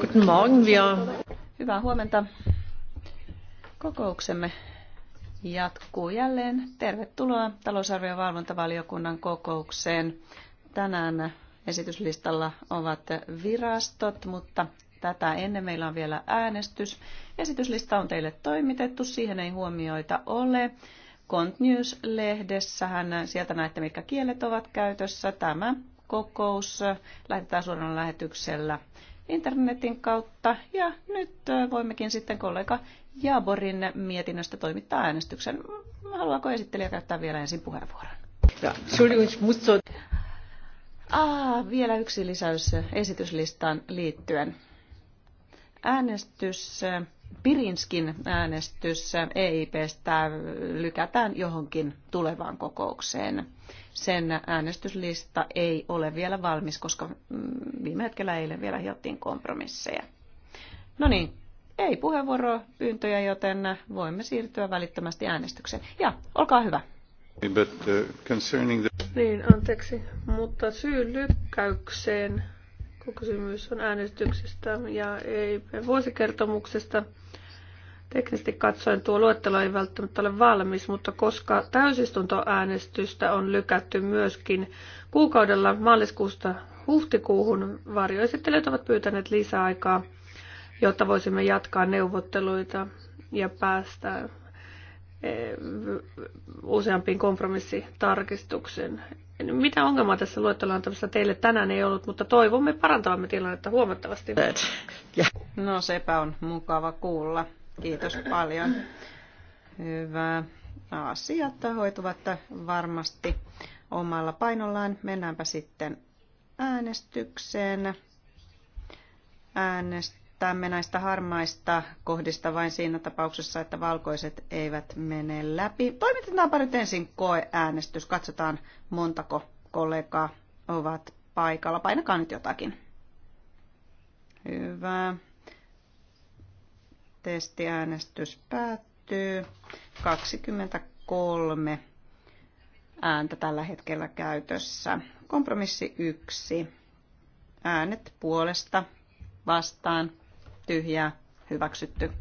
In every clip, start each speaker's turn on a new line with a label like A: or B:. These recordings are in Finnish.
A: Guten Morgen, wir... Hyvää huomenta. Kokouksemme jatkuu jälleen. Tervetuloa talousarvion valvontavaliokunnan kokoukseen. Tänään esityslistalla ovat virastot, mutta tätä ennen meillä on vielä äänestys. Esityslista on teille toimitettu, siihen ei huomioita ole. Cont News-lehdessähän sieltä näette, mitkä kielet ovat käytössä. Tämä kokous lähetetään suorana lähetyksellä internetin kautta. Ja nyt voimmekin sitten kollega Jaborin mietinnöstä toimittaa äänestyksen. Haluaako esittelijä käyttää vielä ensin puheenvuoron? Ah, vielä yksi lisäys esityslistaan liittyen. Äänestys Pirinskin äänestys EIPstä lykätään johonkin tulevaan kokoukseen. Sen äänestyslista ei ole vielä valmis, koska mm, viime hetkellä eilen vielä hiottiin kompromisseja. No niin, ei puheenvuoropyyntöjä, joten voimme siirtyä välittömästi äänestykseen. Ja, olkaa hyvä. But, uh, the... Niin,
B: anteeksi, mutta syy lykkäykseen kun kysymys on äänestyksestä ja EIP-vuosikertomuksesta. Teknisesti katsoen tuo luettelo ei välttämättä ole valmis, mutta koska täysistuntoäänestystä on lykätty myöskin kuukaudella maaliskuusta huhtikuuhun, varjoesittelijät ovat pyytäneet lisäaikaa, jotta voisimme jatkaa neuvotteluita ja päästä useampiin kompromissitarkistuksen. Mitä ongelmaa tässä luettelon antamassa
A: teille tänään ei ollut,
B: mutta toivomme parantavamme tilannetta huomattavasti.
A: No sepä on mukava kuulla. Kiitos paljon. Hyvä. Asiat hoituvat varmasti omalla painollaan. Mennäänpä sitten äänestykseen. Äänestykseen äänestämme näistä harmaista kohdista vain siinä tapauksessa, että valkoiset eivät mene läpi. Toimitetaan nyt ensin koeäänestys. Katsotaan montako kollegaa ovat paikalla. Painakaa nyt jotakin. Hyvä. Testiäänestys päättyy. 23 ääntä tällä hetkellä käytössä. Kompromissi 1. Äänet puolesta vastaan tyhjää, hyväksytty.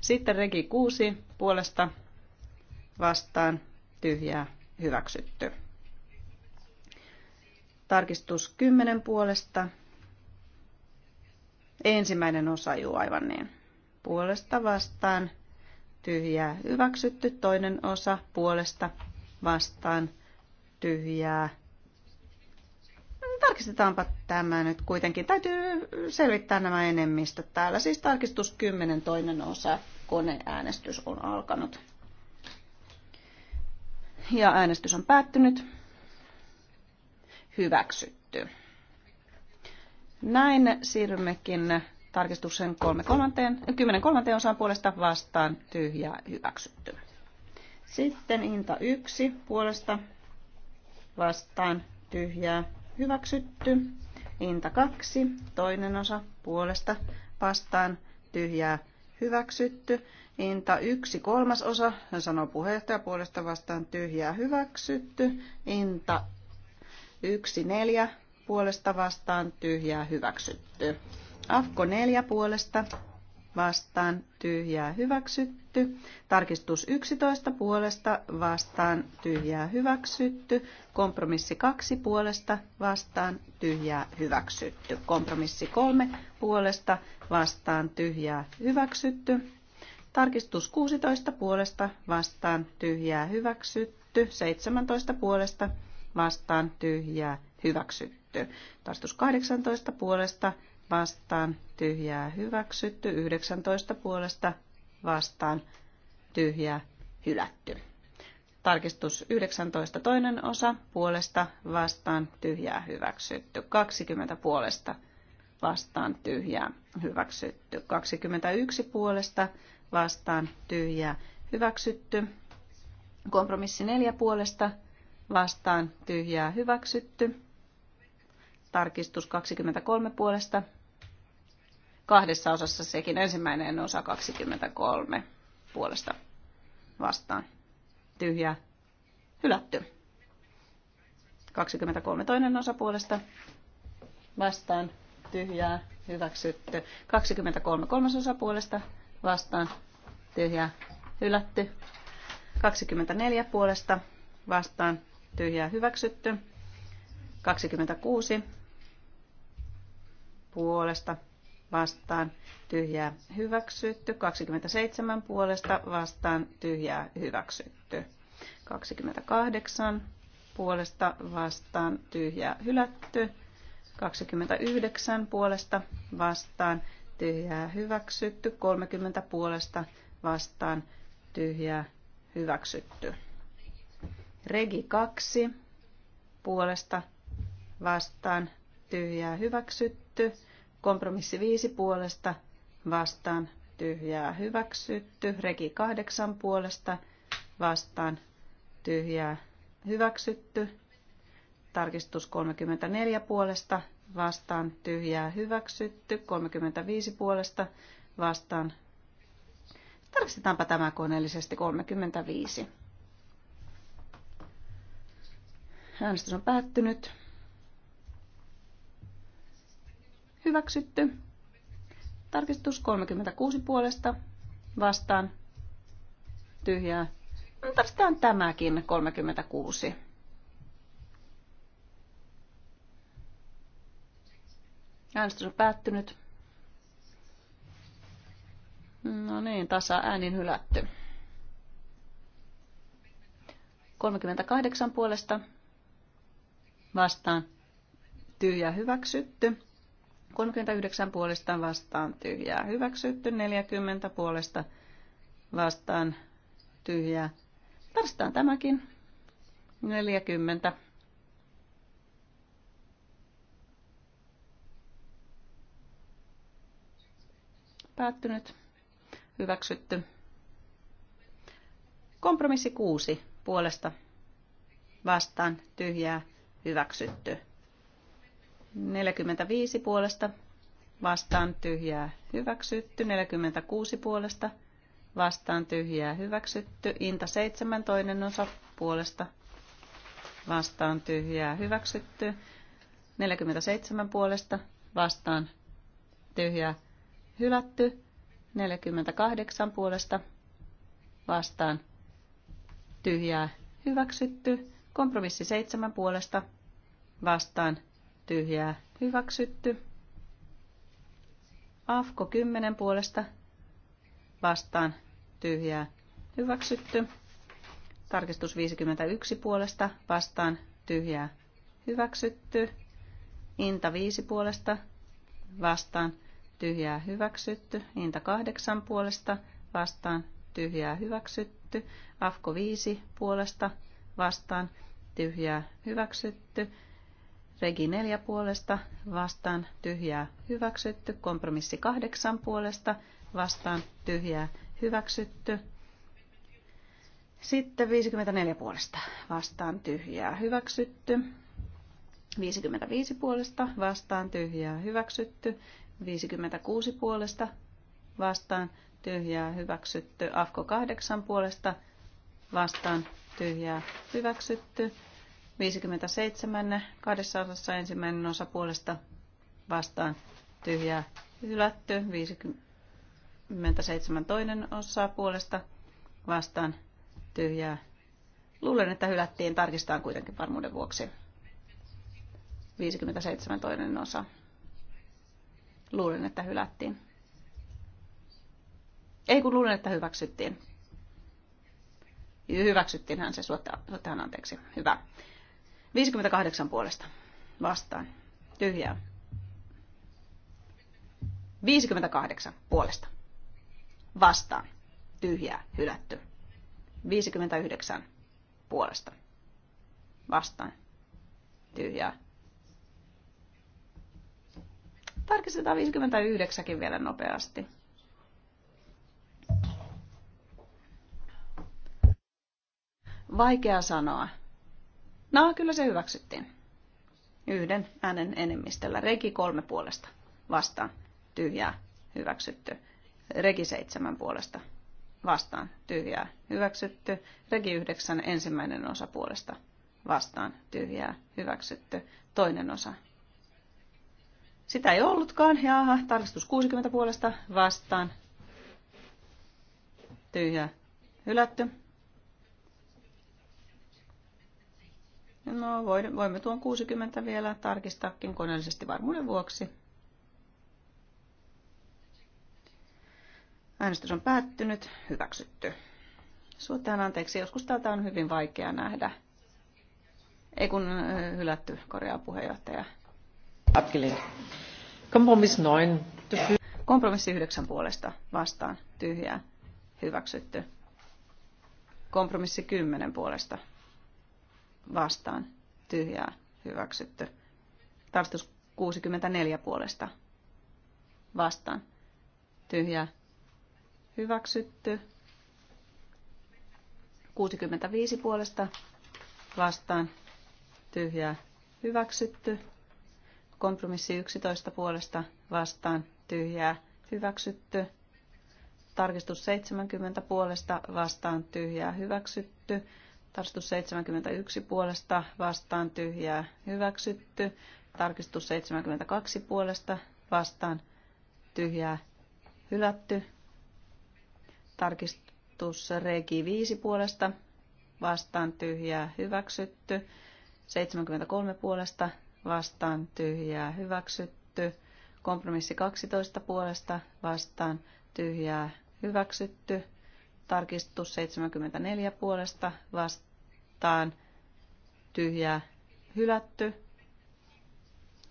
A: Sitten regi 6 puolesta vastaan tyhjää, hyväksytty. Tarkistus 10 puolesta. Ensimmäinen osa juu aivan niin. Puolesta vastaan tyhjää, hyväksytty. Toinen osa puolesta vastaan tyhjää, tarkistetaanpa tämä nyt kuitenkin. Täytyy selvittää nämä enemmistöt täällä. Siis tarkistus 10 toinen osa. Koneäänestys on alkanut. Ja äänestys on päättynyt. Hyväksytty. Näin siirrymmekin tarkistuksen kolmanteen, 10 kolmanteen osaan puolesta vastaan tyhjä hyväksytty. Sitten inta 1 puolesta vastaan tyhjää hyväksytty. Inta 2, toinen osa puolesta vastaan tyhjää hyväksytty. Inta 1, kolmas osa, hän sanoo puheenjohtaja puolesta vastaan tyhjää hyväksytty. Inta 1, 4, puolesta vastaan tyhjää hyväksytty. Afko 4 puolesta vastaan tyhjää hyväksytty. Tarkistus 11 puolesta vastaan tyhjää hyväksytty. Kompromissi 2 puolesta vastaan tyhjää hyväksytty. Kompromissi 3 puolesta vastaan tyhjää hyväksytty. Tarkistus 16 puolesta vastaan tyhjää hyväksytty. 17 puolesta vastaan tyhjää hyväksytty. Tarkistus 18 puolesta vastaan tyhjää hyväksytty, 19 puolesta vastaan tyhjää hylätty. Tarkistus 19 toinen osa puolesta vastaan tyhjää hyväksytty, 20 puolesta vastaan tyhjää hyväksytty, 21 puolesta vastaan tyhjää hyväksytty, kompromissi 4 puolesta vastaan tyhjää hyväksytty, Tarkistus 23 puolesta. Kahdessa osassa sekin ensimmäinen osa 23 puolesta vastaan. Tyhjä. Hylätty. 23 toinen osa puolesta vastaan. Tyhjää. Hyväksytty. 23 kolmas osa puolesta vastaan. Tyhjää. Hylätty. 24 puolesta vastaan tyhjää hyväksytty. 26 puolesta vastaan tyhjää hyväksytty. 27 puolesta vastaan tyhjää hyväksytty. 28 puolesta vastaan tyhjää hylätty. 29 puolesta vastaan tyhjää hyväksytty. 30 puolesta vastaan tyhjää hyväksytty. Regi 2 puolesta vastaan tyhjää hyväksytty hylätty. Kompromissi viisi puolesta vastaan tyhjää hyväksytty. Regi kahdeksan puolesta vastaan tyhjää hyväksytty. Tarkistus 34 puolesta vastaan tyhjää hyväksytty. 35 puolesta vastaan. Tarkistetaanpa tämä koneellisesti 35. Äänestys on päättynyt. Hyväksytty. Tarkistus 36 puolesta. Vastaan. Tyhjää. Tarkistetaan tämäkin 36. Äänestys on päättynyt. No niin, tasa äänin hylätty. 38 puolesta vastaan tyhjä hyväksytty. 39 puolesta vastaan tyhjää hyväksytty, 40 puolesta vastaan tyhjää. Tarstaan tämäkin. 40. Päättynyt. Hyväksytty. Kompromissi 6 puolesta vastaan tyhjää hyväksytty. 45 puolesta vastaan tyhjää hyväksytty, 46 puolesta vastaan tyhjää hyväksytty, Inta 7 toinen osa puolesta vastaan tyhjää hyväksytty, 47 puolesta vastaan tyhjää hylätty, 48 puolesta vastaan tyhjää hyväksytty, kompromissi 7 puolesta vastaan tyhjää hyväksytty. Afko 10 puolesta vastaan tyhjää hyväksytty. Tarkistus 51 puolesta vastaan tyhjää hyväksytty. Inta 5 puolesta vastaan tyhjää hyväksytty. Inta 8 puolesta vastaan tyhjää hyväksytty. Afko 5 puolesta vastaan tyhjää hyväksytty. Regi 4 puolesta vastaan tyhjää hyväksytty. Kompromissi 8 puolesta vastaan tyhjää hyväksytty. Sitten 54 puolesta vastaan tyhjää hyväksytty. 55 puolesta vastaan tyhjää hyväksytty. 56 puolesta vastaan tyhjää hyväksytty. Afko 8 puolesta vastaan tyhjää hyväksytty. 57 201. ensimmäinen osa puolesta vastaan tyhjää hylätty. 57 toinen osa puolesta vastaan tyhjää. Luulen, että hylättiin. Tarkistetaan kuitenkin varmuuden vuoksi. 57 toinen osa. Luulen, että hylättiin. Ei kun luulen, että hyväksyttiin. Hyväksyttiinhän se, suottahan anteeksi. Hyvä. 58 puolesta vastaan. Tyhjää. 58 puolesta vastaan. Tyhjää. Hylätty. 59 puolesta vastaan. Tyhjää. Tarkistetaan 59kin vielä nopeasti. Vaikea sanoa. No, kyllä se hyväksyttiin. Yhden äänen enemmistöllä. Regi kolme puolesta vastaan. Tyhjää hyväksytty. Regi seitsemän puolesta vastaan. Tyhjää hyväksytty. Regi yhdeksän ensimmäinen osa puolesta vastaan. Tyhjää hyväksytty. Toinen osa sitä ei ollutkaan. Jaaha, tarkistus 60 puolesta vastaan. tyhjää Hylätty. No voimme tuon 60 vielä tarkistaakin koneellisesti varmuuden vuoksi. Äänestys on päättynyt, hyväksytty. Suotaan anteeksi, joskus täältä on hyvin vaikea nähdä. Ei kun äh, hylätty Korean puheenjohtaja. Abgelehnt. Kompromiss 9. Kompromissi 9 puolesta vastaan. Tyhjää. Hyväksytty. Kompromissi 10 puolesta vastaan tyhjää hyväksytty. Tarkistus 64 puolesta vastaan tyhjää hyväksytty. 65 puolesta vastaan tyhjää hyväksytty. Kompromissi 11 puolesta vastaan tyhjää hyväksytty. Tarkistus 70 puolesta vastaan tyhjää hyväksytty. Tarkistus 71 puolesta vastaan tyhjää hyväksytty. Tarkistus 72 puolesta vastaan tyhjää hylätty. Tarkistus regi 5 puolesta vastaan tyhjää hyväksytty. 73 puolesta vastaan tyhjää hyväksytty. Kompromissi 12 puolesta vastaan tyhjää hyväksytty. Tarkistus 74 puolesta vastaan tyhjää hylätty.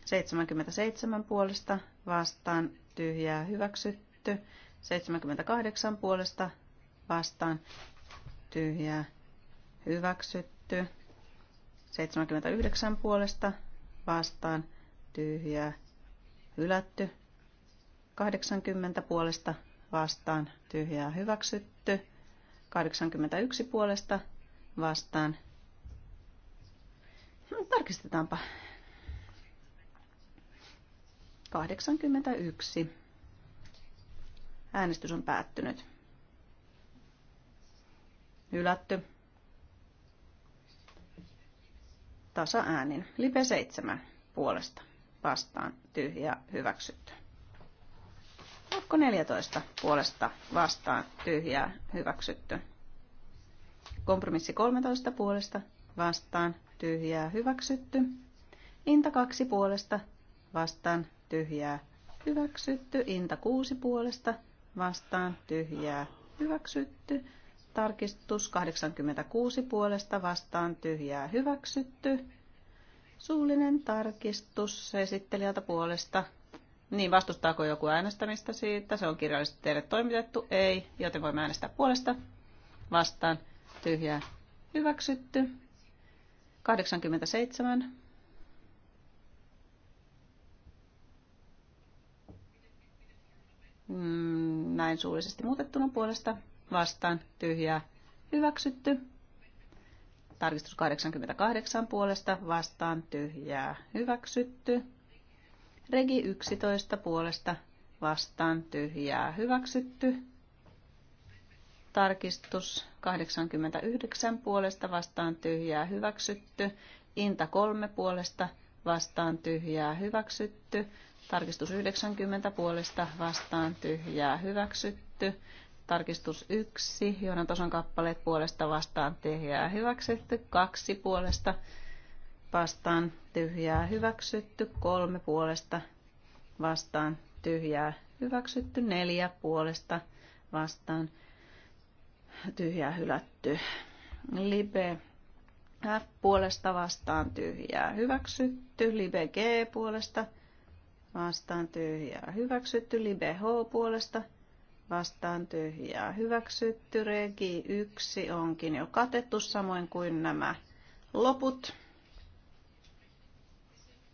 A: 77 puolesta vastaan tyhjää hyväksytty. 78 puolesta vastaan tyhjää hyväksytty. 79 puolesta vastaan tyhjää hylätty. 80 puolesta vastaan tyhjää hyväksytty. 81 puolesta vastaan. Tarkistetaanpa. 81. Äänestys on päättynyt. Hylätty. Tasa äänin. Lipe 7 puolesta vastaan tyhjä hyväksytty. Onko 14 puolesta vastaan tyhjää hyväksytty? Kompromissi 13 puolesta vastaan tyhjää hyväksytty. Inta 2 puolesta vastaan tyhjää hyväksytty. Inta 6 puolesta vastaan tyhjää hyväksytty. Tarkistus 86 puolesta vastaan tyhjää hyväksytty. Suullinen tarkistus esittelijältä puolesta niin, vastustaako joku äänestämistä siitä? Se on kirjallisesti teille toimitettu. Ei, joten voimme äänestää puolesta. Vastaan. Tyhjää. Hyväksytty. 87. Mm, näin suullisesti muutettuna puolesta. Vastaan. Tyhjää. Hyväksytty. Tarkistus 88 puolesta. Vastaan. Tyhjää. Hyväksytty. Regi 11 puolesta vastaan tyhjää hyväksytty. Tarkistus 89 puolesta vastaan tyhjää hyväksytty. Inta 3 puolesta vastaan tyhjää hyväksytty. Tarkistus 90 puolesta vastaan tyhjää hyväksytty. Tarkistus 1, Joonan tason kappaleet puolesta vastaan tyhjää hyväksytty. 2 puolesta vastaan tyhjää hyväksytty, kolme puolesta vastaan tyhjää hyväksytty, neljä puolesta vastaan tyhjää hylätty. Libe F puolesta vastaan tyhjää hyväksytty, libe G puolesta vastaan tyhjää hyväksytty, libe H puolesta vastaan tyhjää hyväksytty, regi 1 onkin jo katettu samoin kuin nämä loput.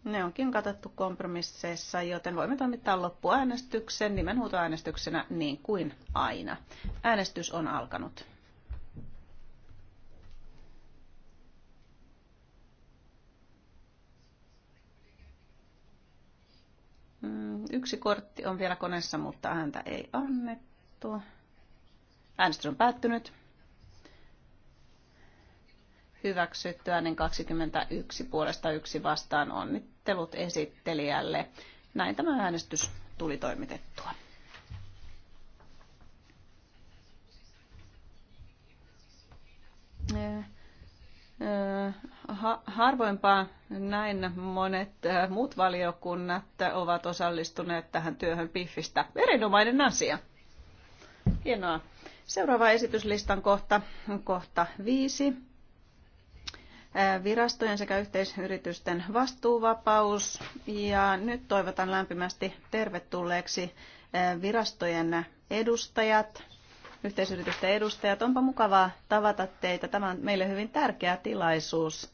A: Ne onkin katettu kompromisseissa, joten voimme toimittaa loppuäänestyksen nimenhuutoäänestyksenä niin kuin aina. Äänestys on alkanut. Mm, yksi kortti on vielä koneessa, mutta ääntä ei annettu. Äänestys on päättynyt hyväksyttyä, niin 21 puolesta yksi vastaan onnittelut esittelijälle. Näin tämä äänestys tuli toimitettua. Harvoinpa näin monet muut valiokunnat ovat osallistuneet tähän työhön piffistä. Erinomainen asia. Hienoa. Seuraava esityslistan kohta, kohta viisi virastojen sekä yhteisyritysten vastuuvapaus. Ja nyt toivotan lämpimästi tervetulleeksi virastojen edustajat, yhteisyritysten edustajat. Onpa mukavaa tavata teitä. Tämä on meille hyvin tärkeä tilaisuus.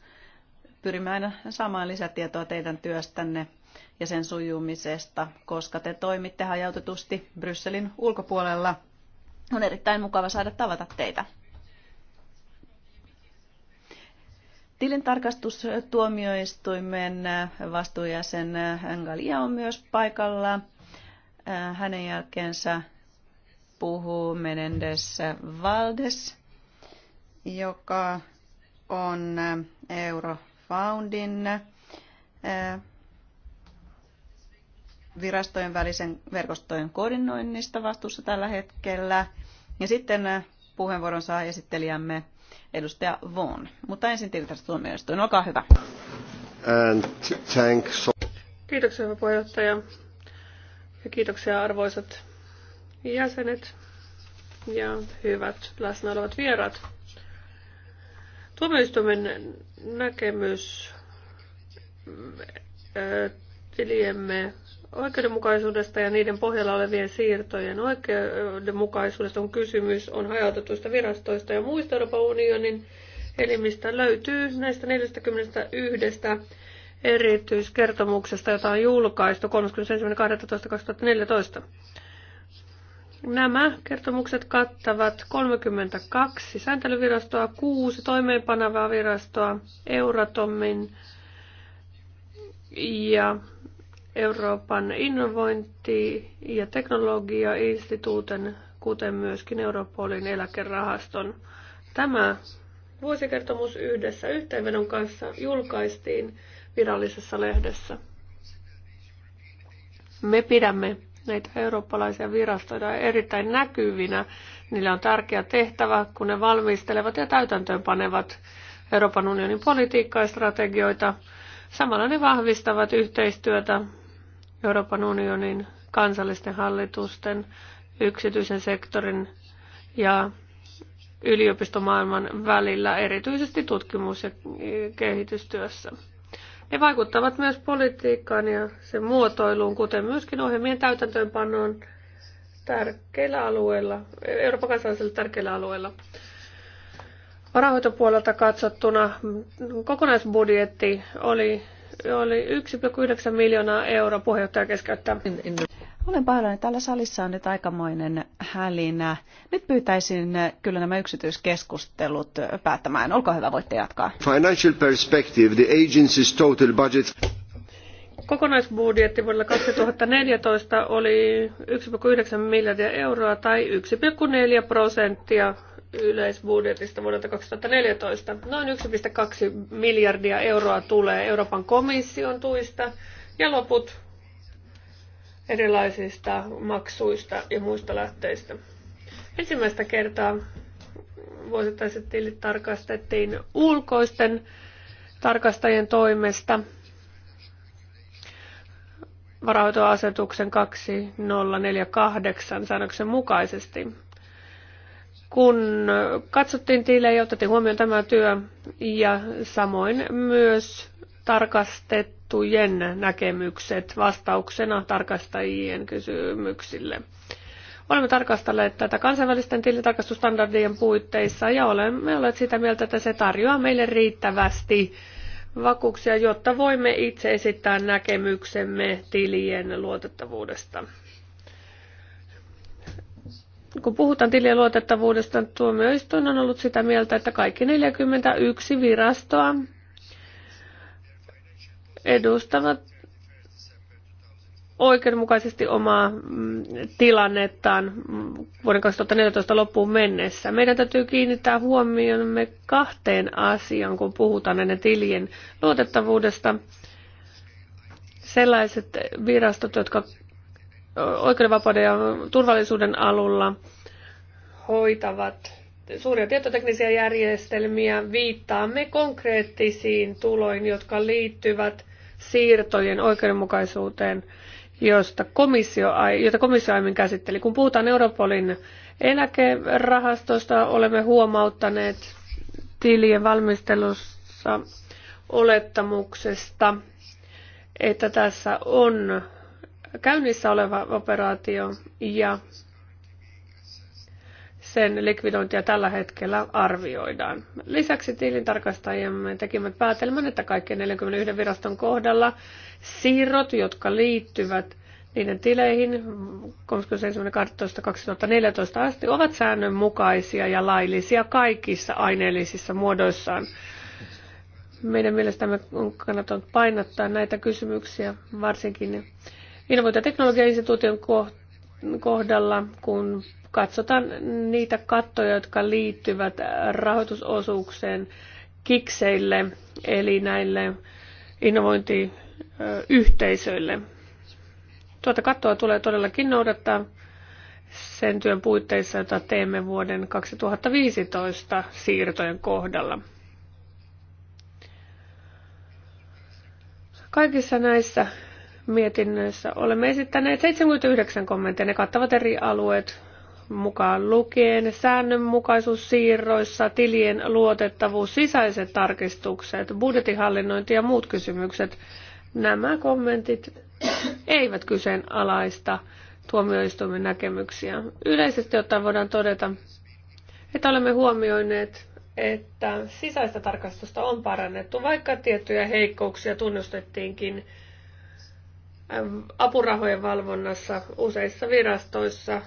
A: Pyrimme aina saamaan lisätietoa teidän työstänne ja sen sujumisesta, koska te toimitte hajautetusti Brysselin ulkopuolella. On erittäin mukava saada tavata teitä. Tilintarkastustuomioistuimen vastuujäsen Engalia on myös paikalla. Hänen jälkeensä puhuu Menendez Valdes, joka on Eurofoundin eh, virastojen välisen verkostojen koordinoinnista vastuussa tällä hetkellä. Ja sitten puheenvuoron saa esittelijämme edustaja Vaughan. Mutta ensin tilintarkastustuomioistuin, olkaa hyvä. Kiitoksia, hyvä puheenjohtaja. Ja kiitoksia arvoisat
B: jäsenet ja hyvät läsnä olevat vieraat. Tuomioistuimen näkemys tiliemme oikeudenmukaisuudesta ja niiden pohjalla olevien siirtojen oikeudenmukaisuudesta on kysymys, on hajautetuista virastoista ja muista Euroopan unionin elimistä löytyy näistä 41 erityiskertomuksesta, jota on julkaistu 31.12.2014. Nämä kertomukset kattavat 32 sääntelyvirastoa, 6 toimeenpanavaa virastoa, Euratomin ja Euroopan innovointi- ja teknologiainstituutin, kuten myöskin Europolin eläkerahaston. Tämä vuosikertomus yhdessä yhteenvedon kanssa julkaistiin virallisessa lehdessä. Me pidämme näitä eurooppalaisia virastoja erittäin näkyvinä. Niillä on tärkeä tehtävä, kun ne valmistelevat ja täytäntöönpanevat Euroopan unionin politiikkaa ja strategioita. Samalla ne vahvistavat yhteistyötä Euroopan unionin kansallisten hallitusten, yksityisen sektorin ja yliopistomaailman välillä, erityisesti tutkimus- ja kehitystyössä. Ne vaikuttavat myös politiikkaan ja sen muotoiluun, kuten myöskin ohjelmien täytäntöönpanoon tärkeillä alueilla, Euroopan kansallisilla tärkeillä alueilla. Varahoitopuolelta katsottuna kokonaisbudjetti oli oli 1,9 miljoonaa euroa puheenjohtaja keskeyttää.
A: Olen pahoillani, täällä salissa on nyt aikamoinen hälinä. Nyt pyytäisin kyllä nämä yksityiskeskustelut päättämään. Olkaa hyvä, voitte jatkaa.
C: Financial perspective, the agency's total budget...
B: Kokonaisbudjetti vuodelle 2014 oli 1,9 miljardia euroa tai 1,4 prosenttia yleisbudjetista vuodelta 2014. Noin 1,2 miljardia euroa tulee Euroopan komission tuista ja loput erilaisista maksuista ja muista lähteistä. Ensimmäistä kertaa vuosittaiset tilit tarkastettiin ulkoisten tarkastajien toimesta varautua asetuksen 2048 säännöksen mukaisesti kun katsottiin tilejä, otettiin huomioon tämä työ ja samoin myös tarkastettujen näkemykset vastauksena tarkastajien kysymyksille. Olemme tarkastelleet tätä kansainvälisten tilintarkastustandardien puitteissa ja olemme olleet sitä mieltä, että se tarjoaa meille riittävästi vakuuksia, jotta voimme itse esittää näkemyksemme tilien luotettavuudesta. Kun puhutaan tilien luotettavuudesta, tuomioistuin on ollut sitä mieltä, että kaikki 41 virastoa edustavat oikeudenmukaisesti omaa mm, tilannettaan vuoden 2014 loppuun mennessä. Meidän täytyy kiinnittää huomiomme kahteen asiaan, kun puhutaan näiden tilien luotettavuudesta. Sellaiset virastot, jotka oikeudenvapauden ja turvallisuuden alulla hoitavat suuria tietoteknisiä järjestelmiä, viittaamme konkreettisiin tuloihin, jotka liittyvät siirtojen oikeudenmukaisuuteen, josta komissio, jota komissio aiemmin käsitteli. Kun puhutaan Europolin eläkerahastosta, olemme huomauttaneet tilien valmistelussa olettamuksesta, että tässä on käynnissä oleva operaatio ja sen likvidointia tällä hetkellä arvioidaan. Lisäksi tilintarkastajamme tekivät päätelmän, että kaikkien 41 viraston kohdalla siirrot, jotka liittyvät niiden tileihin 31.12.2014 asti, ovat säännönmukaisia ja laillisia kaikissa aineellisissa muodoissaan. Meidän mielestämme on kannattanut painottaa näitä kysymyksiä, varsinkin Innovointi- teknologian instituution kohdalla, kun katsotaan niitä kattoja, jotka liittyvät rahoitusosuukseen kikseille, eli näille innovointiyhteisöille. Tuota kattoa tulee todellakin noudattaa sen työn puitteissa, jota teemme vuoden 2015 siirtojen kohdalla. Kaikissa näissä mietinnössä olemme esittäneet 79 kommenttia. Ne kattavat eri alueet mukaan lukien säännönmukaisuus siirroissa, tilien luotettavuus, sisäiset tarkistukset, budjetinhallinnointi ja muut kysymykset. Nämä kommentit eivät kyseenalaista tuomioistuimen näkemyksiä. Yleisesti ottaen voidaan todeta, että olemme huomioineet, että sisäistä tarkastusta on parannettu, vaikka tiettyjä heikkouksia tunnustettiinkin apurahojen valvonnassa useissa virastoissa.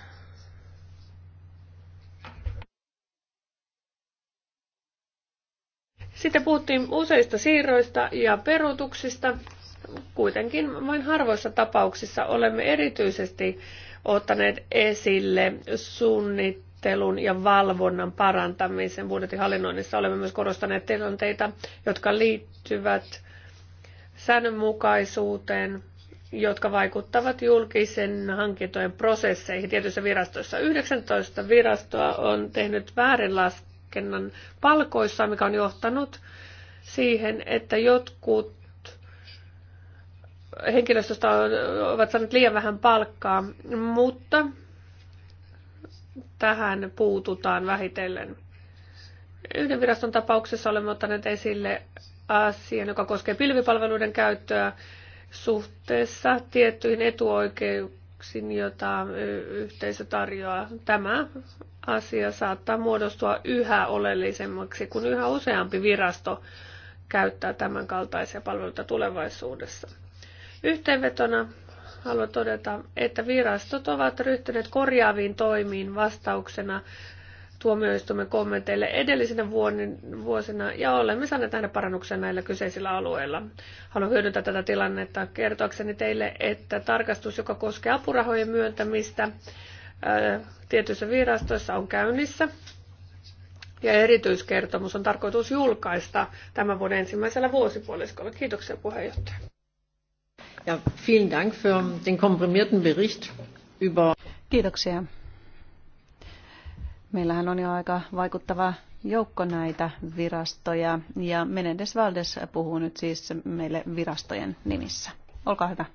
B: Sitten puhuttiin useista siirroista ja peruutuksista. Kuitenkin vain harvoissa tapauksissa olemme erityisesti ottaneet esille suunnittelun ja valvonnan parantamisen budjetin Olemme myös korostaneet tilanteita, jotka liittyvät säännönmukaisuuteen, jotka vaikuttavat julkisen hankintojen prosesseihin tietyissä virastoissa. 19 virastoa on tehnyt väärinlaskennan palkoissa, mikä on johtanut siihen, että jotkut henkilöstöstä ovat saaneet liian vähän palkkaa, mutta tähän puututaan vähitellen. Yhden viraston tapauksessa olemme ottaneet esille asian, joka koskee pilvipalveluiden käyttöä suhteessa tiettyihin etuoikeuksiin, joita yhteisö tarjoaa. Tämä asia saattaa muodostua yhä oleellisemmaksi, kun yhä useampi virasto käyttää tämän kaltaisia palveluita tulevaisuudessa. Yhteenvetona haluan todeta, että virastot ovat ryhtyneet korjaaviin toimiin vastauksena tuomioistuimen kommenteille edellisinä vuosina ja olemme saaneet nähdä parannuksia näillä kyseisillä alueilla. Haluan hyödyntää tätä tilannetta kertoakseni teille, että tarkastus, joka koskee apurahojen myöntämistä tietyissä virastoissa on käynnissä. Ja erityiskertomus on tarkoitus julkaista tämän vuoden ensimmäisellä vuosipuoliskolla. Kiitoksia puheenjohtaja.
A: Ja vielen Dank für den komprimierten Bericht über Kiitoksia Meillähän on jo aika vaikuttava joukko näitä virastoja ja Menendez Valdes puhuu nyt siis meille virastojen nimissä. Olkaa hyvä.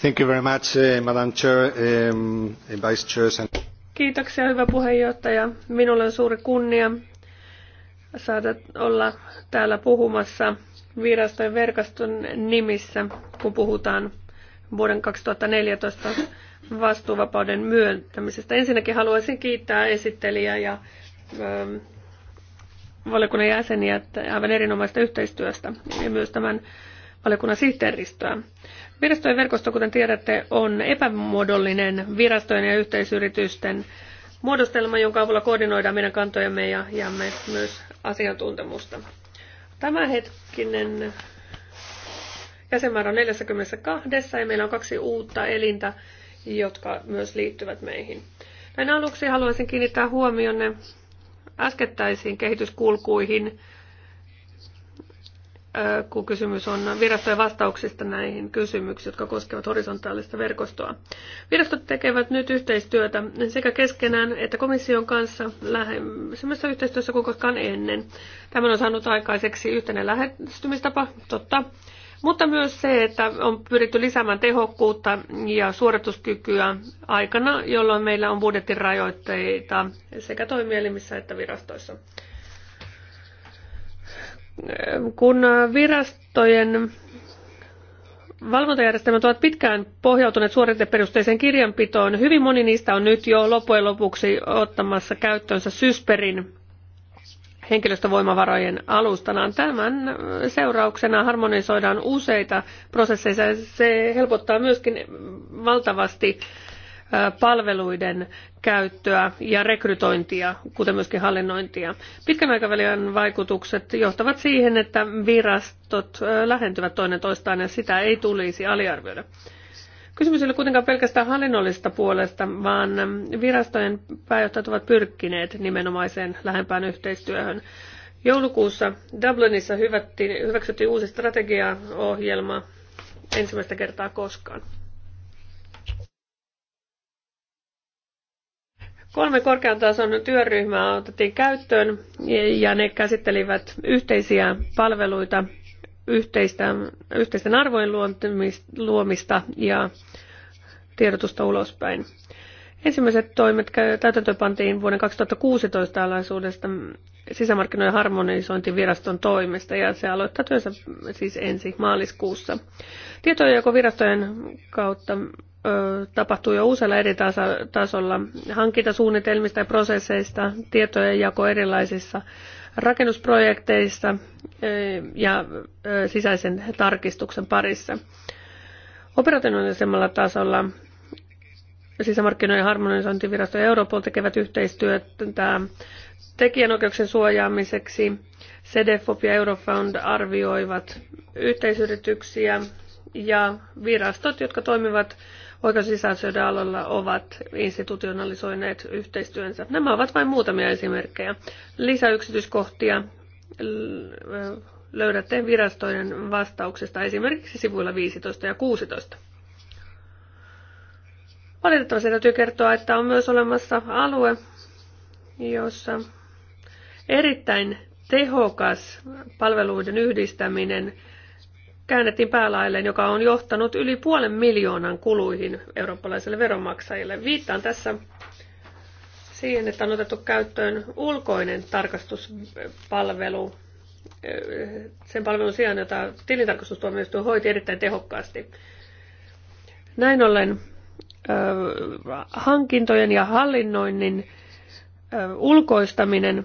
B: Thank you very much, eh, Madam Chair, um, Vice Chair. Kiitoksia, hyvä puheenjohtaja. Minulle on suuri kunnia saada olla täällä puhumassa virastojen verkoston nimissä, kun puhutaan vuoden 2014 vastuuvapauden myöntämisestä. Ensinnäkin haluaisin kiittää esittelijää ja ö, ähm, valiokunnan jäseniä aivan erinomaista yhteistyöstä ja myös tämän valiokunnan sihteeristöä. Virastojen verkosto, kuten tiedätte, on epämuodollinen virastojen ja yhteisyritysten muodostelma, jonka avulla koordinoidaan meidän kantojamme ja me myös asiantuntemusta. Tämänhetkinen jäsenmäärä on 42 ja meillä on kaksi uutta elintä jotka myös liittyvät meihin. Näin aluksi haluaisin kiinnittää huomionne äskettäisiin kehityskulkuihin, kun kysymys on virastojen vastauksista näihin kysymyksiin, jotka koskevat horisontaalista verkostoa. Virastot tekevät nyt yhteistyötä sekä keskenään että komission kanssa lähemmässä yhteistyössä kuin koskaan ennen. Tämän on saanut aikaiseksi yhteinen lähestymistapa, totta, mutta myös se, että on pyritty lisäämään tehokkuutta ja suorituskykyä aikana, jolloin meillä on budjettirajoitteita sekä toimielimissä että virastoissa. Kun virastojen valvontajärjestelmät ovat pitkään pohjautuneet suoriteperusteiseen kirjanpitoon, hyvin moni niistä on nyt jo loppujen lopuksi ottamassa käyttöönsä Sysperin henkilöstövoimavarojen alustanaan. Tämän seurauksena harmonisoidaan useita prosesseja. Se helpottaa myöskin valtavasti palveluiden käyttöä ja rekrytointia, kuten myöskin hallinnointia. Pitkän aikavälin vaikutukset johtavat siihen, että virastot lähentyvät toinen toistaan ja sitä ei tulisi aliarvioida. Kysymys ei ole kuitenkaan pelkästään hallinnollisesta puolesta, vaan virastojen pääjohtajat ovat pyrkineet nimenomaiseen lähempään yhteistyöhön. Joulukuussa Dublinissa hyväksyttiin uusi strategiaohjelma ensimmäistä kertaa koskaan. Kolme korkean tason työryhmää otettiin käyttöön ja ne käsittelivät yhteisiä palveluita, yhteistä, yhteisten arvojen luomista ja tiedotusta ulospäin. Ensimmäiset toimet täytäntöpantiin vuoden 2016 alaisuudesta sisämarkkinoiden harmonisointiviraston toimesta ja se aloittaa työnsä siis ensi maaliskuussa. Tietojenjakovirastojen kautta ö, tapahtuu jo usealla eri tasolla hankintasuunnitelmista ja prosesseista, tietojen jako erilaisissa rakennusprojekteissa ja sisäisen tarkistuksen parissa. Operationaalisemmalla tasolla sisämarkkinoiden harmonisointivirasto ja Europol tekevät yhteistyötä tekijänoikeuksien suojaamiseksi. CDFOP ja Eurofound arvioivat yhteisyrityksiä ja virastot, jotka toimivat oikeusisäisyyden alalla, ovat institutionalisoineet yhteistyönsä. Nämä ovat vain muutamia esimerkkejä. Lisäyksityiskohtia löydätte virastojen vastauksesta esimerkiksi sivuilla 15 ja 16. Valitettavasti täytyy kertoa, että on myös olemassa alue, jossa erittäin tehokas palveluiden yhdistäminen käännettiin päälailleen, joka on johtanut yli puolen miljoonan kuluihin eurooppalaisille veronmaksajille. Viittaan tässä siihen, että on otettu käyttöön ulkoinen tarkastuspalvelu sen palvelun sijaan, jota tilintarkastustuomioistuin hoiti erittäin tehokkaasti. Näin ollen hankintojen ja hallinnoinnin ulkoistaminen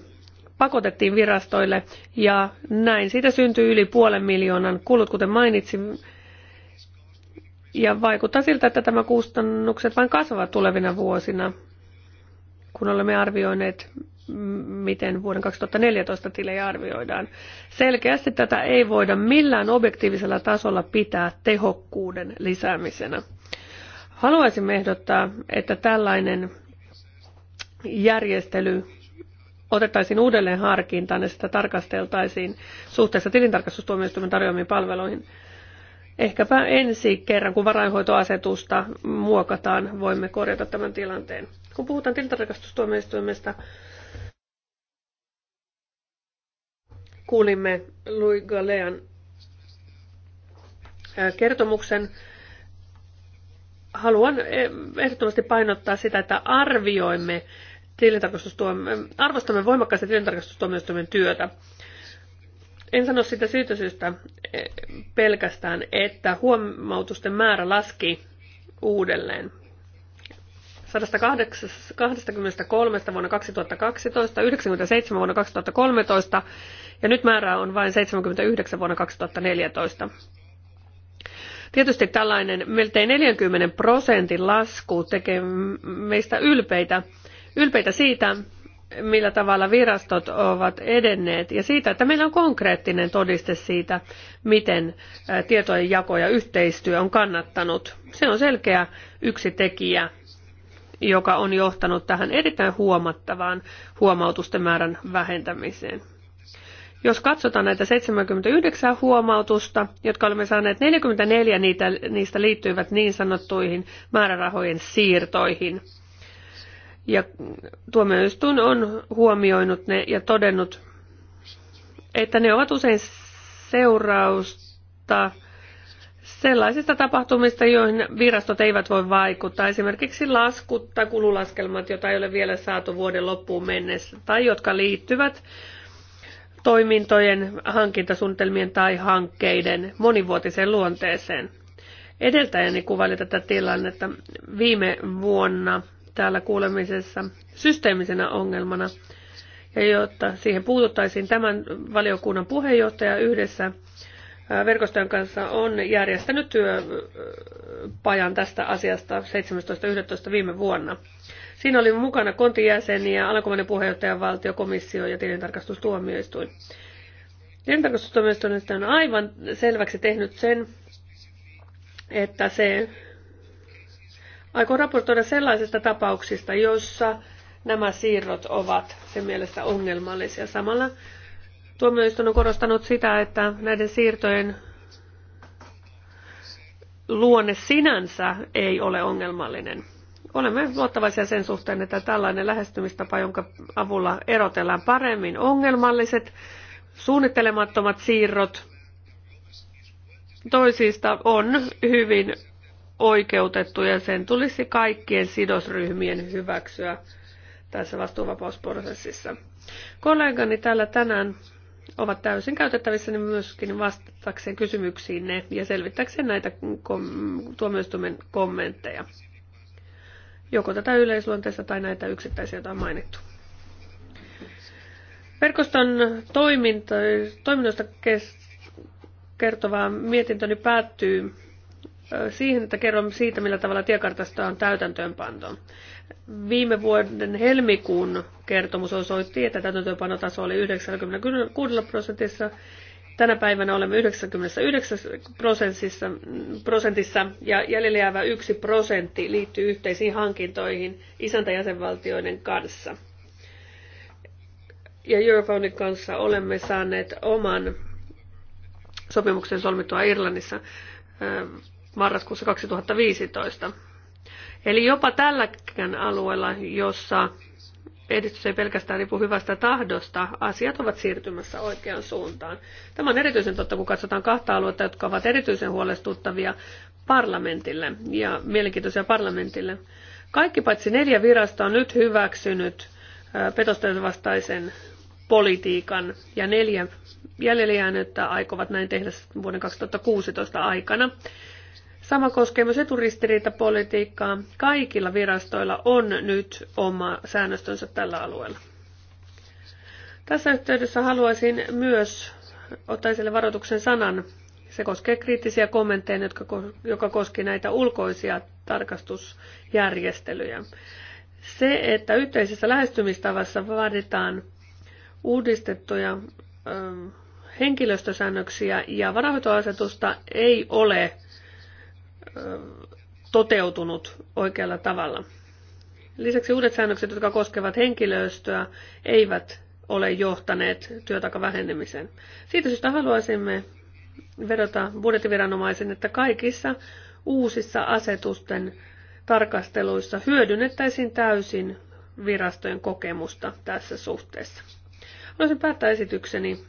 B: pakotettiin virastoille ja näin siitä syntyi yli puolen miljoonan kulut, kuten mainitsin. Ja vaikuttaa siltä, että tämä kustannukset vain kasvavat tulevina vuosina, kun olemme arvioineet, miten vuoden 2014 tilejä arvioidaan. Selkeästi tätä ei voida millään objektiivisella tasolla pitää tehokkuuden lisäämisenä. Haluaisimme ehdottaa, että tällainen järjestely otettaisiin uudelleen harkintaan ja sitä tarkasteltaisiin suhteessa tilintarkastustuomioistuimen tarjoamiin palveluihin. Ehkäpä ensi kerran, kun varainhoitoasetusta muokataan, voimme korjata tämän tilanteen. Kun puhutaan tilintarkastustuomioistuimesta, kuulimme Louis Galean kertomuksen haluan ehdottomasti painottaa sitä, että arvioimme arvostamme voimakkaasti tilintarkastustuomioistuimen työtä. En sano sitä siitä syystä e, pelkästään, että huomautusten määrä laski uudelleen. 123 vuonna 2012, 97 vuonna 2013 ja nyt määrä on vain 79 vuonna 2014. Tietysti tällainen melkein 40 prosentin lasku tekee meistä ylpeitä, ylpeitä siitä, millä tavalla virastot ovat edenneet ja siitä, että meillä on konkreettinen todiste siitä, miten tietojen jako ja yhteistyö on kannattanut. Se on selkeä yksi tekijä, joka on johtanut tähän erittäin huomattavaan huomautusten määrän vähentämiseen. Jos katsotaan näitä 79 huomautusta, jotka olemme saaneet, 44 niitä, niistä liittyivät niin sanottuihin määrärahojen siirtoihin. Ja tuomioistuin on huomioinut ne ja todennut, että ne ovat usein seurausta sellaisista tapahtumista, joihin virastot eivät voi vaikuttaa. Esimerkiksi laskut tai kululaskelmat, joita ei ole vielä saatu vuoden loppuun mennessä, tai jotka liittyvät toimintojen, hankintasuunnitelmien tai hankkeiden monivuotiseen luonteeseen. Edeltäjäni kuvaili tätä tilannetta viime vuonna täällä kuulemisessa systeemisenä ongelmana. Ja jotta siihen puututtaisiin, tämän valiokunnan puheenjohtaja yhdessä verkostojen kanssa on järjestänyt työpajan tästä asiasta 17.11. viime vuonna. Siinä oli mukana kontijäseniä, alkuvainen puheenjohtaja, valtio, komissio ja tilintarkastustuomioistuin. Tilintarkastustuomioistuin on aivan selväksi tehnyt sen, että se aikoo raportoida sellaisista tapauksista, joissa nämä siirrot ovat sen mielestä ongelmallisia. Samalla tuomioistuin on korostanut sitä, että näiden siirtojen luonne sinänsä ei ole ongelmallinen. Olemme luottavaisia sen suhteen, että tällainen lähestymistapa, jonka avulla erotellaan paremmin ongelmalliset, suunnittelemattomat siirrot toisista, on hyvin oikeutettu ja sen tulisi kaikkien sidosryhmien hyväksyä tässä vastuuvapausprosessissa. Kollegani täällä tänään ovat täysin käytettävissä niin myöskin vastatakseen kysymyksiinne ja selvittäkseen näitä kom- tuomioistuimen kommentteja joko tätä yleisluonteista tai näitä yksittäisiä, joita on mainittu. Verkoston toiminto, toiminnoista kes, kertova mietintöni päättyy siihen, että kerron siitä, millä tavalla tiekartasta on täytäntöönpanto. Viime vuoden helmikuun kertomus osoitti, että täytäntöönpanotaso oli 96 prosentissa Tänä päivänä olemme 99 prosentissa, ja jäljellä jäävä 1 prosentti liittyy yhteisiin hankintoihin isäntäjäsenvaltioiden kanssa. Ja Eurofoundin kanssa olemme saaneet oman sopimuksen solmittua Irlannissa ähm, marraskuussa 2015. Eli jopa tälläkään alueella, jossa edistys ei pelkästään riipu hyvästä tahdosta, asiat ovat siirtymässä oikeaan suuntaan. Tämä on erityisen totta, kun katsotaan kahta aluetta, jotka ovat erityisen huolestuttavia parlamentille ja mielenkiintoisia parlamentille. Kaikki paitsi neljä virasta on nyt hyväksynyt petosten vastaisen politiikan ja neljä jäljellä jäänyttä aikovat näin tehdä vuoden 2016 aikana. Sama koskee myös eturistiriitapolitiikkaa. Kaikilla virastoilla on nyt oma säännöstönsä tällä alueella. Tässä yhteydessä haluaisin myös ottaa esille varoituksen sanan. Se koskee kriittisiä kommentteja, jotka, joka koski näitä ulkoisia tarkastusjärjestelyjä. Se, että yhteisessä lähestymistavassa vaaditaan uudistettuja ö, henkilöstösäännöksiä ja varahoitoasetusta ei ole toteutunut oikealla tavalla. Lisäksi uudet säännökset, jotka koskevat henkilöstöä, eivät ole johtaneet työtaakan vähenemiseen. Siitä syystä haluaisimme vedota budjettiviranomaisen, että kaikissa uusissa asetusten tarkasteluissa hyödynnettäisiin täysin virastojen kokemusta tässä suhteessa. Haluaisin päättää esitykseni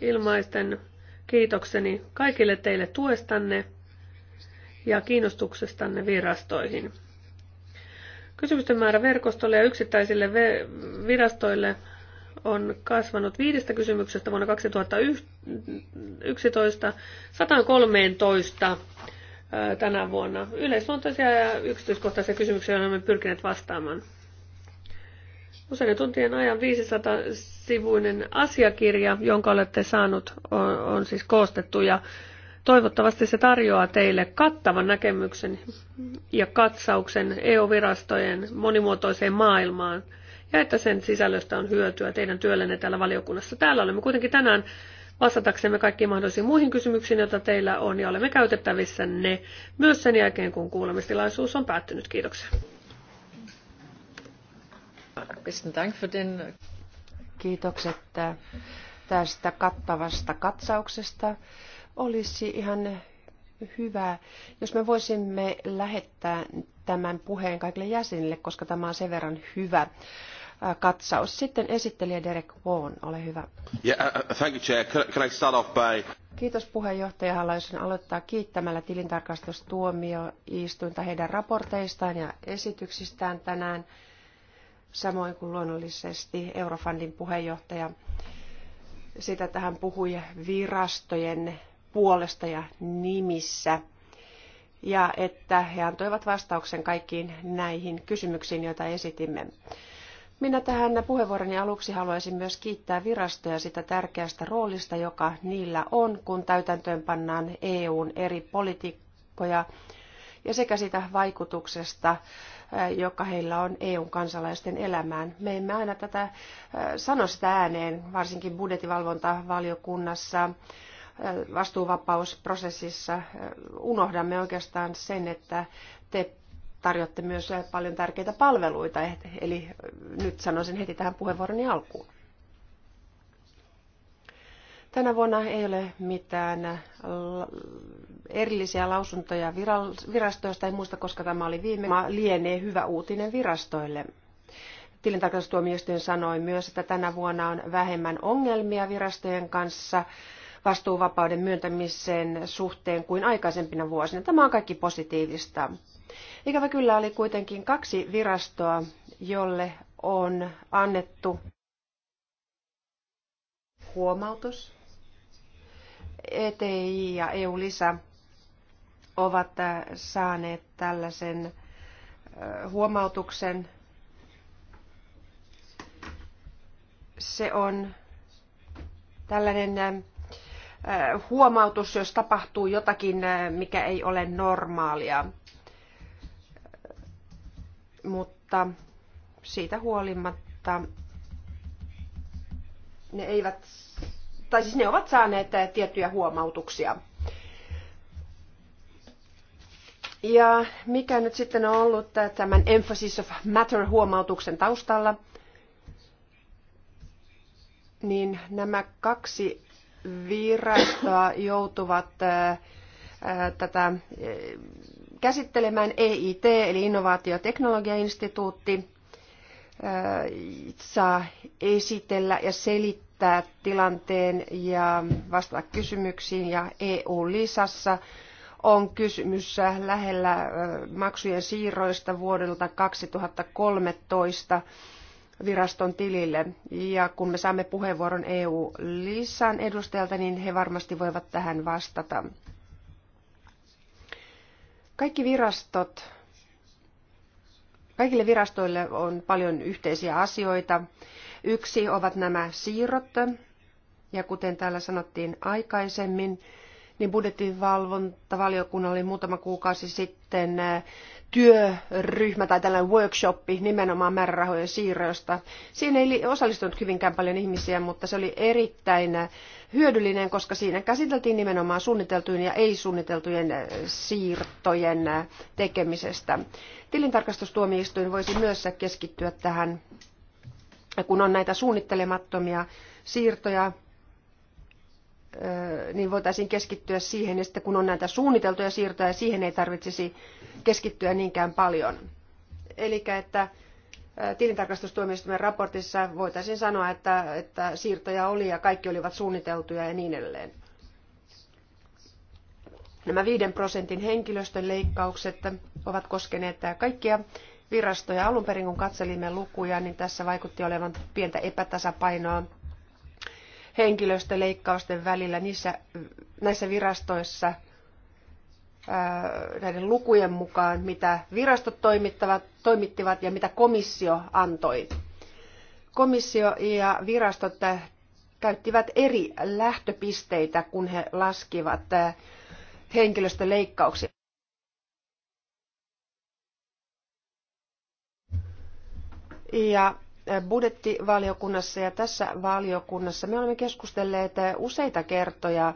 B: ilmaisten kiitokseni kaikille teille tuestanne ja kiinnostuksestanne virastoihin. Kysymysten määrä verkostolle ja yksittäisille virastoille on kasvanut viidestä kysymyksestä vuonna 2011 113 tänä vuonna. Yleisluontoisia ja yksityiskohtaisia kysymyksiä olemme pyrkineet vastaamaan. Usein tuntien ajan 500-sivuinen asiakirja, jonka olette saanut, on, on siis koostettu ja Toivottavasti se tarjoaa teille kattavan näkemyksen ja katsauksen EU-virastojen monimuotoiseen maailmaan ja että sen sisällöstä on hyötyä teidän työllenne täällä valiokunnassa. Täällä olemme kuitenkin tänään vastataksemme kaikkiin mahdollisiin muihin kysymyksiin, joita teillä on, ja olemme käytettävissä ne myös sen jälkeen, kun kuulemistilaisuus on päättynyt. Kiitoksia. Kiitokset
C: tästä kattavasta katsauksesta olisi ihan hyvä, jos me voisimme lähettää tämän puheen kaikille jäsenille, koska tämä on sen verran hyvä katsaus. Sitten esittelijä Derek Vaughan, ole hyvä. Yeah, uh, uh thank you, Chair. Can I start off by... Kiitos puheenjohtaja. Haluaisin aloittaa kiittämällä tilintarkastustuomioistuinta heidän raporteistaan ja esityksistään tänään, samoin kuin luonnollisesti Eurofundin puheenjohtaja sitä tähän puhui virastojen puolesta ja nimissä ja että he antoivat vastauksen kaikkiin näihin kysymyksiin, joita esitimme. Minä tähän puheenvuoroni aluksi haluaisin myös kiittää virastoja sitä tärkeästä roolista, joka niillä on, kun täytäntöön pannaan EUn eri politiikkoja ja sekä sitä vaikutuksesta, eh, joka heillä on EUn kansalaisten elämään. Me emme aina tätä eh, sano sitä ääneen, varsinkin budjetivalvontavaliokunnassa valiokunnassa vastuuvapausprosessissa unohdamme oikeastaan sen, että te tarjoatte myös paljon tärkeitä palveluita, eli nyt sanoisin heti tähän puheenvuoroni alkuun. Tänä vuonna ei ole mitään erillisiä lausuntoja virastoista, en muista koska tämä oli viime. Tämä lienee hyvä uutinen virastoille. Tilintarkastustuomioistuin sanoi myös, että tänä vuonna on vähemmän ongelmia virastojen kanssa vastuuvapauden myöntämisen suhteen kuin aikaisempina vuosina. Tämä on kaikki positiivista. Ikävä kyllä oli kuitenkin kaksi virastoa, jolle on annettu huomautus. ETI ja EU-lisä ovat äh, saaneet tällaisen äh, huomautuksen. Se on tällainen äh, huomautus, jos tapahtuu jotakin, mikä ei ole normaalia. Mutta siitä huolimatta ne eivät, tai siis ne ovat saaneet tiettyjä huomautuksia. Ja mikä nyt sitten on ollut tämän Emphasis of Matter-huomautuksen taustalla, niin nämä kaksi virastoa joutuvat tätä käsittelemään EIT eli Innovaatioteknologiainstituutti saa esitellä ja selittää tilanteen ja vastata kysymyksiin ja EU-lisassa on kysymys lähellä maksujen siirroista vuodelta 2013 viraston tilille. Ja kun me saamme puheenvuoron EU-lissan edustajalta, niin he varmasti voivat tähän vastata. Kaikki virastot, kaikille virastoille on paljon yhteisiä asioita. Yksi ovat nämä siirrot, ja kuten täällä sanottiin aikaisemmin, niin budjettivalvontavaliokunnalle oli muutama kuukausi sitten työryhmä tai tällainen workshoppi nimenomaan määrärahojen siirroista. Siinä ei osallistunut hyvinkään paljon ihmisiä, mutta se oli erittäin hyödyllinen, koska siinä käsiteltiin nimenomaan suunniteltujen ja ei-suunniteltujen siirtojen tekemisestä. Tilintarkastustuomioistuin voisi myös keskittyä tähän, kun on näitä suunnittelemattomia siirtoja, niin voitaisiin keskittyä siihen, ja sitten kun on näitä suunniteltuja siirtoja, siihen ei tarvitsisi keskittyä niinkään paljon. Eli että tilintarkastustuomioistuimen raportissa voitaisiin sanoa, että, että siirtoja oli ja kaikki olivat suunniteltuja ja niin edelleen. Nämä viiden prosentin henkilöstön leikkaukset ovat koskeneet kaikkia virastoja. Alun perin kun katselimme lukuja, niin tässä vaikutti olevan pientä epätasapainoa henkilöstöleikkausten välillä niissä, näissä virastoissa näiden lukujen mukaan, mitä virastot toimittavat, toimittivat ja mitä komissio antoi. Komissio ja virastot käyttivät eri lähtöpisteitä, kun he laskivat henkilöstöleikkauksia. Ja budjettivaliokunnassa ja tässä valiokunnassa me olemme keskustelleet useita kertoja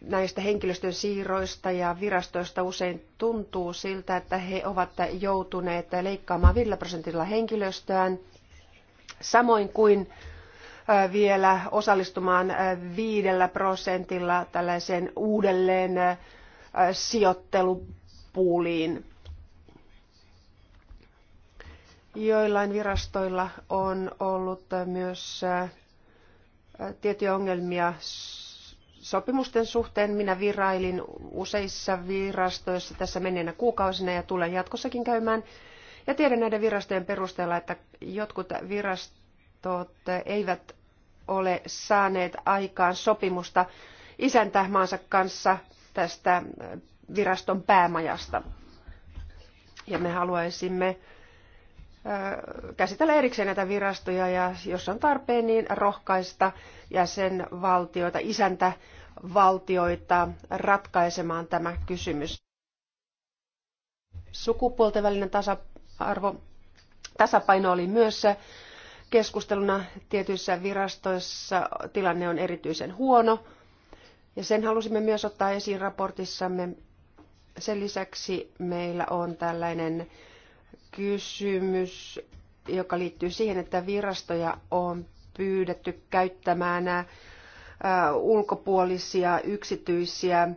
C: näistä henkilöstön siirroista ja virastoista usein tuntuu siltä, että he ovat joutuneet leikkaamaan 5 prosentilla henkilöstöään, samoin kuin vielä osallistumaan 5 prosentilla tällaiseen uudelleen sijoittelupuuliin. Joillain virastoilla on ollut äh, myös äh, tiettyjä ongelmia sopimusten suhteen. Minä virailin useissa virastoissa tässä menneenä kuukausina ja tulen jatkossakin käymään. Ja tiedän näiden virastojen perusteella, että jotkut virastot eivät ole saaneet aikaan sopimusta isäntämaansa kanssa tästä äh, viraston päämajasta. Ja me haluaisimme käsitellä erikseen näitä virastoja ja jos on tarpeen, niin rohkaista jäsenvaltioita, isäntävaltioita ratkaisemaan tämä kysymys. Sukupuolten välinen tasa-arvo, tasapaino oli myös keskusteluna tietyissä virastoissa. Tilanne on erityisen huono ja sen halusimme myös ottaa esiin raportissamme. Sen lisäksi meillä on tällainen kysymys, joka liittyy siihen, että virastoja on pyydetty käyttämään äh, ulkopuolisia yksityisiä äh,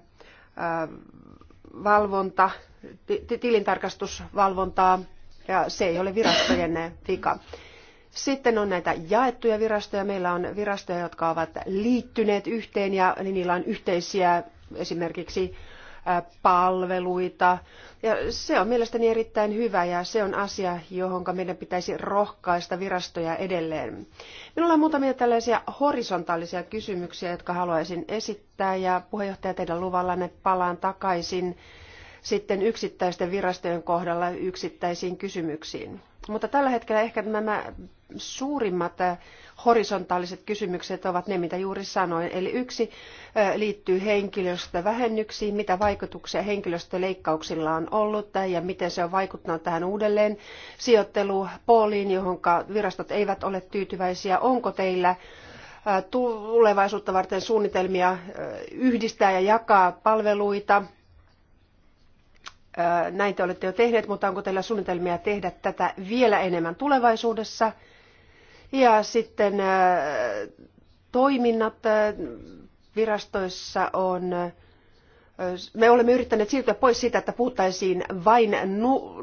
C: valvonta, tilintarkastusvalvontaa, ja se ei ole virastojen vika. Sitten on näitä jaettuja virastoja. Meillä on virastoja, jotka ovat liittyneet yhteen ja niin niillä on yhteisiä esimerkiksi palveluita. Ja se on mielestäni erittäin hyvä ja se on asia, johon meidän pitäisi rohkaista virastoja edelleen. Minulla on muutamia tällaisia horisontaalisia kysymyksiä, jotka haluaisin esittää ja puheenjohtaja teidän luvallanne palaan takaisin sitten yksittäisten virastojen kohdalla yksittäisiin kysymyksiin. Mutta tällä hetkellä ehkä nämä suurimmat eh, horisontaaliset kysymykset ovat ne, mitä juuri sanoin. Eli yksi eh, liittyy henkilöstövähennyksiin, mitä vaikutuksia henkilöstöleikkauksilla on ollut eh, ja miten se on vaikuttanut tähän uudelleen johon virastot eivät ole tyytyväisiä. Onko teillä tulevaisuutta varten suunnitelmia yhdistää ja jakaa palveluita? Näin te olette jo tehneet, mutta onko teillä suunnitelmia tehdä tätä vielä enemmän tulevaisuudessa – ja sitten äh, toiminnat äh, virastoissa on äh, me olemme yrittäneet siirtyä pois siitä, että puhuttaisiin vain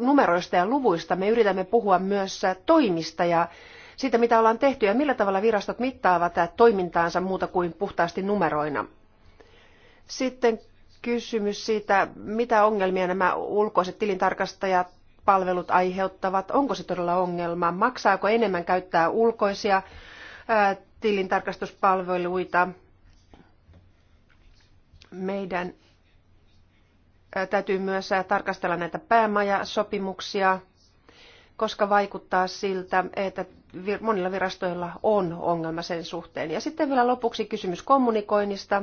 C: numeroista ja luvuista. Me yritämme puhua myös toimista ja siitä, mitä ollaan tehty ja millä tavalla virastot mittaavat toimintaansa muuta kuin puhtaasti numeroina. Sitten kysymys siitä, mitä ongelmia nämä ulkoiset tilintarkastajat palvelut aiheuttavat, onko se todella ongelma, maksaako enemmän käyttää ulkoisia tilintarkastuspalveluita. Meidän täytyy myös tarkastella näitä päämajasopimuksia, koska vaikuttaa siltä, että monilla virastoilla on ongelma sen suhteen. Ja sitten vielä lopuksi kysymys kommunikoinnista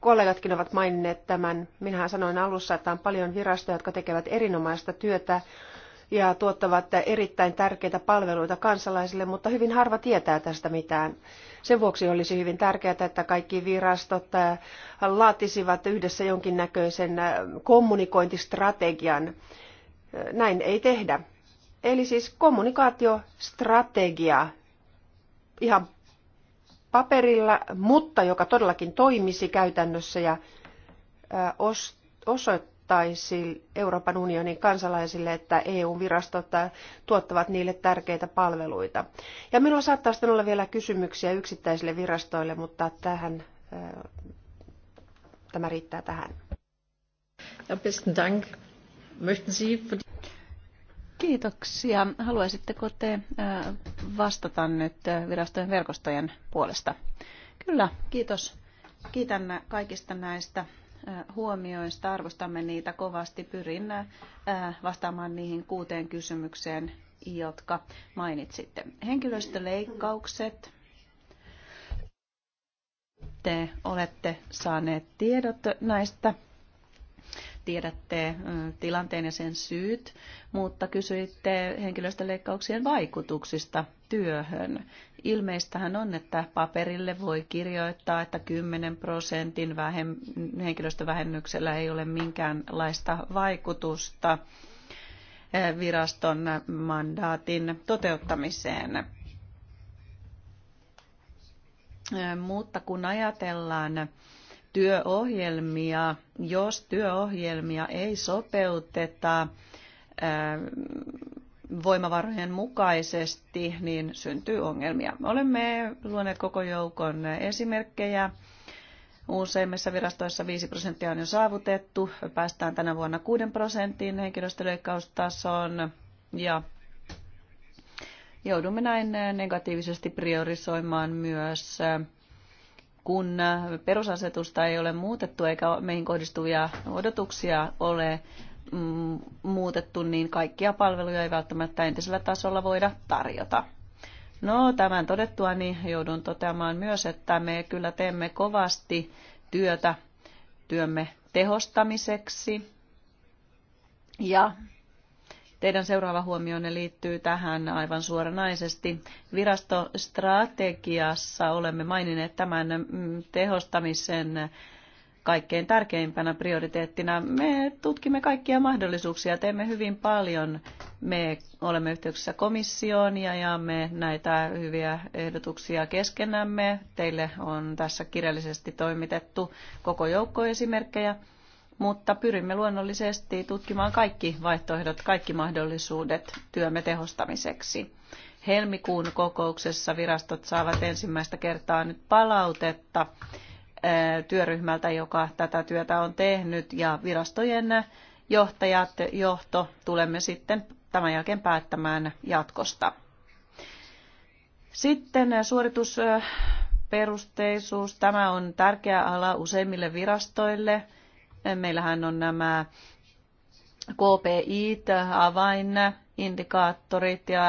C: kollegatkin ovat maininneet tämän. Minähän sanoin alussa, että on paljon virastoja, jotka tekevät erinomaista työtä ja tuottavat erittäin tärkeitä palveluita kansalaisille, mutta hyvin harva tietää tästä mitään. Sen vuoksi olisi hyvin tärkeää, että kaikki virastot äh, laatisivat yhdessä jonkinnäköisen äh, kommunikointistrategian. Äh, näin ei tehdä. Eli siis kommunikaatiostrategia ihan paperilla, mutta joka todellakin toimisi käytännössä ja osoittaisi Euroopan unionin kansalaisille, että EU-virastot tuottavat niille tärkeitä palveluita. Ja minulla saattaa sitten olla vielä kysymyksiä yksittäisille virastoille, mutta tähän, tämä riittää tähän.
A: Ja besten Dank. Möchten Sie... Kiitoksia. Haluaisitteko te vastata nyt virastojen verkostojen puolesta? Kyllä, kiitos. Kiitän kaikista näistä huomioista. Arvostamme niitä kovasti. Pyrin vastaamaan niihin kuuteen kysymykseen, jotka mainitsitte. Henkilöstöleikkaukset. Te olette saaneet tiedot näistä tiedätte tilanteen ja sen syyt, mutta kysyitte henkilöstöleikkauksien vaikutuksista työhön. Ilmeistähän on, että paperille voi kirjoittaa, että 10 prosentin vähem- henkilöstövähennyksellä ei ole minkäänlaista vaikutusta viraston mandaatin toteuttamiseen. Mutta kun ajatellaan työohjelmia, jos työohjelmia ei sopeuteta voimavarojen mukaisesti, niin syntyy ongelmia. Olemme luoneet koko joukon esimerkkejä. Useimmissa virastoissa 5 prosenttia on jo saavutettu. Päästään tänä vuonna 6 prosenttiin henkilöstöleikkaustason ja joudumme näin negatiivisesti priorisoimaan myös kun perusasetusta ei ole muutettu eikä meihin kohdistuvia odotuksia ole mm, muutettu, niin kaikkia palveluja ei välttämättä entisellä tasolla voida tarjota. No, tämän todettua niin joudun toteamaan myös, että me kyllä teemme kovasti työtä työmme tehostamiseksi ja Teidän seuraava huomionne liittyy tähän aivan suoranaisesti. Virastostrategiassa olemme maininneet tämän mm, tehostamisen kaikkein tärkeimpänä prioriteettina. Me tutkimme kaikkia mahdollisuuksia, teemme hyvin paljon. Me olemme yhteyksissä komissioon ja jaamme näitä hyviä ehdotuksia keskenämme. Teille on tässä kirjallisesti toimitettu koko joukko esimerkkejä mutta pyrimme luonnollisesti tutkimaan kaikki vaihtoehdot, kaikki mahdollisuudet työmme tehostamiseksi. Helmikuun kokouksessa virastot saavat ensimmäistä kertaa nyt palautetta työryhmältä, joka tätä työtä on tehnyt, ja virastojen johtajat, johto, tulemme sitten tämän jälkeen päättämään jatkosta. Sitten suoritusperusteisuus. Tämä on tärkeä ala useimmille virastoille – Meillähän on nämä KPI, avainindikaattorit ja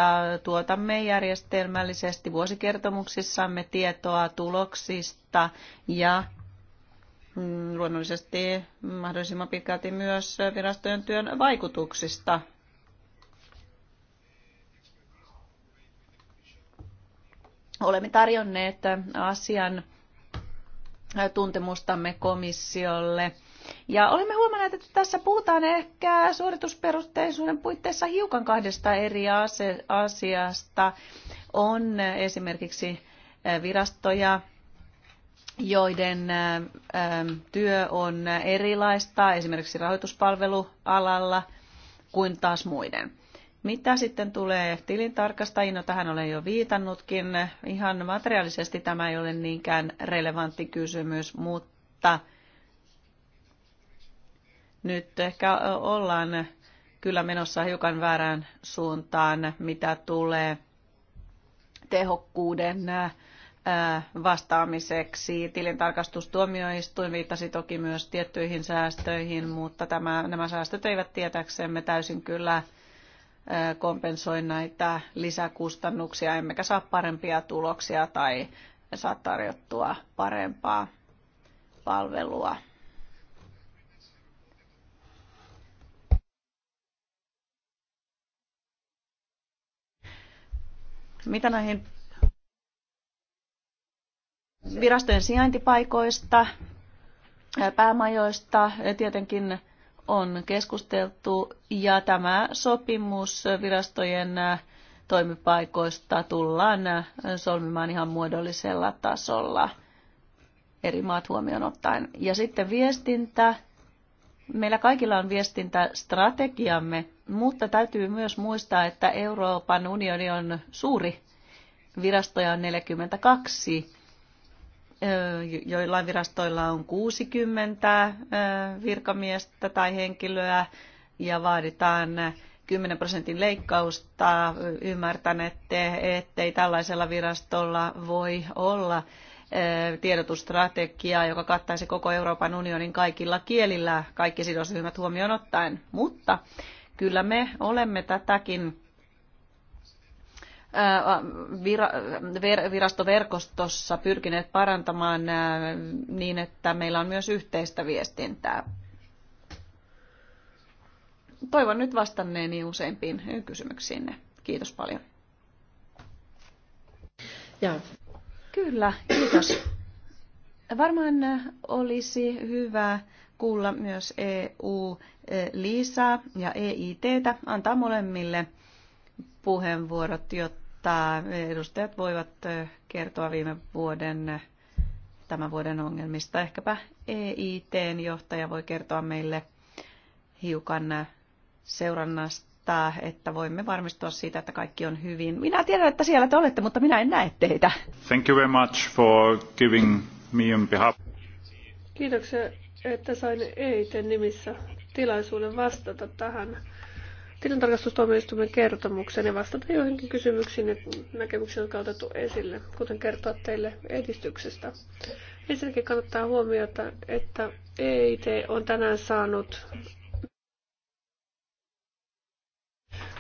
A: tuotamme järjestelmällisesti vuosikertomuksissamme tietoa tuloksista ja luonnollisesti mahdollisimman pitkälti myös virastojen työn vaikutuksista. Olemme tarjonneet asian tuntemustamme komissiolle – ja olemme huomanneet, että tässä puhutaan ehkä suoritusperusteisuuden puitteissa hiukan kahdesta eri asiasta. On esimerkiksi äh, virastoja, joiden ähm, työ on erilaista esimerkiksi rahoituspalvelualalla kuin taas muiden. Mitä sitten tulee tilintarkastajiin, no tähän olen jo viitannutkin, ihan materiaalisesti tämä ei ole niinkään relevantti kysymys, mutta – nyt ehkä ollaan kyllä menossa hiukan väärään suuntaan, mitä tulee tehokkuuden vastaamiseksi. Tilintarkastustuomioistuin viittasi toki myös tiettyihin säästöihin, mutta tämä, nämä säästöt eivät tietäksemme täysin kyllä kompensoi näitä lisäkustannuksia, emmekä saa parempia tuloksia tai saa tarjottua parempaa palvelua. Mitä näihin virastojen sijaintipaikoista, päämajoista tietenkin on keskusteltu ja tämä sopimus virastojen toimipaikoista tullaan solmimaan ihan muodollisella tasolla eri maat huomioon ottaen. Ja sitten viestintä Meillä kaikilla on viestintästrategiamme, mutta täytyy myös muistaa, että Euroopan unioni on suuri. Virastoja on 42, joillain virastoilla on 60 virkamiestä tai henkilöä ja vaaditaan 10 prosentin leikkausta. Ymmärtän, ettei tällaisella virastolla voi olla tiedotusstrategiaa, joka kattaisi koko Euroopan unionin kaikilla kielillä, kaikki sidosryhmät huomioon ottaen. Mutta kyllä me olemme tätäkin virastoverkostossa pyrkineet parantamaan niin, että meillä on myös yhteistä viestintää. Toivon nyt vastanneeni useimpiin kysymyksiinne. Kiitos paljon. Ja, Kyllä, kiitos. Varmaan olisi hyvä kuulla myös EU eh, lisää ja EITtä, antaa molemmille puheenvuorot, jotta edustajat voivat eh, kertoa viime vuoden tämän vuoden ongelmista. Ehkäpä EITn johtaja voi kertoa meille hiukan eh, seurannasta että, että voimme varmistua siitä, että kaikki on hyvin. Minä tiedän, että siellä te olette, mutta minä en näe teitä.
B: Thank you very much for giving me on behalf. Kiitoksia, että sain EITen nimissä tilaisuuden vastata tähän tilintarkastustuomioistuimen kertomukseen ja vastata joihinkin kysymyksiin ja näkemyksiin, jotka on otettu esille, kuten kertoa teille edistyksestä. Ensinnäkin kannattaa huomiota, että EIT on tänään saanut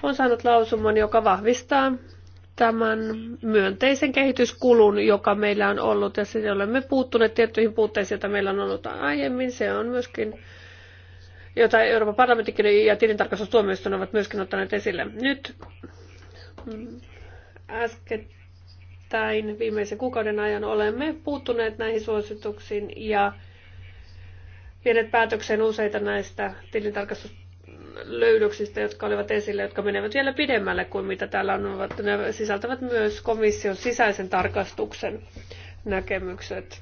B: on saanut lausuman, joka vahvistaa tämän myönteisen kehityskulun, joka meillä on ollut, ja se olemme puuttuneet tiettyihin puutteisiin, joita meillä on ollut aiemmin. Se on myöskin, jota Euroopan parlamenttikin ja tilintarkastustuomioistuin ovat myöskin ottaneet esille. Nyt äskettäin viimeisen kuukauden ajan olemme puuttuneet näihin suosituksiin ja vieneet päätökseen useita näistä tilintarkastustoimistoista löydöksistä, jotka olivat esille, jotka menevät vielä pidemmälle kuin mitä täällä on. Ovat. Ne sisältävät myös komission sisäisen tarkastuksen näkemykset.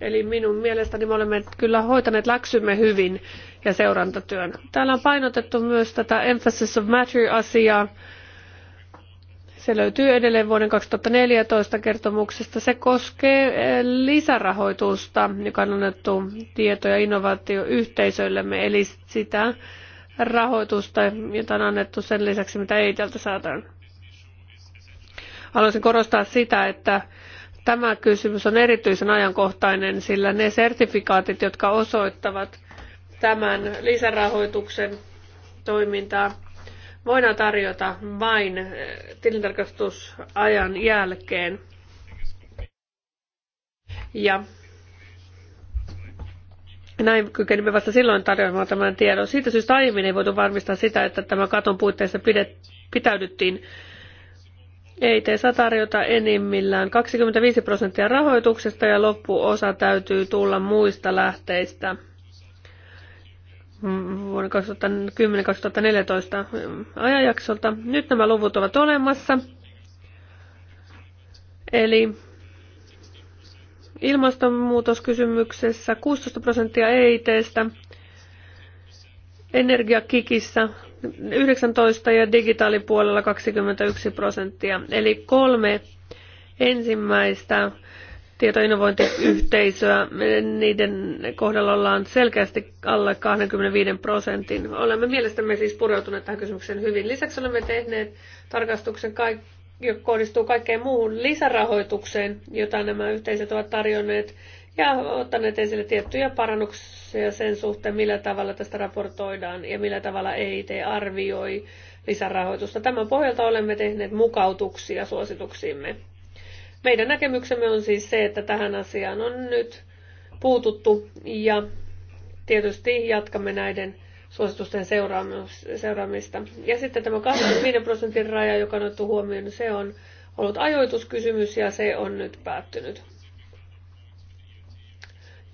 B: Eli minun mielestäni me olemme kyllä hoitaneet läksymme hyvin ja seurantatyön. Täällä on painotettu myös tätä emphasis of matter-asiaa. Se löytyy edelleen vuoden 2014 kertomuksesta. Se koskee eh, lisärahoitusta, joka on annettu tieto- ja innovaatioyhteisöillemme, eli sitä, rahoitusta, jota on annettu sen lisäksi, mitä ei tältä saadaan. Haluaisin korostaa sitä, että tämä kysymys on erityisen ajankohtainen, sillä ne sertifikaatit, jotka osoittavat tämän lisärahoituksen toimintaa, voidaan tarjota vain eh, tilintarkastusajan jälkeen. Ja näin kykenimme vasta silloin tarjoamaan tämän tiedon. Siitä syystä aiemmin ei voitu varmistaa sitä, että tämä katon puitteissa pidet, pitäydyttiin. EIT saa tarjota enimmillään 25 prosenttia rahoituksesta ja loppuosa täytyy tulla muista lähteistä mm, vuonna 2010-2014 ajanjaksolta. Nyt nämä luvut ovat olemassa. Eli ilmastonmuutoskysymyksessä, 16 prosenttia EIT-stä, energiakikissä 19 ja digitaalipuolella 21 prosenttia. Eli kolme ensimmäistä tietoinnovointiyhteisöä, niiden kohdalla ollaan selkeästi alle 25 prosentin. Olemme mielestämme siis pureutuneet tähän kysymykseen hyvin. Lisäksi olemme tehneet tarkastuksen kaikki joka kohdistuu kaikkeen muuhun lisärahoitukseen, jota nämä yhteisöt ovat tarjonneet ja ottaneet esille tiettyjä parannuksia sen suhteen, millä tavalla tästä raportoidaan ja millä tavalla EIT arvioi lisärahoitusta. Tämän pohjalta olemme tehneet mukautuksia suosituksiimme. Meidän näkemyksemme on siis se, että tähän asiaan on nyt puututtu ja tietysti jatkamme näiden suositusten seuraamista. Ja sitten tämä 25 prosentin raja, joka on otettu huomioon, niin se on ollut ajoituskysymys ja se on nyt päättynyt.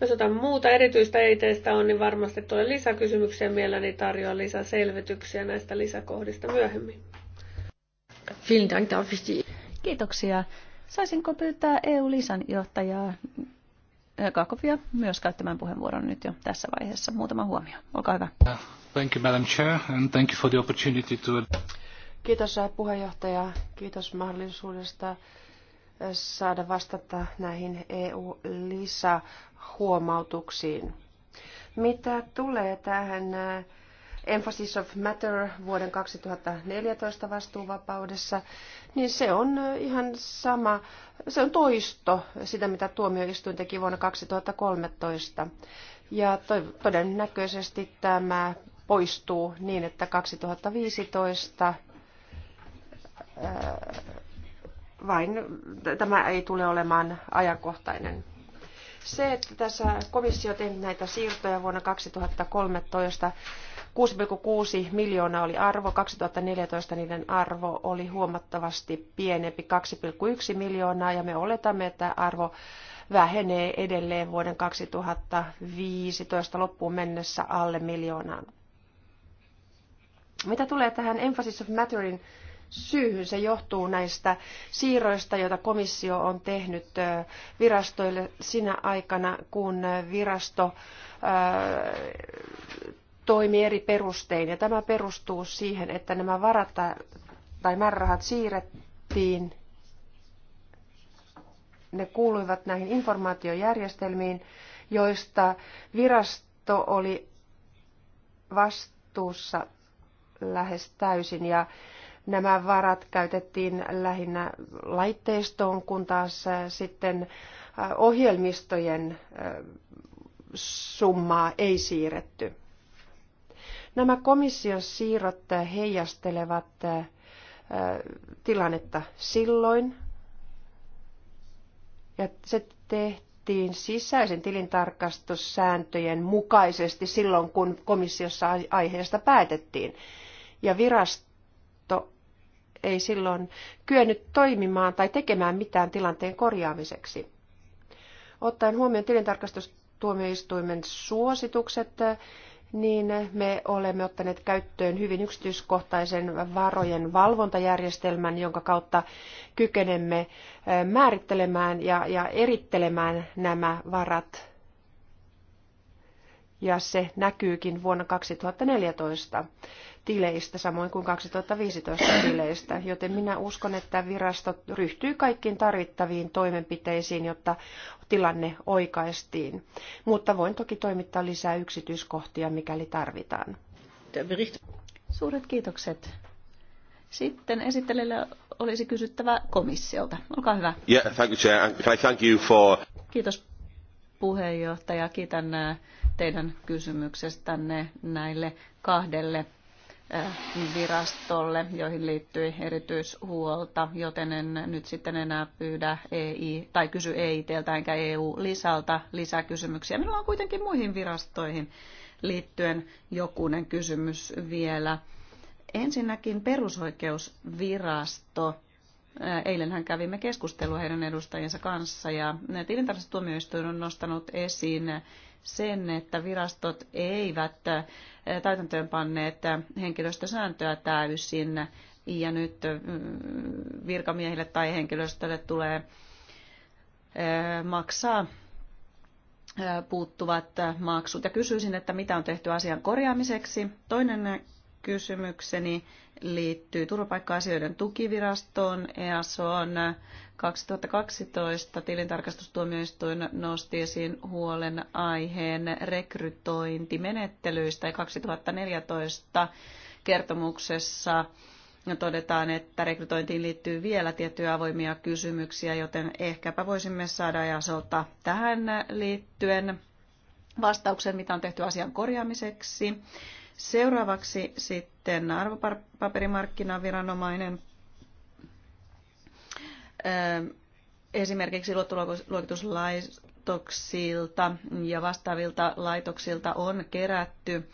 B: Jos jotain muuta erityistä eiteistä on, niin varmasti tulee lisäkysymyksiä. Mielelläni tarjoan lisäselvityksiä näistä lisäkohdista myöhemmin.
A: Vielen Dank, Kiitoksia. Saisinko pyytää EU-lisan johtajaa Äh, Kakofia myös käyttämään puheenvuoron nyt jo tässä vaiheessa. Muutama huomio. Olkaa hyvä. Thank you, Madam Chair, and thank you for the opportunity to... Kiitos äh,
C: puheenjohtaja. Kiitos mahdollisuudesta äh, saada vastata näihin EU-lisähuomautuksiin. Mitä tulee tähän Emphasis of Matter vuoden 2014 vastuuvapaudessa, niin se on ihan sama, se on toisto sitä, mitä tuomioistuin teki vuonna 2013. Ja todennäköisesti tämä poistuu niin, että 2015 ää, vain tämä ei tule olemaan ajankohtainen. Se, että tässä komissio tehnyt näitä siirtoja vuonna 2013, Kuusi miljoonaa oli arvo, neljätoista niiden arvo oli huomattavasti pienempi 2,1 miljoonaa ja me oletamme, että arvo vähenee edelleen vuoden viisitoista loppuun mennessä alle miljoonaan. Mitä tulee tähän Emphasis of Matterin syyhyn, se johtuu näistä siirroista, joita komissio on tehnyt virastoille sinä aikana, kun virasto toimii eri perustein ja tämä perustuu siihen, että nämä varat tai määrärahat siirrettiin, ne kuuluivat näihin informaatiojärjestelmiin, joista virasto oli vastuussa lähes täysin ja nämä varat käytettiin lähinnä laitteistoon, kun taas äh, sitten äh, ohjelmistojen äh, summaa ei siirretty. Nämä komission siirrot eh, heijastelevat eh, eh, tilannetta silloin, ja se tehtiin sisäisen tilintarkastussääntöjen mukaisesti silloin, kun komissiossa aiheesta päätettiin. Ja virasto ei silloin kyennyt toimimaan tai tekemään mitään tilanteen korjaamiseksi. Ottaen huomioon tilintarkastustuomioistuimen suositukset, niin me olemme ottaneet käyttöön hyvin yksityiskohtaisen varojen valvontajärjestelmän, jonka kautta kykenemme eh, määrittelemään ja, ja erittelemään nämä varat. Ja se näkyykin vuonna 2014 tileistä, samoin kuin 2015 tileistä, joten minä uskon, että virasto ryhtyy kaikkiin tarvittaviin toimenpiteisiin, jotta tilanne oikaistiin. Mutta voin toki toimittaa lisää yksityiskohtia, mikäli
A: tarvitaan. Suuret kiitokset. Sitten esittelijällä olisi kysyttävä komissiolta. Olkaa hyvä.
C: Yeah, thank you, Chair. thank you for...
A: Kiitos puheenjohtaja. Kiitän äh, teidän kysymyksestänne näille kahdelle virastolle, joihin liittyi erityishuolta, joten en nyt sitten enää pyydä EI, tai kysy e EITltä enkä EU-lisältä lisäkysymyksiä. Minulla on kuitenkin muihin virastoihin liittyen jokunen kysymys vielä. Ensinnäkin perusoikeusvirasto Eilenhän kävimme keskustelua heidän edustajiensa kanssa ja tilintarkastustuomioistuin on nostanut esiin sen, että virastot eivät täytäntöönpanneet henkilöstösääntöä täysin ja nyt virkamiehille tai henkilöstölle tulee maksaa puuttuvat maksut. Ja kysyisin, että mitä on tehty asian korjaamiseksi. Toinen kysymykseni liittyy turvapaikka-asioiden tukivirastoon. EASOon 2012 tilintarkastustuomioistuin nosti esiin huolen aiheen rekrytointimenettelyistä ja 2014 kertomuksessa todetaan, että rekrytointiin liittyy vielä tiettyjä avoimia kysymyksiä, joten ehkäpä voisimme saada EASOlta tähän liittyen vastauksen, mitä on tehty asian korjaamiseksi. Seuraavaksi sitten arvopaperimarkkinaviranomainen. Öö, esimerkiksi luottoluokituslaitoksilta ja vastaavilta laitoksilta on kerätty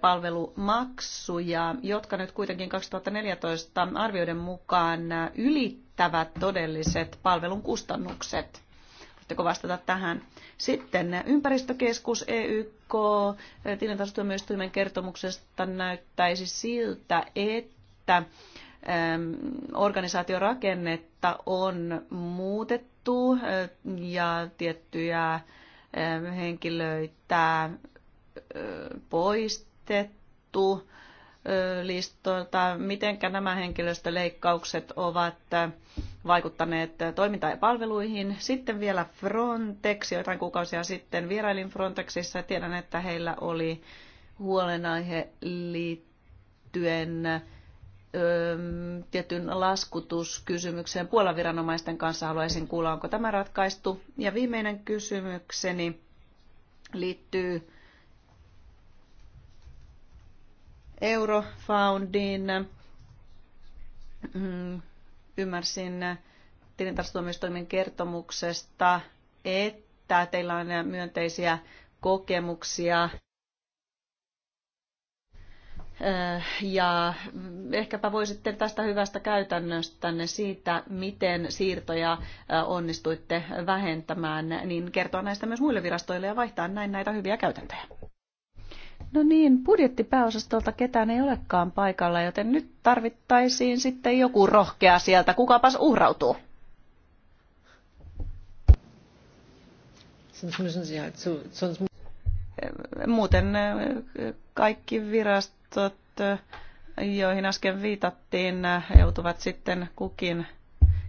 A: palvelumaksuja, jotka nyt kuitenkin 2014 arvioiden mukaan ylittävät todelliset palvelun kustannukset. Voitteko vastata tähän? Sitten ympäristökeskus EYK tilintasotuomioistuimen kertomuksesta näyttäisi siltä, että organisaatiorakennetta on muutettu äh, ja tiettyjä äh, henkilöitä äh, poistettu listoilta, miten nämä henkilöstöleikkaukset ovat vaikuttaneet toimintaan ja palveluihin. Sitten vielä Frontex. Joitain kuukausia sitten vierailin Frontexissa. Tiedän, että heillä oli huolenaihe liittyen tietyn laskutuskysymykseen Puolan viranomaisten kanssa haluaisin kuulla, onko tämä ratkaistu. Ja viimeinen kysymykseni liittyy Eurofoundin. Mm, ymmärsin tilintarkastustuomioistuimen kertomuksesta, että teillä on myönteisiä kokemuksia äh, ja ehkäpä voisitte tästä hyvästä käytännöstä siitä, miten siirtoja äh, onnistuitte vähentämään, niin kertoa näistä myös muille virastoille ja vaihtaa näin näitä hyviä käytäntöjä. No niin, budjettipääosastolta ketään ei olekaan paikalla, joten nyt tarvittaisiin sitten joku rohkea sieltä. Kukapas uhrautuu? Eh, muuten eh, kaikki virastot, eh, joihin äsken viitattiin, joutuvat sitten kukin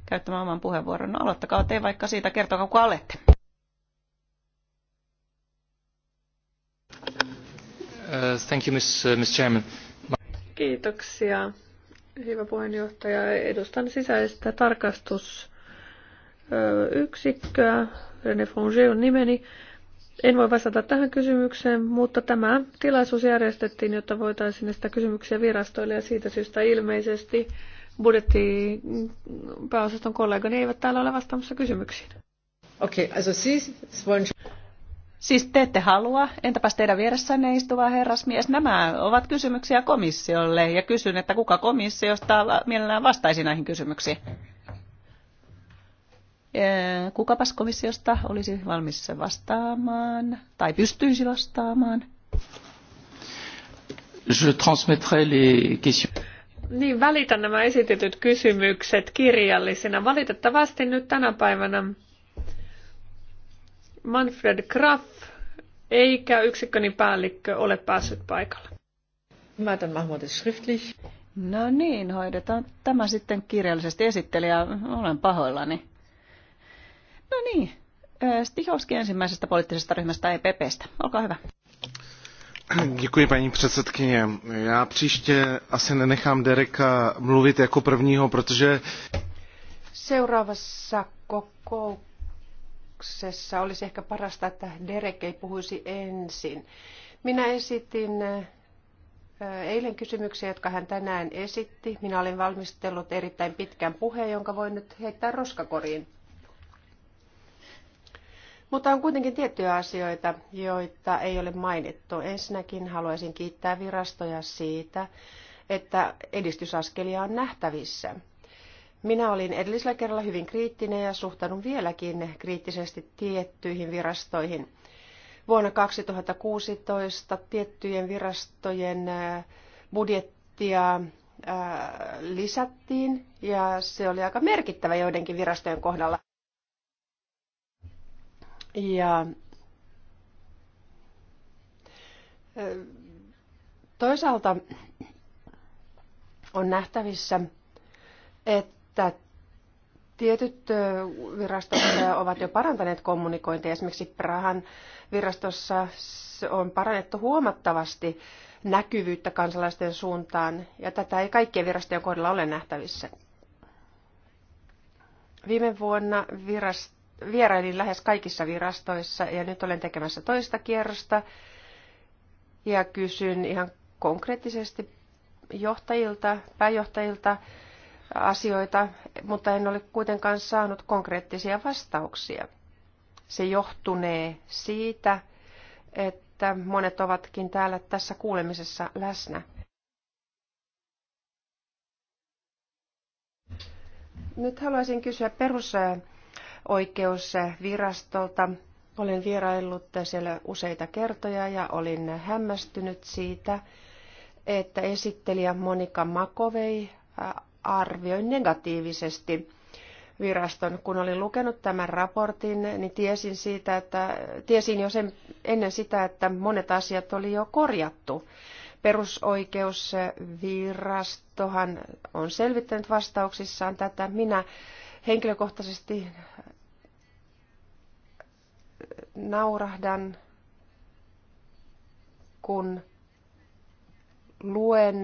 A: käyttämään oman puheenvuoron. No, aloittakaa te vaikka siitä, kertokaa kuka olette.
C: Uh, thank you, Ms. Uh, Chairman.
B: Kiitoksia, hyvä puheenjohtaja. Edustan sisäistä tarkastusyksikköä. Uh, René Fonge on nimeni. En voi vastata tähän kysymykseen, mutta tämä tilaisuus järjestettiin, jotta voitaisiin sitä kysymyksiä virastoille ja siitä syystä ilmeisesti
A: budjettipääosaston mm, kollegani eivät täällä ole vastaamassa kysymyksiin. Okei, okay, also Sie wollen... Siis te ette halua, entäpäs teidän vieressänne istuva herrasmies? Nämä ovat kysymyksiä komissiolle ja kysyn, että kuka komissiosta mielellään vastaisi näihin kysymyksiin. Kukapas komissiosta olisi valmis vastaamaan tai pystyisi vastaamaan? Je transmettrai les questions. Niin, välitän nämä esitetyt
B: kysymykset kirjallisina. Valitettavasti nyt tänä päivänä Manfred Graf eikä yksikköni päällikkö ole päässyt paikalle.
A: Mä tämän Mahmoudin schriftlich. No niin, hoidetaan tämä sitten kirjallisesti esittelijä. Olen pahoillani. No niin, Stihovski ensimmäisestä poliittisesta ryhmästä EPPstä. Olkaa hyvä.
C: Děkuji paní předsedkyně. Já příště asi nenechám Dereka mluvit jako prvního, protože... Seuraavassa kokouk tapauksessa olisi ehkä parasta, että Derek ei puhuisi ensin. Minä esitin äh, eilen kysymyksiä, jotka hän tänään esitti. Minä olin valmistellut erittäin pitkän puheen, jonka voin nyt heittää roskakoriin. Mutta on kuitenkin tiettyjä asioita, joita ei ole mainittu. Ensinnäkin haluaisin kiittää virastoja siitä, että edistysaskelia on nähtävissä – minä olin edellisellä kerralla hyvin kriittinen ja suhtaudun vieläkin kriittisesti tiettyihin virastoihin. Vuonna 2016 tiettyjen virastojen budjettia lisättiin ja se oli aika merkittävä joidenkin virastojen kohdalla. Ja toisaalta on nähtävissä, että että tietyt virastot ovat jo parantaneet kommunikointia. Esimerkiksi Prahan virastossa on parannettu huomattavasti näkyvyyttä kansalaisten suuntaan, ja tätä ei kaikkien virastojen kohdalla ole nähtävissä. Viime vuonna virast, vierailin lähes kaikissa virastoissa, ja nyt olen tekemässä toista kierrosta, ja kysyn ihan konkreettisesti johtajilta, pääjohtajilta, asioita, mutta en ole kuitenkaan saanut konkreettisia vastauksia. Se johtunee siitä, että monet ovatkin täällä tässä kuulemisessa läsnä. Nyt haluaisin kysyä perusoikeusvirastolta. Olen vieraillut siellä useita kertoja ja olin hämmästynyt siitä, että esittelijä Monika Makovei arvioi negatiivisesti viraston. Kun olin lukenut tämän raportin, niin tiesin, siitä, että, tiesin jo sen, ennen sitä, että monet asiat oli jo korjattu. Perusoikeusvirastohan on selvittänyt vastauksissaan tätä. Minä henkilökohtaisesti naurahdan, kun luen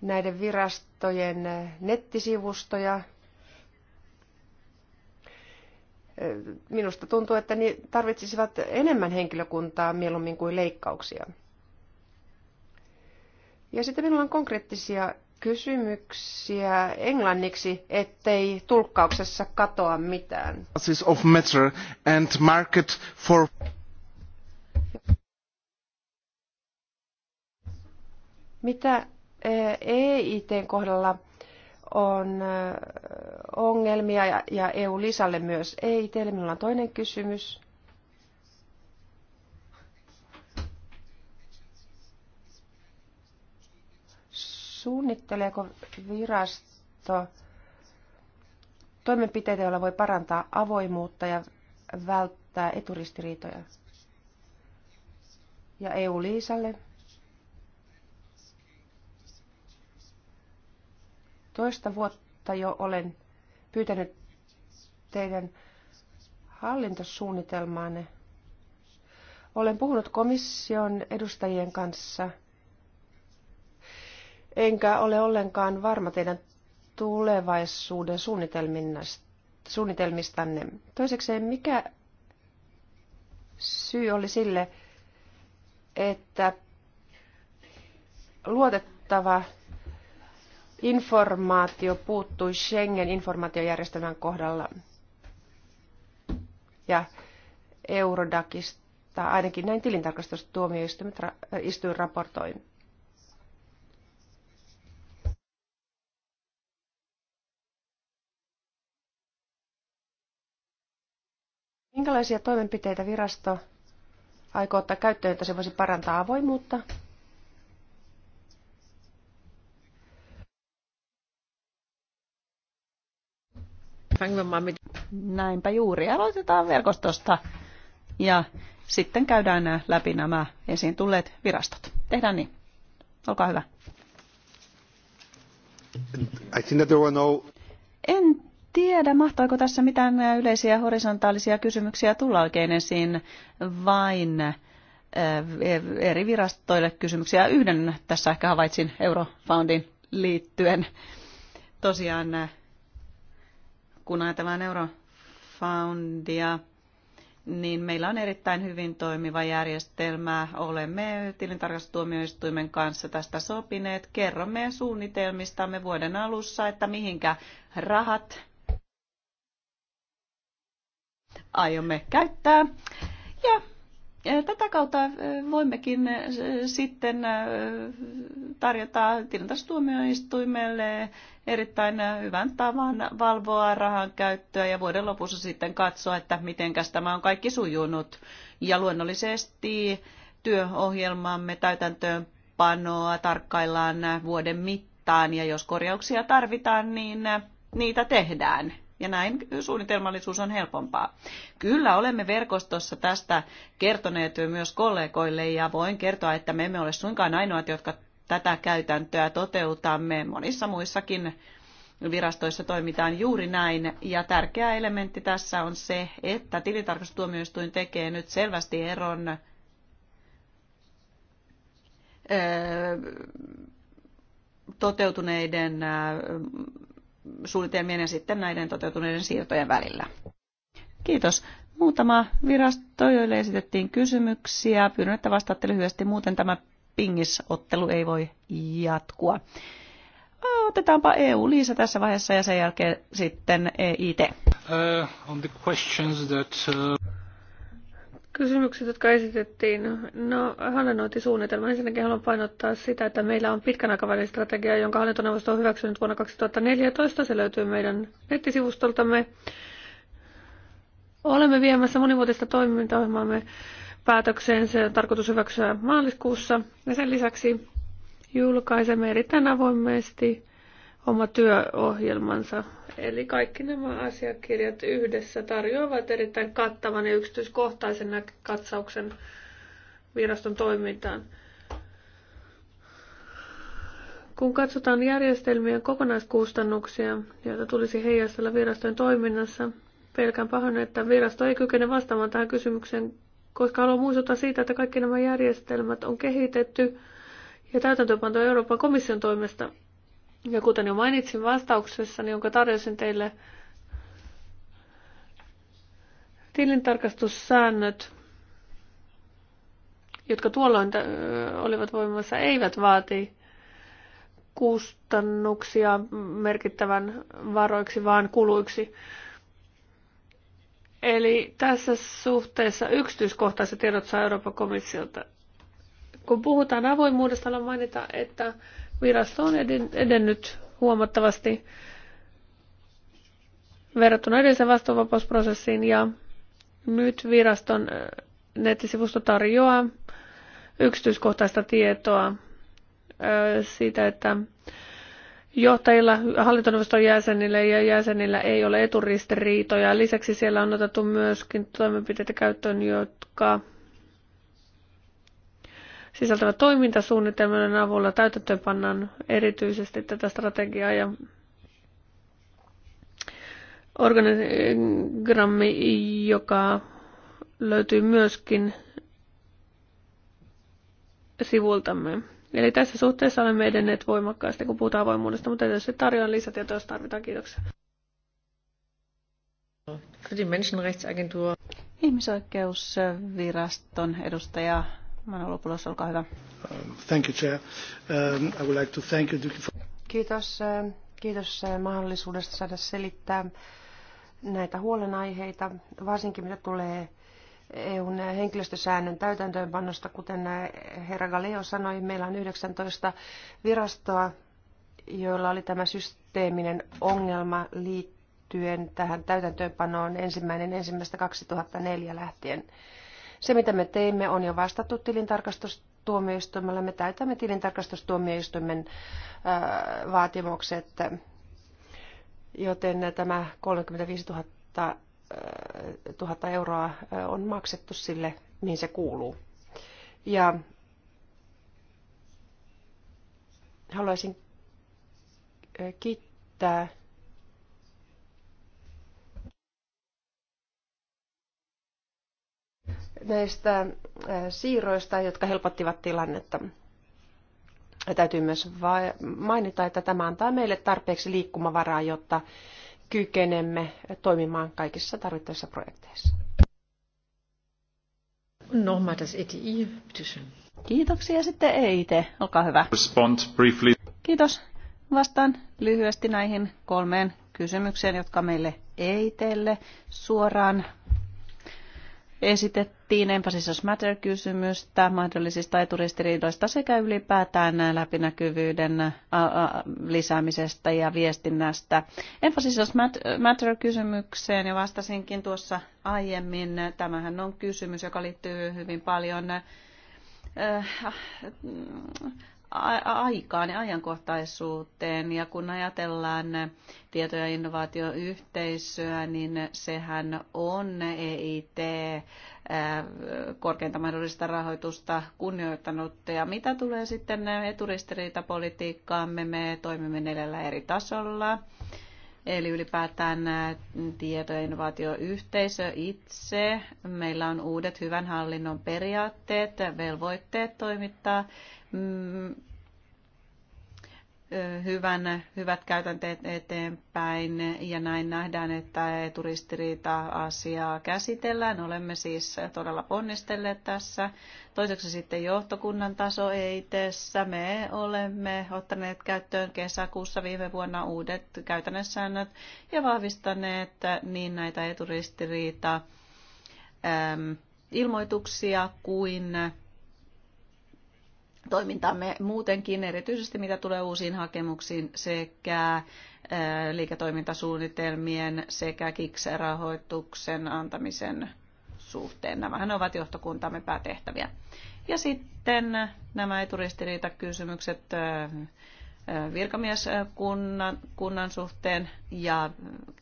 C: näiden virastojen nettisivustoja. Minusta tuntuu, että ne tarvitsisivat enemmän henkilökuntaa mieluummin kuin leikkauksia. Ja sitten minulla on konkreettisia kysymyksiä englanniksi, ettei tulkkauksessa katoa mitään. Of matter and market for... Mitä EITn kohdalla on ongelmia ja EU-lisälle myös EITlle. Minulla on toinen kysymys. Suunnitteleeko virasto toimenpiteitä, joilla voi parantaa avoimuutta ja välttää eturistiriitoja? Ja EU-liisalle? toista vuotta jo olen pyytänyt teidän hallintosuunnitelmaanne. Olen puhunut komission edustajien kanssa, enkä ole ollenkaan varma teidän tulevaisuuden suunnitelmistanne. Toisekseen, mikä syy oli sille, että luotettava informaatio puuttui Schengen-informaatiojärjestelmän kohdalla ja Eurodakista, ainakin näin tilintarkastustuomioistuin äh, raportoin. Minkälaisia toimenpiteitä virasto aikoo ottaa käyttöön, että se voisi parantaa avoimuutta
A: Näinpä juuri. Aloitetaan verkostosta ja sitten käydään läpi nämä esiin tulleet virastot. Tehdään niin. Olkaa hyvä. I think that there no... En tiedä, mahtoiko tässä mitään yleisiä horisontaalisia kysymyksiä tulla oikein esiin, vain äh, eri virastoille kysymyksiä. Yhden tässä ehkä havaitsin Eurofoundin liittyen. Tosiaan äh, kun ajatellaan Eurofoundia, niin meillä on erittäin hyvin toimiva järjestelmä. Olemme tilintarkastustuomioistuimen kanssa tästä sopineet. Kerromme suunnitelmistamme vuoden alussa, että mihinkä rahat aiomme käyttää. Ja Tätä kautta äh, voimmekin äh, sitten äh, tarjota tilintastuomioistuimelle erittäin hyvän tavan valvoa rahan käyttöä ja vuoden lopussa sitten katsoa, että miten tämä on kaikki sujunut. Ja luonnollisesti työohjelmamme täytäntöönpanoa tarkkaillaan vuoden mittaan ja jos korjauksia tarvitaan, niin niitä tehdään ja näin suunnitelmallisuus on helpompaa. Kyllä olemme verkostossa tästä kertoneet myös kollegoille ja voin kertoa, että me emme ole suinkaan ainoat, jotka tätä käytäntöä toteutamme. Monissa muissakin virastoissa toimitaan juuri näin. Ja tärkeä elementti tässä on se, että tilintarkastustuomioistuin tekee nyt selvästi eron toteutuneiden suunnitelmien ja sitten näiden toteutuneiden siirtojen välillä. Kiitos. Muutama virasto, joille esitettiin kysymyksiä. Pyydän, että vastaatte lyhyesti, muuten tämä pingisottelu ei voi jatkua. Otetaanpa EU-Liisa tässä vaiheessa ja sen jälkeen sitten EIT. Uh, on the questions that, uh
B: kysymykset, jotka esitettiin. No, hallinnointisuunnitelma. Ensinnäkin haluan painottaa sitä, että meillä on pitkän aikavälin strategia, jonka hallintoneuvosto on hyväksynyt vuonna 2014. Se löytyy meidän nettisivustoltamme. Olemme viemässä monivuotista toimintaohjelmaamme päätökseen. Se on tarkoitus hyväksyä maaliskuussa. Ja sen lisäksi julkaisemme erittäin avoimesti oma työohjelmansa Eli kaikki nämä asiakirjat yhdessä tarjoavat erittäin kattavan ja yksityiskohtaisen katsauksen viraston toimintaan. Kun katsotaan järjestelmien kokonaiskustannuksia, joita tulisi heijastella virastojen toiminnassa, pelkään pahoin, että virasto ei kykene vastaamaan tähän kysymykseen, koska haluan muistuttaa siitä, että kaikki nämä järjestelmät on kehitetty ja täytäntöönpanto Euroopan komission toimesta ja kuten jo mainitsin vastauksessa, niin jonka tarjosin teille, tilintarkastussäännöt, jotka tuolloin olivat voimassa, eivät vaati kustannuksia merkittävän varoiksi, vaan kuluiksi. Eli tässä suhteessa yksityiskohtaiset tiedot saa Euroopan komissiolta. Kun puhutaan avoimuudesta, haluan mainita, että Virasto on edennyt huomattavasti verrattuna edelliseen vastuuvapausprosessiin ja nyt viraston äh, nettisivusto tarjoaa yksityiskohtaista tietoa äh, siitä, että johtajilla, hallintoneuvoston jäsenillä ja jäsenillä ei ole eturistiriitoja. Lisäksi siellä on otettu myöskin toimenpiteitä käyttöön, jotka sisältävä toimintasuunnitelman avulla täytäntöönpannaan erityisesti tätä strategiaa ja organigrammi, joka löytyy myöskin sivultamme. Eli tässä suhteessa olemme edenneet voimakkaasti, kun puhutaan avoimuudesta, mutta tietysti tarjoan lisätietoa, jos tarvitaan.
A: Kiitoksia. Ihmisoikeusviraston edustaja olkaa hyvä.
C: Thank you, Chair. Um, I would like to thank you.
A: Kiitos, eh, kiitos eh,
C: mahdollisuudesta saada selittää näitä huolenaiheita, varsinkin mitä tulee EUn henkilöstösäännön täytäntöönpannosta, kuten eh, herra Galeo sanoi, meillä on 19 virastoa, joilla oli tämä systeeminen ongelma liittyen tähän täytäntöönpanoon ensimmäinen ensimmäistä 2004 lähtien. Se, mitä me teimme, on jo vastattu tilintarkastustuomioistuimella. Me täytämme tilintarkastustuomioistuimen vaatimukset, joten tämä 35 000, 000 euroa on maksettu sille, mihin se kuuluu. Ja haluaisin kiittää näistä siirroista, jotka helpottivat tilannetta. Ja täytyy myös mainita, että tämä antaa meille tarpeeksi liikkumavaraa, jotta kykenemme toimimaan kaikissa tarvittavissa projekteissa. No,
A: Kiitoksia sitten EIT, olkaa hyvä. Respond briefly. Kiitos. Vastaan lyhyesti näihin kolmeen kysymykseen, jotka meille EITlle suoraan esitettiin pohdittiin Emphasis Matter-kysymystä, mahdollisista eturistiriidoista sekä ylipäätään läpinäkyvyyden lisäämisestä ja viestinnästä. Emphasis of Matter-kysymykseen jo vastasinkin tuossa aiemmin. Tämähän on kysymys, joka liittyy hyvin paljon aikaan ja ajankohtaisuuteen. Ja kun ajatellaan tieto- ja innovaatioyhteisöä, niin sehän on EIT korkeinta mahdollista rahoitusta kunnioittanut. Ja mitä tulee sitten eturistiriitapolitiikkaamme, me toimimme neljällä eri tasolla. Eli ylipäätään tieto- ja innovaatioyhteisö itse. Meillä on uudet hyvän hallinnon periaatteet, velvoitteet toimittaa Mm, hyvän, hyvät käytänteet eteenpäin ja näin nähdään, että turistiriita-asiaa käsitellään. Olemme siis todella ponnistelleet tässä. Toiseksi sitten johtokunnan taso ei tässä. Me olemme ottaneet käyttöön kesäkuussa viime vuonna uudet säännöt ja vahvistaneet niin näitä eturistiriita ilmoituksia kuin toimintamme muutenkin, erityisesti mitä tulee uusiin hakemuksiin sekä liiketoimintasuunnitelmien sekä KIKS-rahoituksen antamisen suhteen. Nämähän ovat johtokuntamme päätehtäviä. Ja sitten nämä eturistiriitakysymykset virkamieskunnan kunnan suhteen ja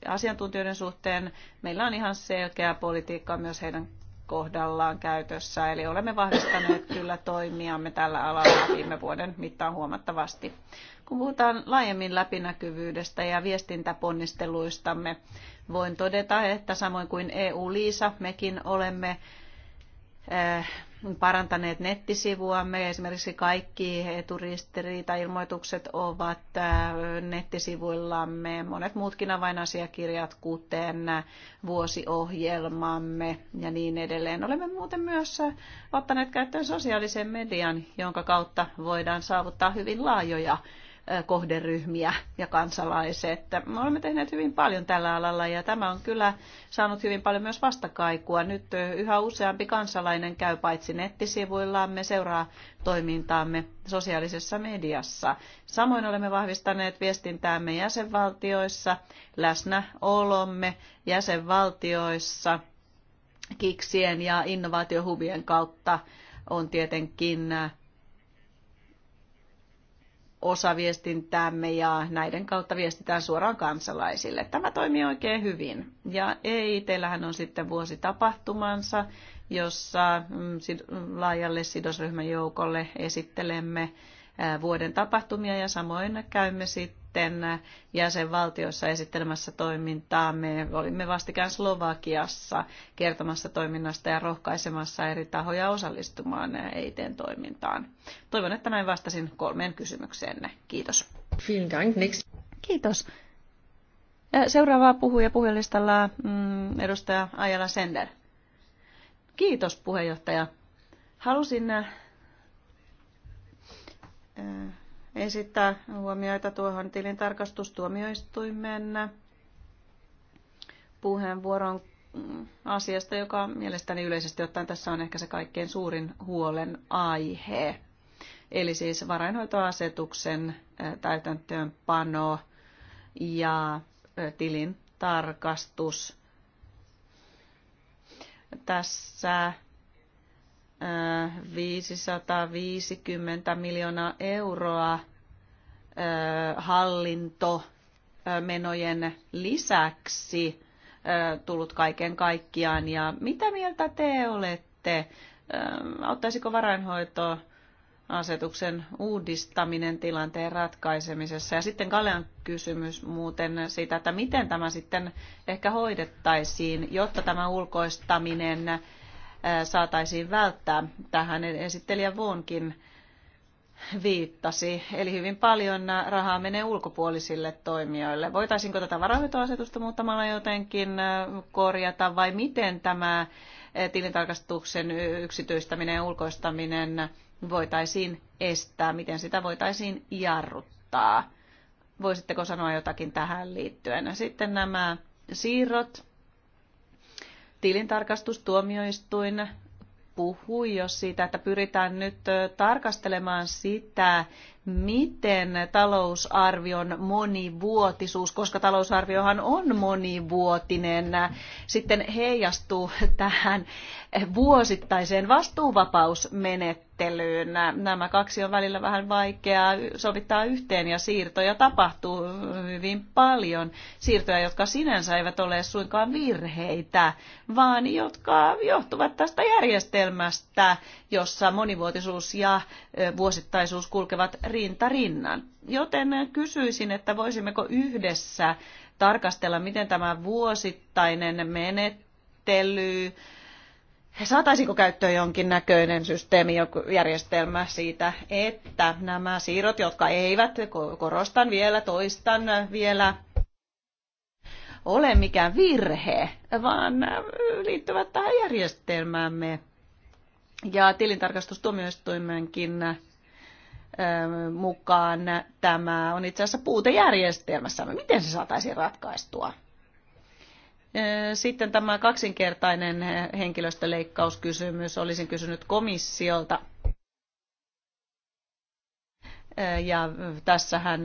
A: asiantuntijoiden suhteen. Meillä on ihan selkeä politiikka myös heidän kohdallaan käytössä. Eli olemme vahvistaneet kyllä toimiamme tällä alalla viime vuoden mittaan huomattavasti. Kun puhutaan laajemmin läpinäkyvyydestä ja viestintäponnisteluistamme, voin todeta, että samoin kuin EU-Liisa, mekin olemme eh, parantaneet nettisivuamme. Esimerkiksi kaikki eturistiriita-ilmoitukset ovat äh, nettisivuillamme. Monet muutkin avainasiakirjat, kuten vuosiohjelmamme ja niin edelleen. Olemme muuten myös äh, ottaneet käyttöön sosiaalisen median, jonka kautta voidaan saavuttaa hyvin laajoja kohderyhmiä ja kansalaiset. Me olemme tehneet hyvin paljon tällä alalla ja tämä on kyllä saanut hyvin paljon myös vastakaikua. Nyt yhä useampi kansalainen käy paitsi nettisivuillamme, seuraa toimintaamme sosiaalisessa mediassa. Samoin olemme vahvistaneet viestintäämme jäsenvaltioissa, läsnäolomme jäsenvaltioissa, kiksien ja innovaatiohubien kautta on tietenkin osa ja näiden kautta viestitään suoraan kansalaisille. Tämä toimii oikein hyvin. Ja teillähän on sitten vuositapahtumansa, jossa mm, laajalle sidosryhmän joukolle esittelemme vuoden tapahtumia ja samoin käymme sitten sitten jäsenvaltioissa esittelemässä toimintaa. Me olimme vastikään Slovakiassa kertomassa toiminnasta ja rohkaisemassa eri tahoja osallistumaan EITn toimintaan. Toivon, että näin vastasin kolmeen kysymykseenne. Kiitos. Kiitos. Seuraava puhuja puhelistalla mm, edustaja Ajala Sender. Kiitos puheenjohtaja. Halusin esittää huomioita tuohon tilintarkastustuomioistuimeen puheenvuoron asiasta, joka mielestäni yleisesti ottaen tässä on ehkä se kaikkein suurin huolen aihe. Eli siis varainhoitoasetuksen täytäntöönpano ja tilin tarkastus. Tässä 550 miljoonaa euroa hallintomenojen lisäksi tullut kaiken kaikkiaan. Ja mitä mieltä te olette? Auttaisiko varainhoito asetuksen uudistaminen tilanteen ratkaisemisessa. Ja sitten Kalean kysymys muuten siitä, että miten tämä sitten ehkä hoidettaisiin, jotta tämä ulkoistaminen saataisiin välttää. Tähän esittelijä Vuonkin viittasi. Eli hyvin paljon rahaa menee ulkopuolisille toimijoille. Voitaisinko tätä varahoitoasetusta muuttamalla jotenkin korjata vai miten tämä tilintarkastuksen yksityistäminen ja ulkoistaminen voitaisiin estää, miten sitä voitaisiin jarruttaa? Voisitteko sanoa jotakin tähän liittyen? Sitten nämä siirrot tilintarkastustuomioistuin puhui jo siitä, että pyritään nyt tarkastelemaan sitä, miten talousarvion monivuotisuus, koska talousarviohan on monivuotinen, sitten heijastuu tähän vuosittaiseen vastuuvapausmenettelyyn. Nämä kaksi on välillä vähän vaikeaa sovittaa yhteen ja siirtoja tapahtuu hyvin paljon. Siirtoja, jotka sinänsä eivät ole suinkaan virheitä, vaan jotka johtuvat tästä järjestelmästä, jossa monivuotisuus ja vuosittaisuus kulkevat rinta rinnan. Joten kysyisin, että voisimmeko yhdessä tarkastella, miten tämä vuosittainen menettely Saataisiinko käyttöön jonkin näköinen systeemi, järjestelmä siitä, että nämä siirrot, jotka eivät, korostan vielä, toistan vielä, ole mikään virhe, vaan liittyvät tähän järjestelmäämme. Ja tilintarkastustuomioistuimenkin ähm, mukaan tämä on itse asiassa puute Miten se saataisiin ratkaistua? Äh, sitten tämä kaksinkertainen äh, henkilöstöleikkauskysymys. Olisin kysynyt komissiolta – ja tässähän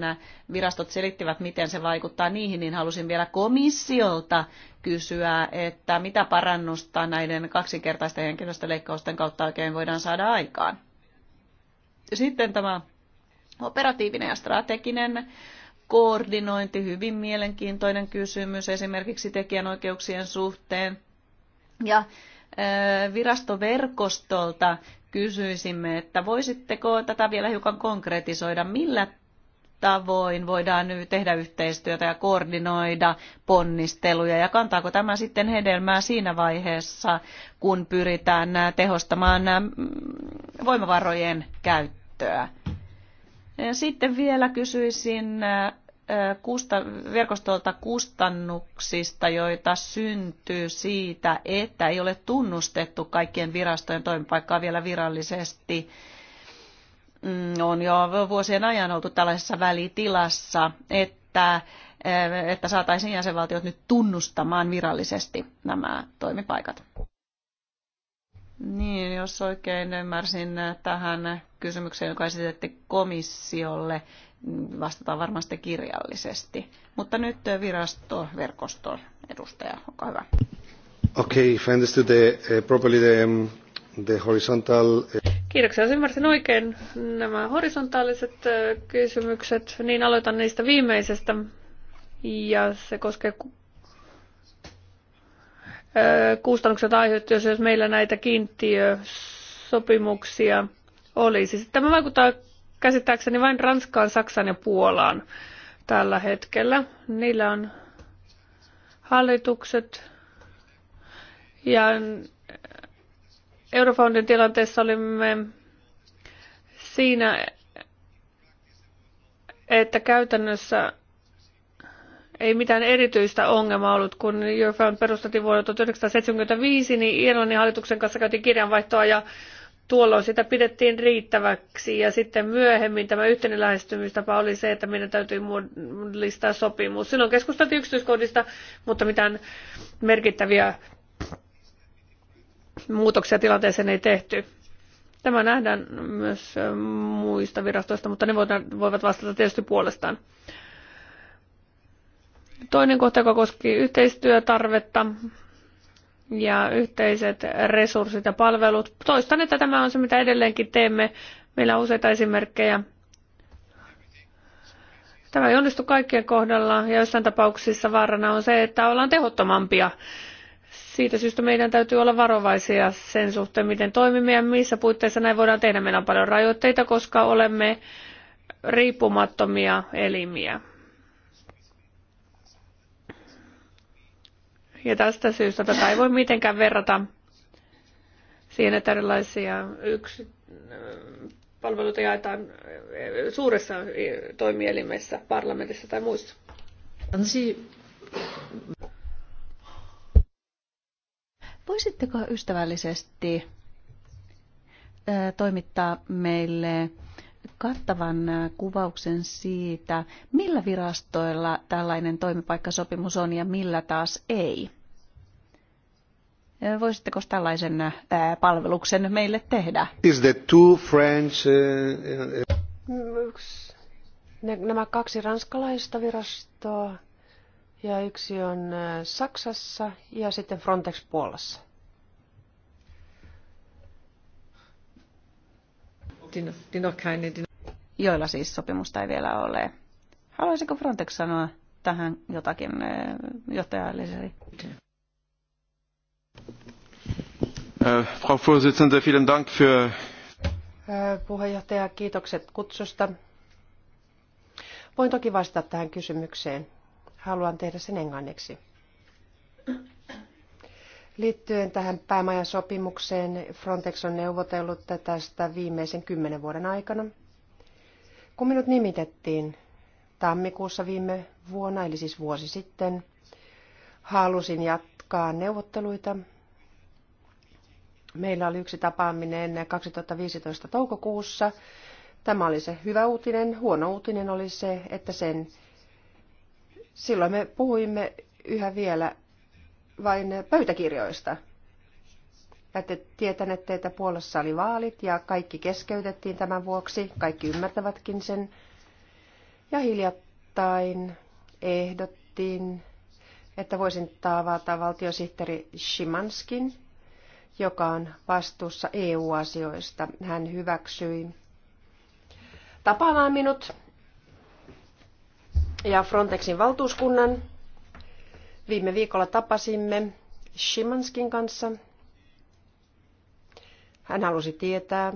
A: virastot selittivät, miten se vaikuttaa niihin, niin halusin vielä komissiolta kysyä, että mitä parannusta näiden kaksinkertaisten henkilöstöleikkausten kautta oikein voidaan saada aikaan. Sitten tämä operatiivinen ja strateginen koordinointi, hyvin mielenkiintoinen kysymys esimerkiksi tekijänoikeuksien suhteen. Ja virastoverkostolta kysyisimme, että voisitteko tätä vielä hiukan konkretisoida, millä tavoin voidaan nyt tehdä yhteistyötä ja koordinoida ponnisteluja ja kantaako tämä sitten hedelmää siinä vaiheessa, kun pyritään tehostamaan mm, voimavarojen käyttöä. Sitten vielä kysyisin verkostolta kustannuksista, joita syntyy siitä, että ei ole tunnustettu kaikkien virastojen toimipaikkaa vielä virallisesti. Mm, on jo vuosien ajan oltu tällaisessa välitilassa, että, eh, että saataisiin jäsenvaltiot nyt tunnustamaan virallisesti nämä toimipaikat. Niin, jos oikein ymmärsin tähän kysymykseen, joka esitettiin komissiolle, vastataan varmasti kirjallisesti. Mutta nyt eh, virasto, verkosto, edustaja, olkaa hyvä.
B: Okay, if I understood the, eh, properly the, um, the horizontal... Eh, Kiitoksia, jos ymmärsin oikein nämä horisontaaliset kysymykset, niin aloitan niistä viimeisestä. Ja se koskee kustannukset aiheutuisi, jos meillä näitä kiintiösopimuksia olisi. Sitten tämä vaikuttaa käsittääkseni vain Ranskaan, Saksaan ja Puolaan tällä hetkellä. Niillä on hallitukset ja Eurofoundin tilanteessa olimme siinä, että käytännössä ei mitään erityistä ongelmaa ollut, kun Eurofound perustettiin vuonna 1975, niin Irlannin hallituksen kanssa käytiin kirjanvaihtoa ja tuolloin sitä pidettiin riittäväksi ja sitten myöhemmin tämä yhteinen lähestymistapa oli se, että meidän täytyy muodollistaa sopimus. Silloin keskusteltiin yksityiskohdista, mutta mitään merkittäviä muutoksia tilanteeseen ei tehty. Tämä nähdään myös muista virastoista, mutta ne voivat vastata tietysti puolestaan. Toinen kohta, joka koski yhteistyötarvetta, ja yhteiset resurssit ja palvelut. Toistan, että tämä on se, mitä edelleenkin teemme. Meillä on useita esimerkkejä. Tämä ei onnistu kaikkien kohdalla ja joissain tapauksissa vaarana on se, että ollaan tehottomampia. Siitä syystä meidän täytyy olla varovaisia sen suhteen, miten toimimme ja missä puitteissa näin voidaan tehdä. Meillä on paljon rajoitteita, koska olemme riippumattomia elimiä. Ja tästä syystä tätä ei voi mitenkään verrata siihen, että erilaisia yksi, palveluita jaetaan suuressa toimielimessä, parlamentissa tai muissa.
A: Voisitteko ystävällisesti toimittaa meille kattavan kuvauksen siitä, millä virastoilla tällainen toimipaikkasopimus on ja millä taas ei? Voisitteko tällaisen palveluksen meille tehdä?
C: Is the two French,
A: nämä kaksi ranskalaista virastoa
C: ja yksi on Saksassa ja sitten Frontex Puolassa.
A: Joilla siis sopimusta ei vielä ole. Haluaisiko Frontex sanoa tähän jotakin johtajalliselle?
C: Äh, Frau Vorsitzende, vielen Dank für... Äh,
A: puheenjohtaja, kiitokset
C: kutsusta. Voin toki vastata tähän kysymykseen. Haluan tehdä sen englanniksi. Liittyen tähän päämajasopimukseen, Frontex on neuvotellut tästä viimeisen kymmenen vuoden aikana. Kun minut nimitettiin tammikuussa viime vuonna, eli siis vuosi sitten, halusin jatkaa jatkaa neuvotteluita. Meillä oli yksi tapaaminen 2015 toukokuussa. Tämä oli se hyvä uutinen. Huono uutinen oli se, että sen silloin me puhuimme yhä vielä vain pöytäkirjoista. Ja te tietänette, että Puolassa oli vaalit ja kaikki keskeytettiin tämän vuoksi. Kaikki ymmärtävätkin sen. Ja hiljattain ehdottiin että voisin tavata valtiosihteeri Shimanskin, joka on vastuussa EU-asioista. Hän hyväksyi tapaamaan minut ja Frontexin valtuuskunnan. Viime viikolla tapasimme Shimanskin kanssa. Hän halusi tietää,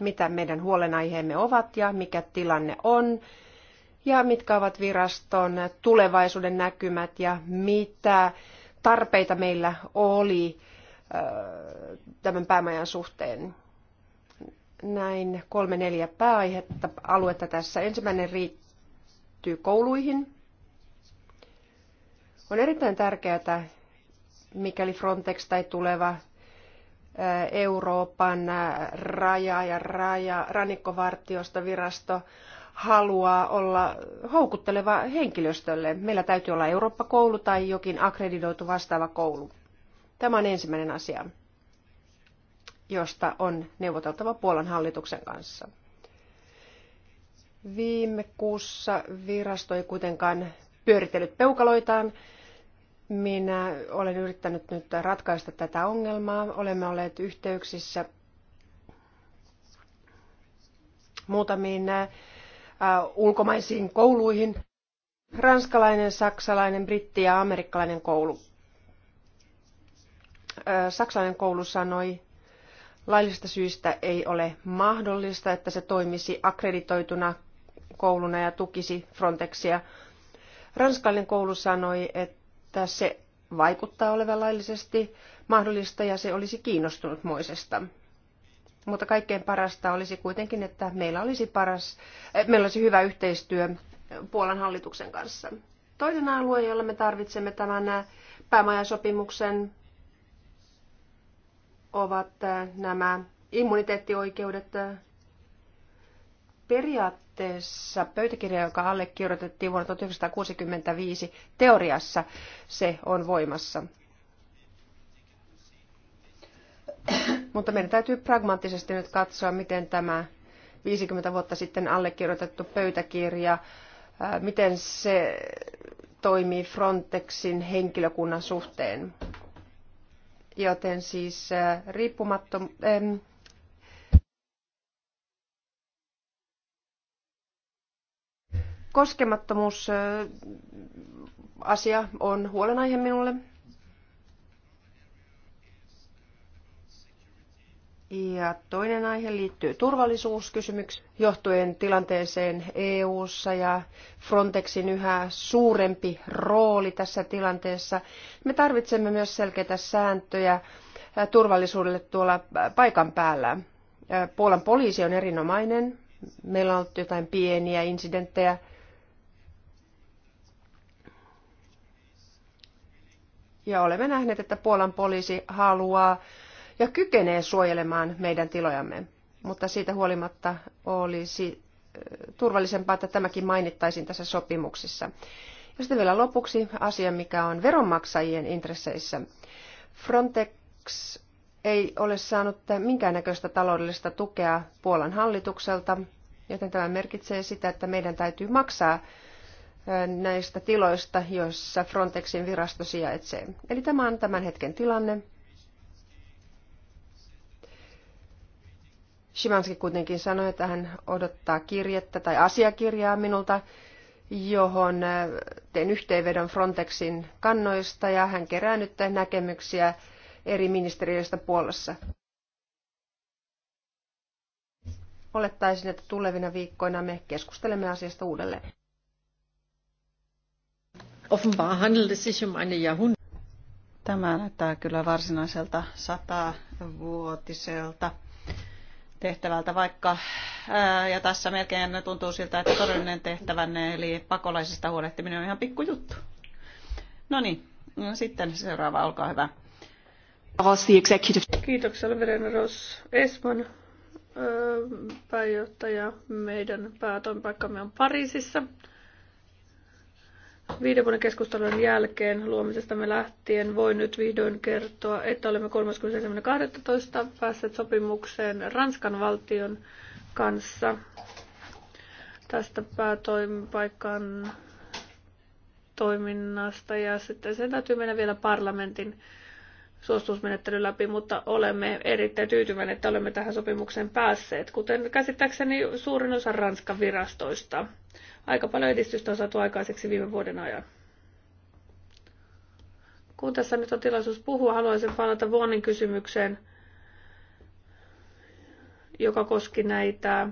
C: mitä meidän huolenaiheemme ovat ja mikä tilanne on ja mitkä ovat viraston tulevaisuuden näkymät ja mitä tarpeita meillä oli äh, tämän päämajan suhteen. Näin kolme neljä pääaihetta aluetta tässä. Ensimmäinen riittyy kouluihin. On erittäin tärkeää, mikäli Frontex tai tuleva äh, Euroopan äh, raja- ja raja, rannikkovartiosta virasto haluaa olla houkutteleva henkilöstölle. Meillä täytyy olla Eurooppa-koulu tai jokin akkreditoitu vastaava koulu. Tämä on ensimmäinen asia, josta on neuvoteltava Puolan hallituksen kanssa. Viime kuussa virasto ei kuitenkaan pyöritellyt peukaloitaan. Minä olen yrittänyt nyt ratkaista tätä ongelmaa. Olemme olleet yhteyksissä muutamiin ulkomaisiin kouluihin. Ranskalainen, saksalainen, britti ja amerikkalainen koulu. Saksalainen koulu sanoi, laillisista syistä ei ole mahdollista, että se toimisi akkreditoituna kouluna ja tukisi Frontexia. Ranskalainen koulu sanoi, että se vaikuttaa olevan laillisesti mahdollista ja se olisi kiinnostunut moisesta. Mutta kaikkein parasta olisi kuitenkin, että meillä olisi, paras, eh, meillä olisi hyvä yhteistyö Puolan hallituksen kanssa. Toinen alue, jolla me tarvitsemme tämän eh, päämajasopimuksen, ovat eh, nämä immuniteettioikeudet. Periaatteessa pöytäkirja, joka allekirjoitettiin vuonna 1965, teoriassa se on voimassa. Mutta meidän täytyy pragmaattisesti nyt katsoa, miten tämä 50 vuotta sitten allekirjoitettu pöytäkirja, miten se toimii Frontexin henkilökunnan suhteen. Joten siis riippumattom... Ähm, koskemattomuusasia on huolenaihe minulle. Ja toinen aihe liittyy turvallisuuskysymyksiin johtuen tilanteeseen EU:ssa ja Frontexin yhä suurempi rooli tässä tilanteessa. Me tarvitsemme myös selkeitä sääntöjä äh, turvallisuudelle tuolla äh, paikan päällä. Äh, Puolan poliisi on erinomainen. Meillä on ollut jotain pieniä insidenttejä. Ja olemme nähneet, että Puolan poliisi haluaa ja kykenee suojelemaan meidän tilojamme. Mutta siitä huolimatta olisi turvallisempaa, että tämäkin mainittaisiin tässä sopimuksessa. Ja sitten vielä lopuksi asia, mikä on veronmaksajien intresseissä. Frontex ei ole saanut minkäännäköistä taloudellista tukea Puolan hallitukselta, joten tämä merkitsee sitä, että meidän täytyy maksaa näistä tiloista, joissa Frontexin virasto sijaitsee. Eli tämä on tämän hetken tilanne. Shimanski kuitenkin sanoi, että hän odottaa kirjettä tai asiakirjaa minulta, johon äh, teen yhteenvedon Frontexin kannoista ja hän kerää nyt näkemyksiä eri ministeriöistä puolessa. Olettaisin, että tulevina viikkoina me keskustelemme asiasta uudelleen.
A: Um Tämä näyttää kyllä varsinaiselta satavuotiselta tehtävältä, vaikka, ja tässä melkein tuntuu siltä, että todellinen tehtävänne, eli pakolaisista huolehtiminen on ihan pikkujuttu. No niin, sitten seuraava, olkaa hyvä. Kiitoksia, Verena Ross Esman
B: pääjohtaja. Meidän päätoimipaikkamme on Pariisissa. Viiden vuoden keskustelun jälkeen luomisestamme lähtien voi nyt vihdoin kertoa, että olemme 31.12. päässeet sopimukseen Ranskan valtion kanssa tästä päätoimipaikan toiminnasta ja sitten sen täytyy mennä vielä parlamentin suostumusmenettelyn läpi, mutta olemme erittäin tyytyväinen, että olemme tähän sopimukseen päässeet, kuten käsittääkseni suurin osa Ranskan virastoista. Aika paljon edistystä on saatu aikaiseksi viime vuoden ajan. Kun tässä nyt on tilaisuus puhua, haluaisin palata Vuonin kysymykseen, joka koski näitä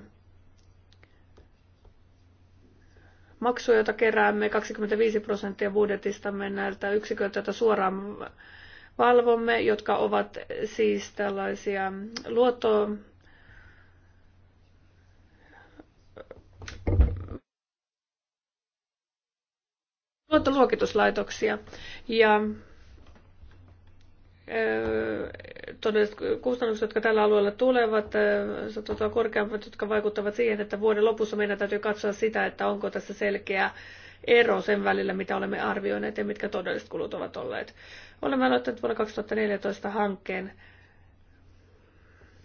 B: maksuja, joita keräämme 25 prosenttia budjetistamme näiltä yksiköiltä, joita suoraan valvomme, jotka ovat siis tällaisia luotto luottoluokituslaitoksia ja todelliset kustannukset, jotka tällä alueella tulevat, sanotaan korkeammat, jotka vaikuttavat siihen, että vuoden lopussa meidän täytyy katsoa sitä, että onko tässä selkeä ero sen välillä, mitä olemme arvioineet ja mitkä todelliset kulut ovat olleet. Olemme aloittaneet vuonna 2014 hankkeen,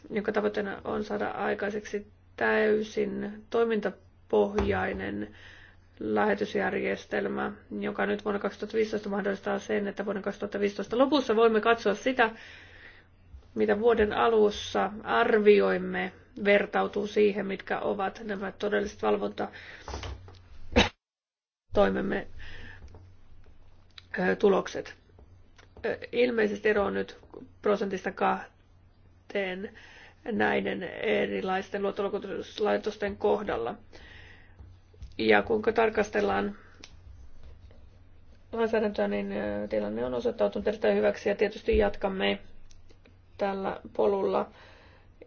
B: jonka tavoitteena on saada aikaiseksi täysin toimintapohjainen lähetysjärjestelmä, joka nyt vuonna 2015 mahdollistaa sen, että vuoden 2015 lopussa voimme katsoa sitä, mitä vuoden alussa arvioimme vertautuu siihen, mitkä ovat nämä todelliset valvonta toimemme tulokset. Ilmeisesti ero on nyt prosentista kahteen näiden erilaisten luottolokotuslaitosten kohdalla. Ja kun tarkastellaan lainsäädäntöä, niin tilanne on osoittautunut erittäin hyväksi ja tietysti jatkamme tällä polulla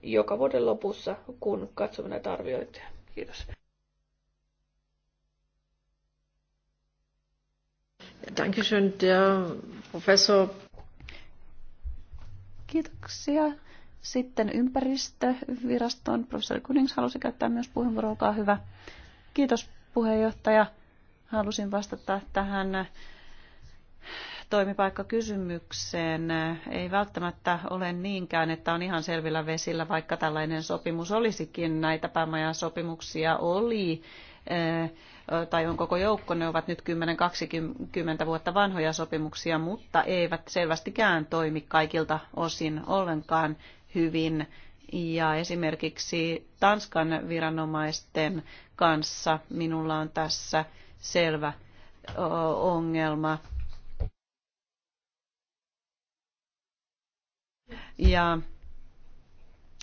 B: joka vuoden lopussa, kun katsomme näitä arviointeja. Kiitos.
C: Dankeschön, der Professor.
A: Kiitoksia. Sitten ympäristöviraston professori Kunings halusi käyttää myös puheenvuoron. Olkaa hyvä. Kiitos puheenjohtaja. Halusin vastata tähän toimipaikkakysymykseen ei välttämättä ole niinkään, että on ihan selvillä vesillä, vaikka tällainen sopimus olisikin. Näitä päämajasopimuksia oli tai on koko joukko, ne ovat nyt 10-20 vuotta vanhoja sopimuksia, mutta eivät selvästikään toimi kaikilta osin ollenkaan hyvin. Ja esimerkiksi Tanskan viranomaisten kanssa minulla on tässä selvä ongelma. Ja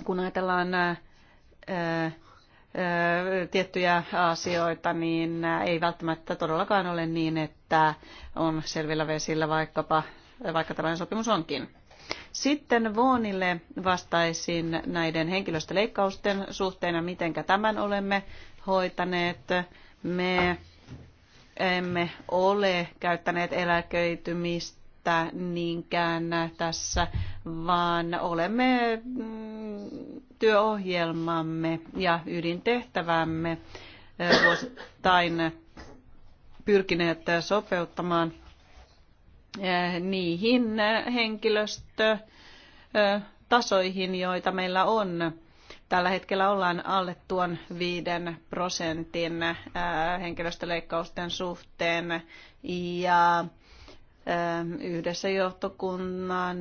A: kun ajatellaan ää, tiettyjä asioita, niin ei välttämättä todellakaan ole niin, että on selvillä vesillä vaikkapa, vaikka tällainen sopimus onkin. Sitten Voonille vastaisin näiden henkilöstöleikkausten suhteena, miten tämän olemme hoitaneet. Me emme ole käyttäneet eläköitymistä niinkään tässä, vaan olemme mm, työohjelmamme ja ydintehtävämme vuosittain pyrkineet sopeuttamaan niihin henkilöstötasoihin, joita meillä on. Tällä hetkellä ollaan alle tuon viiden prosentin henkilöstöleikkausten suhteen ja yhdessä johtokunnan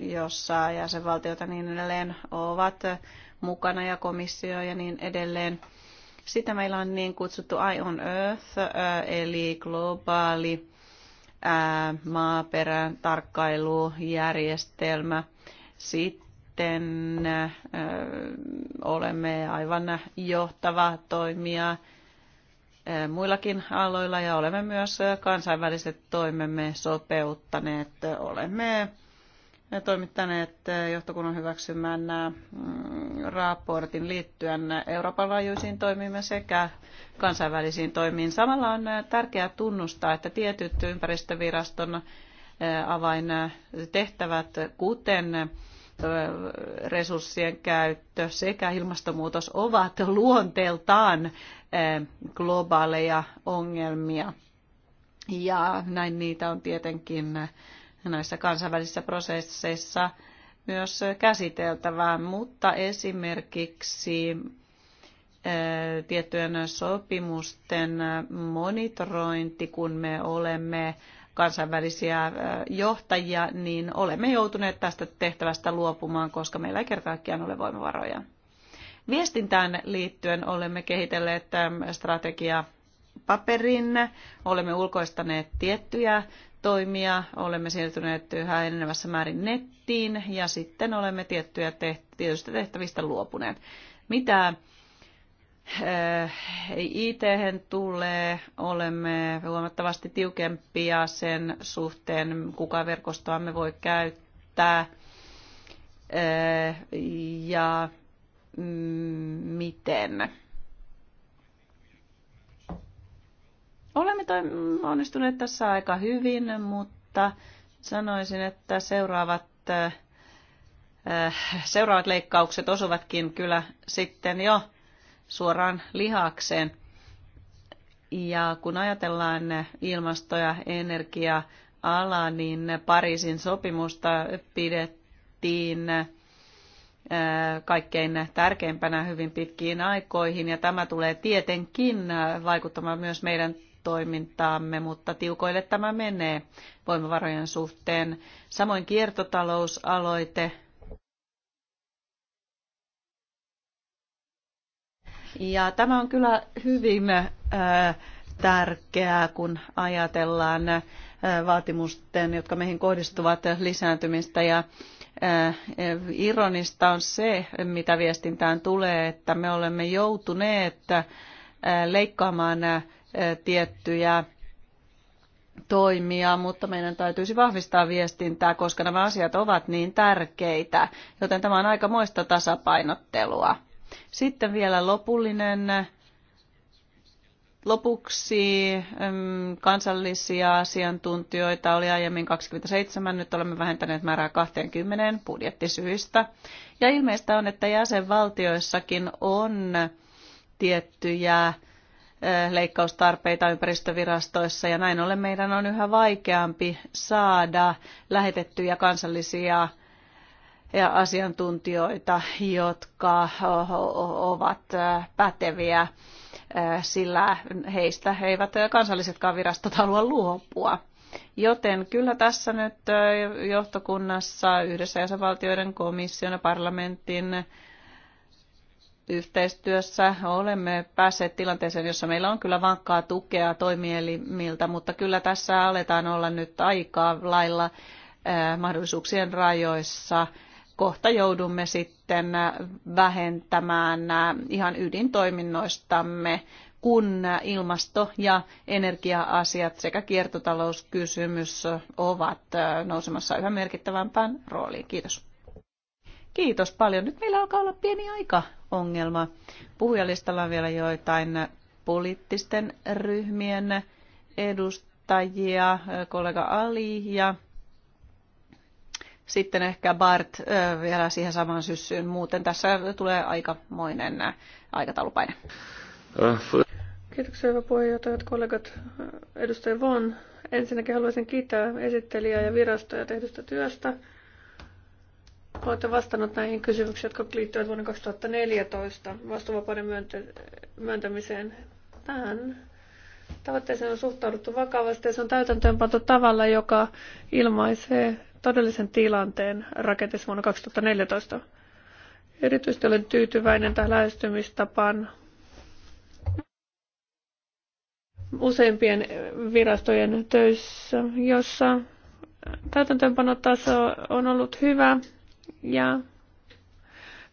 A: jossa jäsenvaltiota niin edelleen ovat mukana ja komissio ja niin edelleen. Sitä meillä on niin kutsuttu Eye on Earth, eli globaali maaperän tarkkailujärjestelmä. Sitten olemme aivan johtava toimija muillakin aloilla ja olemme myös kansainväliset toimemme sopeuttaneet. Olemme toimittaneet eh, johtokunnan hyväksymän eh, mm, raportin liittyen Euroopan laajuisiin toimiin sekä kansainvälisiin toimiin. Samalla on eh, tärkeää tunnustaa, että tietyt ympäristöviraston avaintehtävät, kuten resurssien käyttö sekä ilmastonmuutos ovat luonteeltaan globaaleja ongelmia. Ja näin niitä on tietenkin näissä kansainvälisissä prosesseissa myös käsiteltävää, mutta esimerkiksi tiettyjen sopimusten monitorointi, kun me olemme kansainvälisiä johtajia, niin olemme joutuneet tästä tehtävästä luopumaan, koska meillä ei kertaakaan ole voimavaroja. Viestintään liittyen olemme kehitelleet strategiapaperin, olemme ulkoistaneet tiettyjä toimia. Olemme siirtyneet yhä enenevässä määrin nettiin ja sitten olemme tiettyjä teht- tietystä tehtävistä luopuneet. Mitä eh, it tulee, olemme huomattavasti tiukempia sen suhteen, kuka verkostoamme voi käyttää eh, ja mm, miten. Olemme onnistuneet tässä aika hyvin, mutta sanoisin, että seuraavat, äh, seuraavat leikkaukset osuvatkin kyllä sitten jo suoraan lihakseen. Ja kun ajatellaan ilmasto- ja energia ala niin Pariisin sopimusta pidettiin äh, kaikkein tärkeimpänä hyvin pitkiin aikoihin, ja tämä tulee tietenkin vaikuttamaan myös meidän toimintaamme, mutta tiukoille tämä menee voimavarojen suhteen. Samoin kiertotalousaloite. Ja tämä on kyllä hyvin äh, tärkeää, kun ajatellaan äh, vaatimusten, jotka meihin kohdistuvat lisääntymistä ja äh, ironista on se, mitä viestintään tulee, että me olemme joutuneet äh, leikkaamaan tiettyjä toimia, mutta meidän täytyisi vahvistaa viestintää, koska nämä asiat ovat niin tärkeitä, joten tämä on aika moista tasapainottelua. Sitten vielä lopullinen, lopuksi kansallisia asiantuntijoita oli aiemmin 27, nyt olemme vähentäneet määrää 20 budjettisyistä. Ja ilmeistä on, että jäsenvaltioissakin on tiettyjä leikkaustarpeita ympäristövirastoissa ja näin ollen meidän on yhä vaikeampi saada lähetettyjä kansallisia ja asiantuntijoita, jotka ovat päteviä, sillä heistä eivät kansallisetkaan virastot halua luopua. Joten kyllä tässä nyt johtokunnassa yhdessä jäsenvaltioiden komission ja parlamentin yhteistyössä olemme päässeet tilanteeseen, jossa meillä on kyllä vankkaa tukea toimielimiltä, mutta kyllä tässä aletaan olla nyt aikaa lailla eh, mahdollisuuksien rajoissa. Kohta joudumme sitten eh, vähentämään eh, ihan ydintoiminnoistamme, kun ilmasto- ja energia-asiat sekä kiertotalouskysymys ovat nousemassa yhä merkittävämpään rooliin. Kiitos. Kiitos paljon. Nyt meillä alkaa olla pieni ongelma. Puhujalistalla on vielä joitain poliittisten ryhmien edustajia, kollega Ali ja sitten ehkä Bart vielä siihen samaan syssyyn. Muuten tässä tulee aikamoinen aikataulupaine. Kiitoksia hyvä puheenjohtajat, kollegat,
B: edustaja Von. Ensinnäkin haluaisin kiittää esittelijää ja virastoja tehdystä työstä olette vastannut näihin kysymyksiin, jotka liittyvät vuonna 2014 vastuuvapauden myöntä, myöntämiseen. Tähän tavoitteeseen on suhtauduttu vakavasti ja se on täytäntöönpantu tavalla, joka ilmaisee todellisen tilanteen raketissa vuonna 2014. Erityisesti olen tyytyväinen tähän lähestymistapaan useimpien virastojen töissä, jossa täytäntöönpanotaso on ollut hyvä ja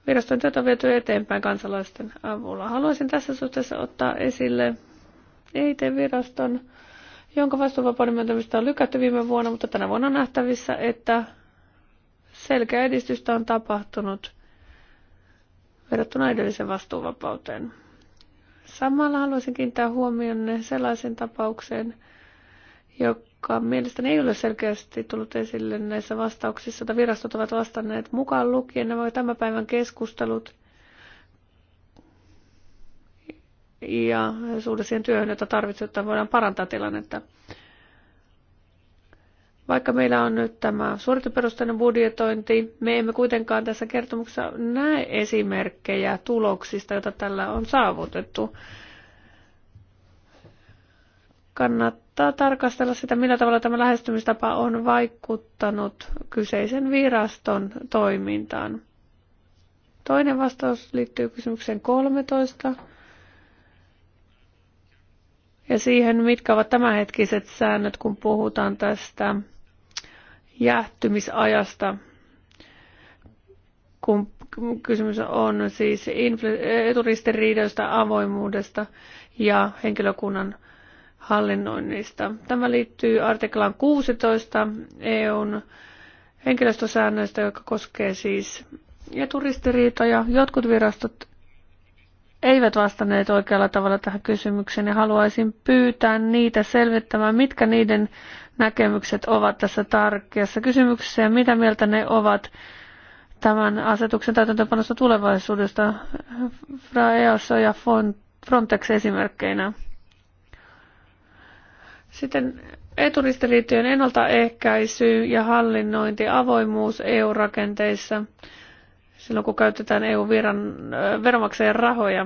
B: viraston työtä on viety eteenpäin kansalaisten avulla. Haluaisin tässä suhteessa ottaa esille EIT-viraston, jonka vastuuvapauden myöntämistä on lykätty viime vuonna, mutta tänä vuonna on nähtävissä, että selkeä edistystä on tapahtunut verrattuna edelliseen vastuuvapauteen. Samalla haluaisin kiinnittää huomionne sellaisen tapaukseen, joka joka mielestäni ei ole selkeästi tullut esille näissä vastauksissa, joita virastot ovat vastanneet mukaan lukien nämä tämän päivän keskustelut ja suhde siihen työhön, jota tarvitsee, jotta voidaan parantaa tilannetta. Vaikka meillä on nyt tämä suoriteperusteinen budjetointi, me emme kuitenkaan tässä kertomuksessa näe esimerkkejä tuloksista, joita tällä on saavutettu kannattaa tarkastella sitä, millä tavalla tämä lähestymistapa on vaikuttanut kyseisen viraston toimintaan. Toinen vastaus liittyy kysymykseen 13 ja siihen, mitkä ovat tämänhetkiset säännöt, kun puhutaan tästä jähtymisajasta, kun kysymys on siis eturistiriidoista, eh, avoimuudesta ja henkilökunnan hallinnoinnista. Tämä liittyy artiklaan 16 EUn henkilöstösäännöistä, joka koskee siis eturistiriitoja. Jotkut virastot eivät vastanneet oikealla tavalla tähän kysymykseen ja haluaisin pyytää niitä selvittämään, mitkä niiden näkemykset ovat tässä tärkeässä kysymyksessä ja mitä mieltä ne ovat tämän asetuksen täytäntöönpanosta tulevaisuudesta. Fra EOS ja Frontex esimerkkeinä. Sitten eturistiriitojen ennaltaehkäisy ja hallinnointi, avoimuus EU-rakenteissa, silloin kun käytetään EU-viran veronmaksajien rahoja.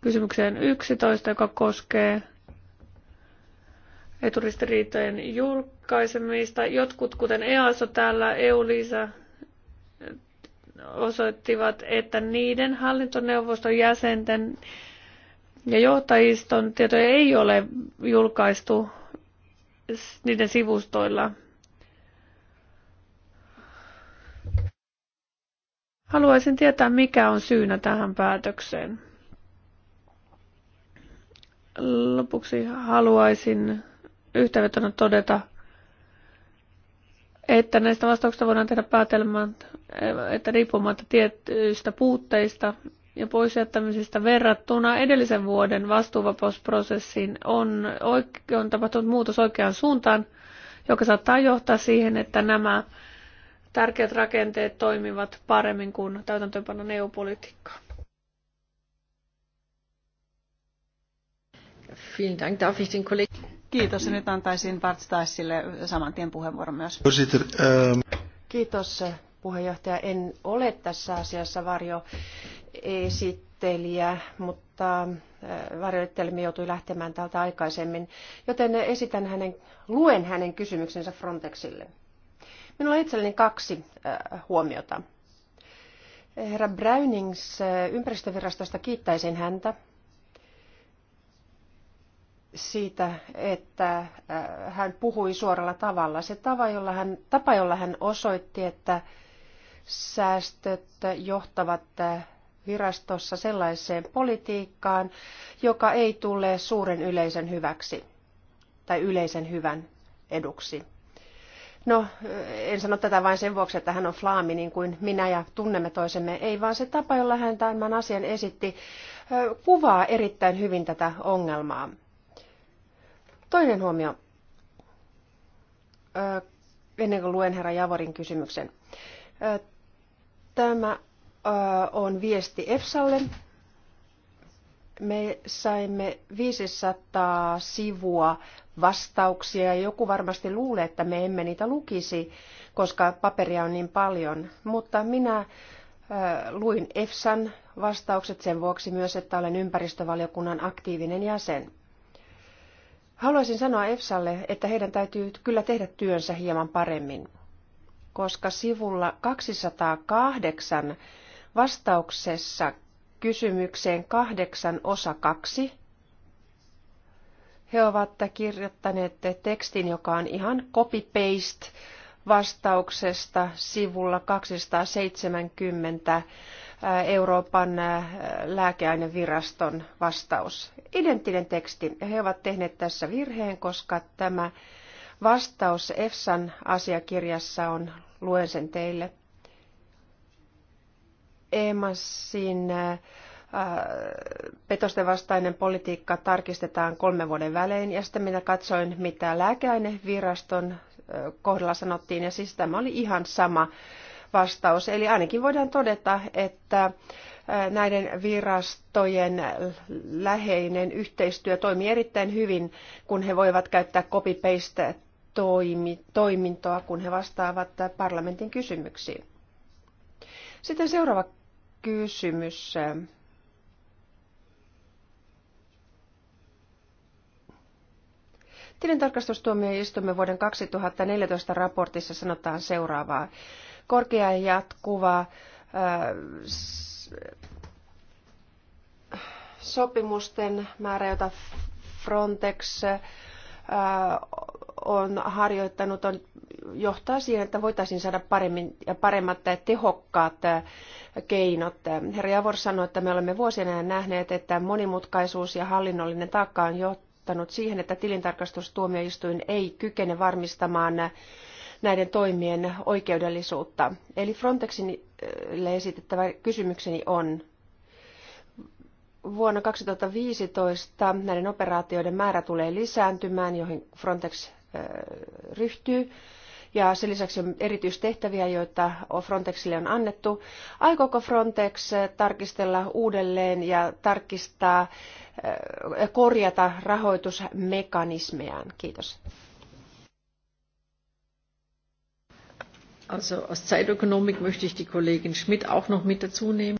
B: Kysymykseen 11, joka koskee eturistiriitojen julkaisemista. Jotkut, kuten EASO täällä, EU-liisa, osoittivat, että niiden hallintoneuvoston jäsenten ja johtajiston tietoja ei ole julkaistu niiden sivustoilla. Haluaisin tietää, mikä on syynä tähän päätökseen. Lopuksi haluaisin yhteenvetona todeta, että näistä vastauksista voidaan tehdä päätelmä, että riippumatta tietyistä puutteista ja poisjättämisistä verrattuna edellisen vuoden vastuuvapausprosessiin on, oike- on tapahtunut muutos oikeaan suuntaan, joka saattaa johtaa siihen, että nämä tärkeät rakenteet toimivat paremmin kuin täytäntöönpanon EU-politiikkaa.
A: Kiitos. Nyt antaisin Bart Staisille saman tien puheenvuoron myös. Ehm, Kiitos puheenjohtaja. En ole tässä asiassa varjoesittelijä,
C: mutta äh, varjoittelmi joutui lähtemään täältä aikaisemmin, joten esitän hänen, luen hänen kysymyksensä Frontexille. Minulla on itselleni kaksi äh, huomiota. Herra Brownings äh, ympäristövirastosta kiittäisin häntä siitä, että hän puhui suoralla tavalla. Se tapa, jolla hän, tapa, jolla hän osoitti, että säästöt johtavat virastossa sellaiseen politiikkaan, joka ei tule suuren yleisen hyväksi tai yleisen hyvän eduksi. No, en sano tätä vain sen vuoksi, että hän on flaami niin kuin minä ja tunnemme toisemme. Ei, vaan se tapa, jolla hän tämän asian esitti, kuvaa erittäin hyvin tätä ongelmaa. Toinen huomio, ennen kuin luen herra Javorin kysymyksen. Tämä on viesti EFSAlle. Me saimme 500 sivua vastauksia ja joku varmasti luulee, että me emme niitä lukisi, koska paperia on niin paljon. Mutta minä luin EFSAn vastaukset sen vuoksi myös, että olen ympäristövaliokunnan aktiivinen jäsen. Haluaisin sanoa EFSAlle, että heidän täytyy kyllä tehdä työnsä hieman paremmin koska sivulla 208 vastauksessa kysymykseen kahdeksan osa kaksi he ovat kirjoittaneet tekstin, joka on ihan copy-paste vastauksesta sivulla 270 äh, Euroopan äh, lääkeaineviraston vastaus. Identtinen teksti. He ovat tehneet tässä virheen, koska tämä Vastaus EFSAn asiakirjassa on, luen sen teille. EMASin äh, petosten vastainen politiikka tarkistetaan kolmen vuoden välein ja sitten minä katsoin, mitä lääkeaineviraston äh, kohdalla sanottiin ja siis tämä oli ihan sama vastaus. Eli ainakin voidaan todeta, että äh, näiden virastojen läheinen yhteistyö toimii erittäin hyvin, kun he voivat käyttää copy-paste toimi, toimintoa, kun he vastaavat parlamentin kysymyksiin. Sitten seuraava kysymys. Tilintarkastustuomioistuimen vuoden 2014 raportissa sanotaan seuraavaa. Korkea ja jatkuva ää, äh, sopimusten määrä, jota Frontex on harjoittanut, on, johtaa siihen, että voitaisiin saada paremmin ja paremmat ja tehokkaat keinot. Herra Javor sanoi, että me olemme vuosien ajan nähneet, että monimutkaisuus ja hallinnollinen taakka on johtanut siihen, että tilintarkastustuomioistuin ei kykene varmistamaan näiden toimien oikeudellisuutta. Eli Frontexille esitettävä kysymykseni on, vuonna 2015 näiden operaatioiden määrä tulee lisääntymään, joihin Frontex ryhtyy. Ja sen lisäksi on erityistehtäviä, joita Frontexille on annettu. Aikooko Frontex tarkistella uudelleen ja tarkistaa, korjata rahoitusmekanismejaan? Kiitos. Also
B: aus
A: Zeitökonomik möchte ich die Kollegin Schmidt auch noch mit dazu nehmen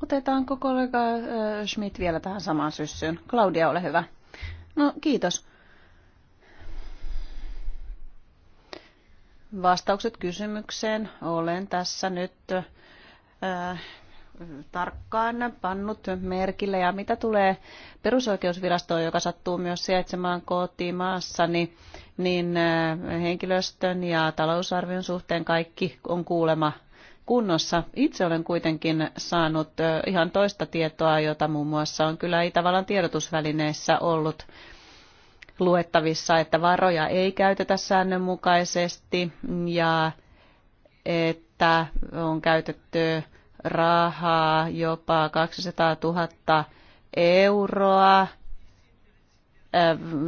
A: koko kollega äh, Schmidt vielä tähän samaan syssyyn? Claudia, ole hyvä. No, kiitos. Vastaukset kysymykseen olen tässä nyt äh, tarkkaan pannut merkille. Ja mitä tulee perusoikeusvirastoon, joka sattuu myös sijaitsemaan kotimaassa, niin, niin äh, henkilöstön ja talousarvion suhteen kaikki on kuulema kunnossa. Itse olen kuitenkin saanut ihan toista tietoa, jota muun muassa on kyllä Itävallan tiedotusvälineissä ollut luettavissa, että varoja ei käytetä säännönmukaisesti ja että on käytetty rahaa jopa 200 000 euroa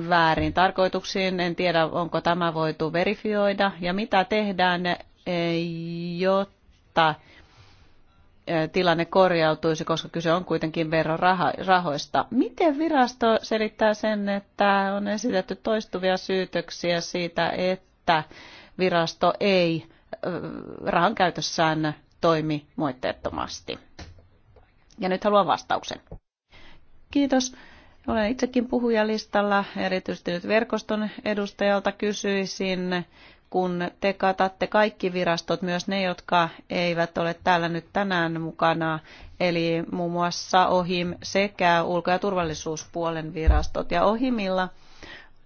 A: väärin tarkoituksiin. En tiedä, onko tämä voitu verifioida ja mitä tehdään, jotta jotta tilanne korjautuisi, koska kyse on kuitenkin verorahoista. Miten virasto selittää sen, että on esitetty toistuvia syytöksiä siitä, että virasto ei rahan käytössään toimi moitteettomasti? Ja nyt haluan vastauksen. Kiitos. Olen itsekin puhujalistalla, erityisesti nyt verkoston edustajalta kysyisin, kun te katatte kaikki virastot, myös ne, jotka eivät ole täällä nyt tänään mukana, eli muun muassa OHIM sekä ulko- ja turvallisuuspuolen virastot. Ja OHIMilla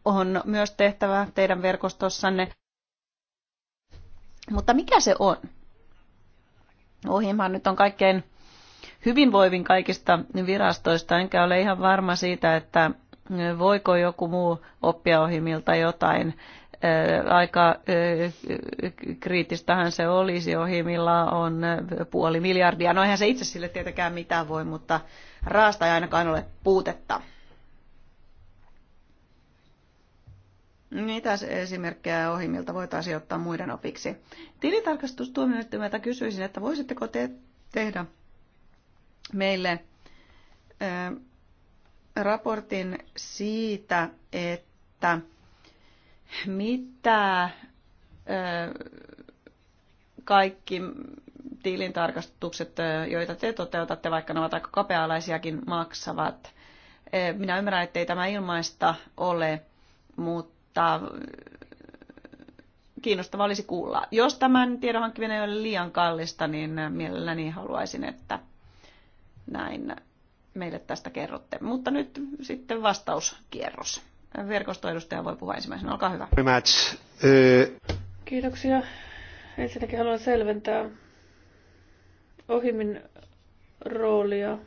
A: on myös tehtävä teidän verkostossanne. Mutta mikä se on? OHIMhan nyt on kaikkein hyvinvoivin kaikista virastoista, enkä ole ihan varma siitä, että voiko joku muu oppia ohimilta jotain aika kriittistähän se olisi. Ohimilla on puoli miljardia. No eihän se itse sille tietenkään mitään voi, mutta raasta ei ainakaan ole puutetta. Mitä esimerkkejä ohimilta voitaisiin ottaa muiden opiksi? Tilitarkastustuomioistuimelta kysyisin, että voisitteko te tehdä meille raportin siitä, että mitä kaikki tilintarkastukset, joita te toteutatte, vaikka ne ovat aika kapealaisiakin, maksavat. Minä ymmärrän, ettei tämä ilmaista ole, mutta kiinnostava olisi kuulla. Jos tämän tiedon hankkiminen ei ole liian kallista, niin mielelläni haluaisin, että näin meille tästä kerrotte. Mutta nyt sitten vastauskierros verkostoedustaja voi puhua ensimmäisenä. Olkaa hyvä.
C: Uh,
B: Kiitoksia. Ensinnäkin haluan selventää Ohimin roolia.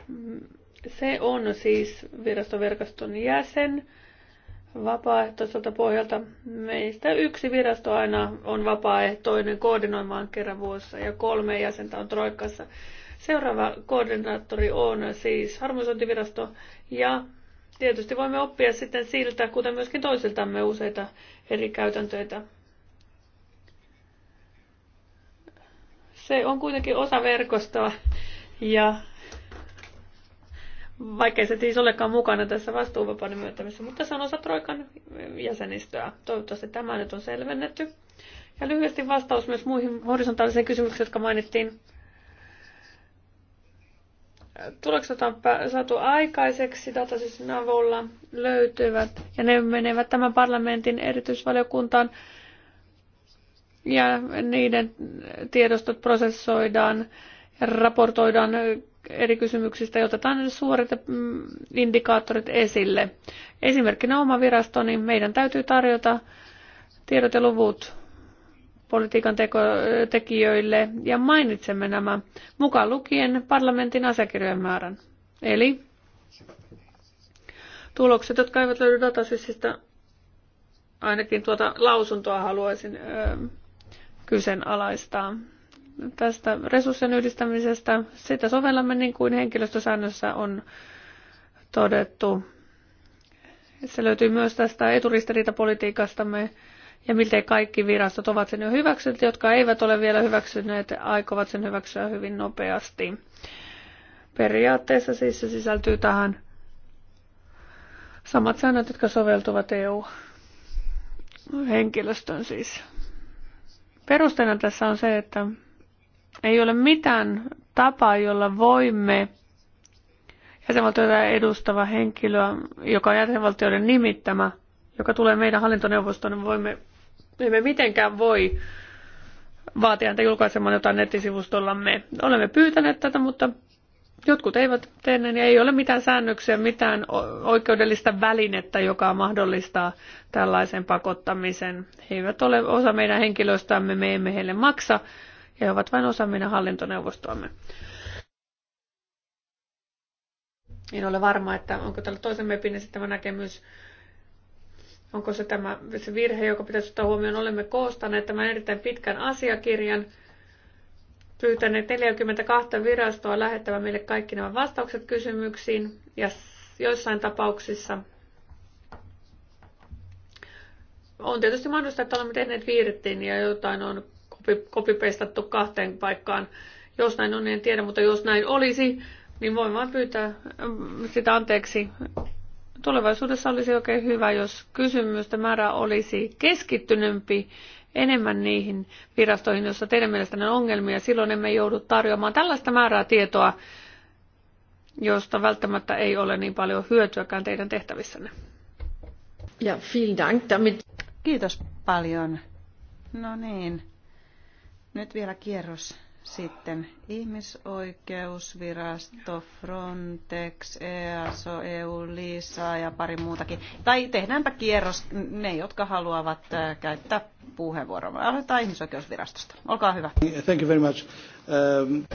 B: Se on siis virastoverkoston jäsen vapaaehtoiselta pohjalta. Meistä yksi virasto aina on vapaaehtoinen koordinoimaan kerran vuossa ja kolme jäsentä on troikassa. Seuraava koordinaattori on siis harmonisointivirasto ja tietysti voimme oppia sitten siltä, kuten myöskin toisiltamme useita eri käytäntöitä. Se on kuitenkin osa verkostoa ja vaikka se siis olekaan mukana tässä vastuuvapauden myöntämisessä, mutta se on osa Troikan jäsenistöä. Toivottavasti tämä nyt on selvennetty. Ja lyhyesti vastaus myös muihin horisontaalisiin kysymyksiin, jotka mainittiin tulokset on saatu aikaiseksi datasismin avulla löytyvät ja ne menevät tämän parlamentin erityisvaliokuntaan ja niiden tiedostot prosessoidaan ja raportoidaan eri kysymyksistä ja otetaan suorat mm, indikaattorit esille. Esimerkkinä oma virastoni, meidän täytyy tarjota tiedot ja luvut politiikan teko, tekijöille ja mainitsemme nämä mukaan lukien parlamentin asiakirjojen määrän. Eli tulokset, jotka eivät löydy datasysistä, ainakin tuota lausuntoa haluaisin ö, kyseenalaistaa. Tästä resurssien yhdistämisestä, sitä sovellamme niin kuin henkilöstösäännössä on todettu. Se löytyy myös tästä eturistiriitapolitiikastamme. politiikastamme ja miltei kaikki virastot ovat sen jo hyväksyneet, jotka eivät ole vielä hyväksyneet, aikovat sen hyväksyä hyvin nopeasti. Periaatteessa siis se sisältyy tähän samat säännöt, jotka soveltuvat EU-henkilöstön siis. Perusteena tässä on se, että ei ole mitään tapaa, jolla voimme jäsenvaltioita edustava henkilö, joka on jäsenvaltioiden nimittämä, joka tulee meidän hallintoneuvostoon, niin voimme emme mitenkään voi vaatia häntä julkaisemaan jotain nettisivustollamme. Olemme pyytäneet tätä, mutta jotkut eivät tehneet ja ei ole mitään säännöksiä, mitään oikeudellista välinettä, joka mahdollistaa tällaisen pakottamisen. He eivät ole osa meidän henkilöstämme, me emme heille maksa ja he ovat vain osa meidän hallintoneuvostoamme. En ole varma, että onko tällä toisen mepin esittämä näkemys Onko se tämä se virhe, joka pitäisi ottaa huomioon? Olemme koostaneet tämän erittäin pitkän asiakirjan, pyytäneet 42 virastoa lähettämään meille kaikki nämä vastaukset kysymyksiin ja joissain tapauksissa on tietysti mahdollista, että olemme tehneet virtin ja jotain on kopipeistattu kahteen paikkaan. Jos näin on, niin en tiedä, mutta jos näin olisi, niin voin vain pyytää sitä anteeksi tulevaisuudessa olisi oikein hyvä, jos kysymysten määrä olisi keskittynympi enemmän niihin virastoihin, joissa teidän mielestänne on ongelmia. Silloin emme joudu tarjoamaan tällaista määrää tietoa, josta välttämättä ei ole niin paljon hyötyäkään teidän tehtävissänne.
A: Ja vielen dank damit. Kiitos paljon. No niin. Nyt vielä kierros sitten ihmisoikeusvirasto, Frontex, EASO, EU, LISA ja pari muutakin. Tai tehdäänpä kierros ne, jotka haluavat äh, käyttää puheenvuoron. Aloitetaan ihmisoikeusvirastosta. Olkaa hyvä. Thank you very much.
C: Um...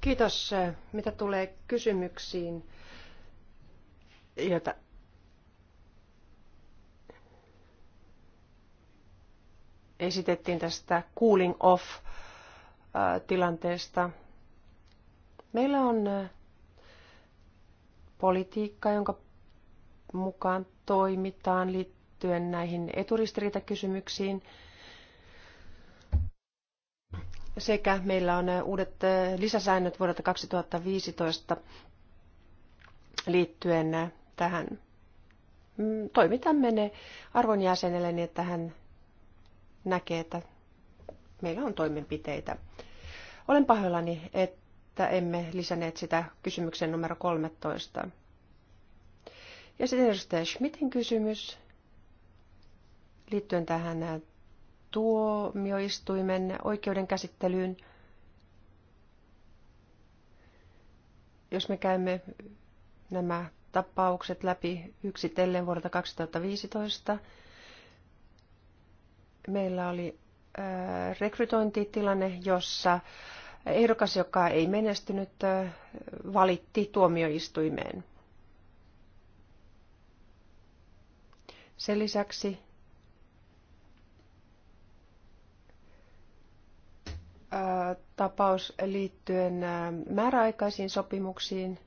C: Kiitos. Mitä tulee kysymyksiin, joita esitettiin tästä cooling off tilanteesta. Meillä on politiikka, jonka mukaan toimitaan liittyen näihin eturistiriitakysymyksiin. Sekä meillä on uudet lisäsäännöt vuodelta 2015 liittyen tähän. Mm, toimitamme ne arvon jäsenelle niin, että hän näkee, että meillä on toimenpiteitä. Olen pahoillani, että emme lisänneet sitä kysymyksen numero 13. Ja sitten edustaja Schmidtin kysymys liittyen tähän tuomioistuimen käsittelyyn. Jos me käymme nämä tapaukset läpi yksitellen vuodelta 2015, meillä oli rekrytointitilanne, jossa ehdokas, joka ei menestynyt, valitti tuomioistuimeen. Sen lisäksi tapaus liittyen määräaikaisiin sopimuksiin –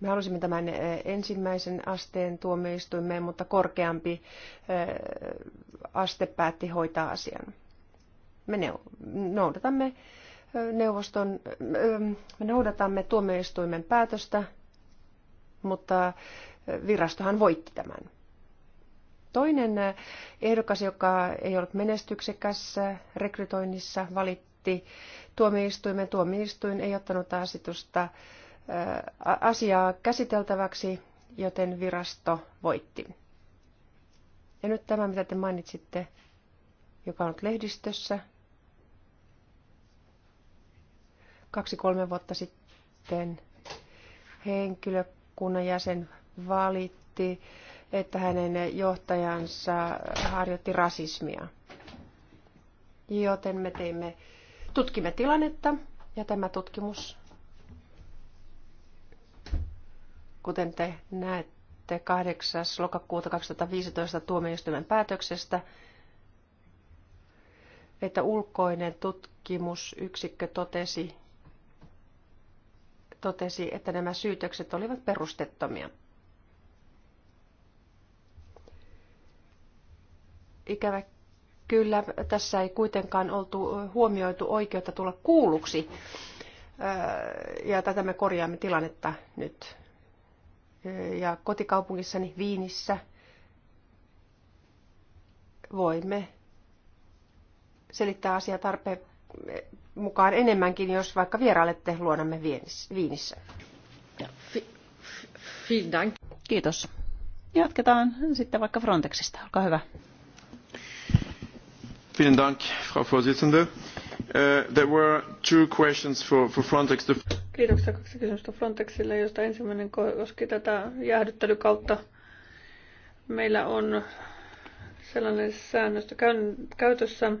C: Me halusimme tämän eh, ensimmäisen asteen tuomioistuimeen, mutta korkeampi eh, aste päätti hoitaa asian. Me noudatamme eh, neuvoston, me noudatamme tuomioistuimen päätöstä, mutta virastohan voitti tämän. Toinen ehdokas, joka ei ollut menestyksekäs rekrytoinnissa, valitti tuomioistuimen. Tuomioistuin ei ottanut asetusta asiaa käsiteltäväksi, joten virasto voitti. Ja nyt tämä, mitä te mainitsitte, joka on lehdistössä, kaksi-kolme vuotta sitten henkilökunnan jäsen valitti, että hänen johtajansa harjoitti rasismia. Joten me teimme, tutkimme tilannetta ja tämä tutkimus Kuten te näette 8. lokakuuta 2015 tuomioistuimen päätöksestä, että ulkoinen tutkimusyksikkö totesi, totesi, että nämä syytökset olivat perustettomia. Ikävä kyllä tässä ei kuitenkaan oltu huomioitu oikeutta tulla kuulluksi. Ja tätä me korjaamme tilannetta nyt ja kotikaupungissani Viinissä voimme selittää asiaa tarpeen mukaan enemmänkin, jos vaikka vierailette
A: luonamme Viinissä. Kiitos. Jatketaan sitten vaikka Frontexista. Olkaa hyvä.
C: Vielen Dank, Frau Vorsitzende. Uh, there were two questions for, for Frontex.
B: Kiitoksia kaksi kysymystä Frontexille, josta ensimmäinen koski tätä jäähdyttelykautta. Meillä on sellainen säännöstö käytössä,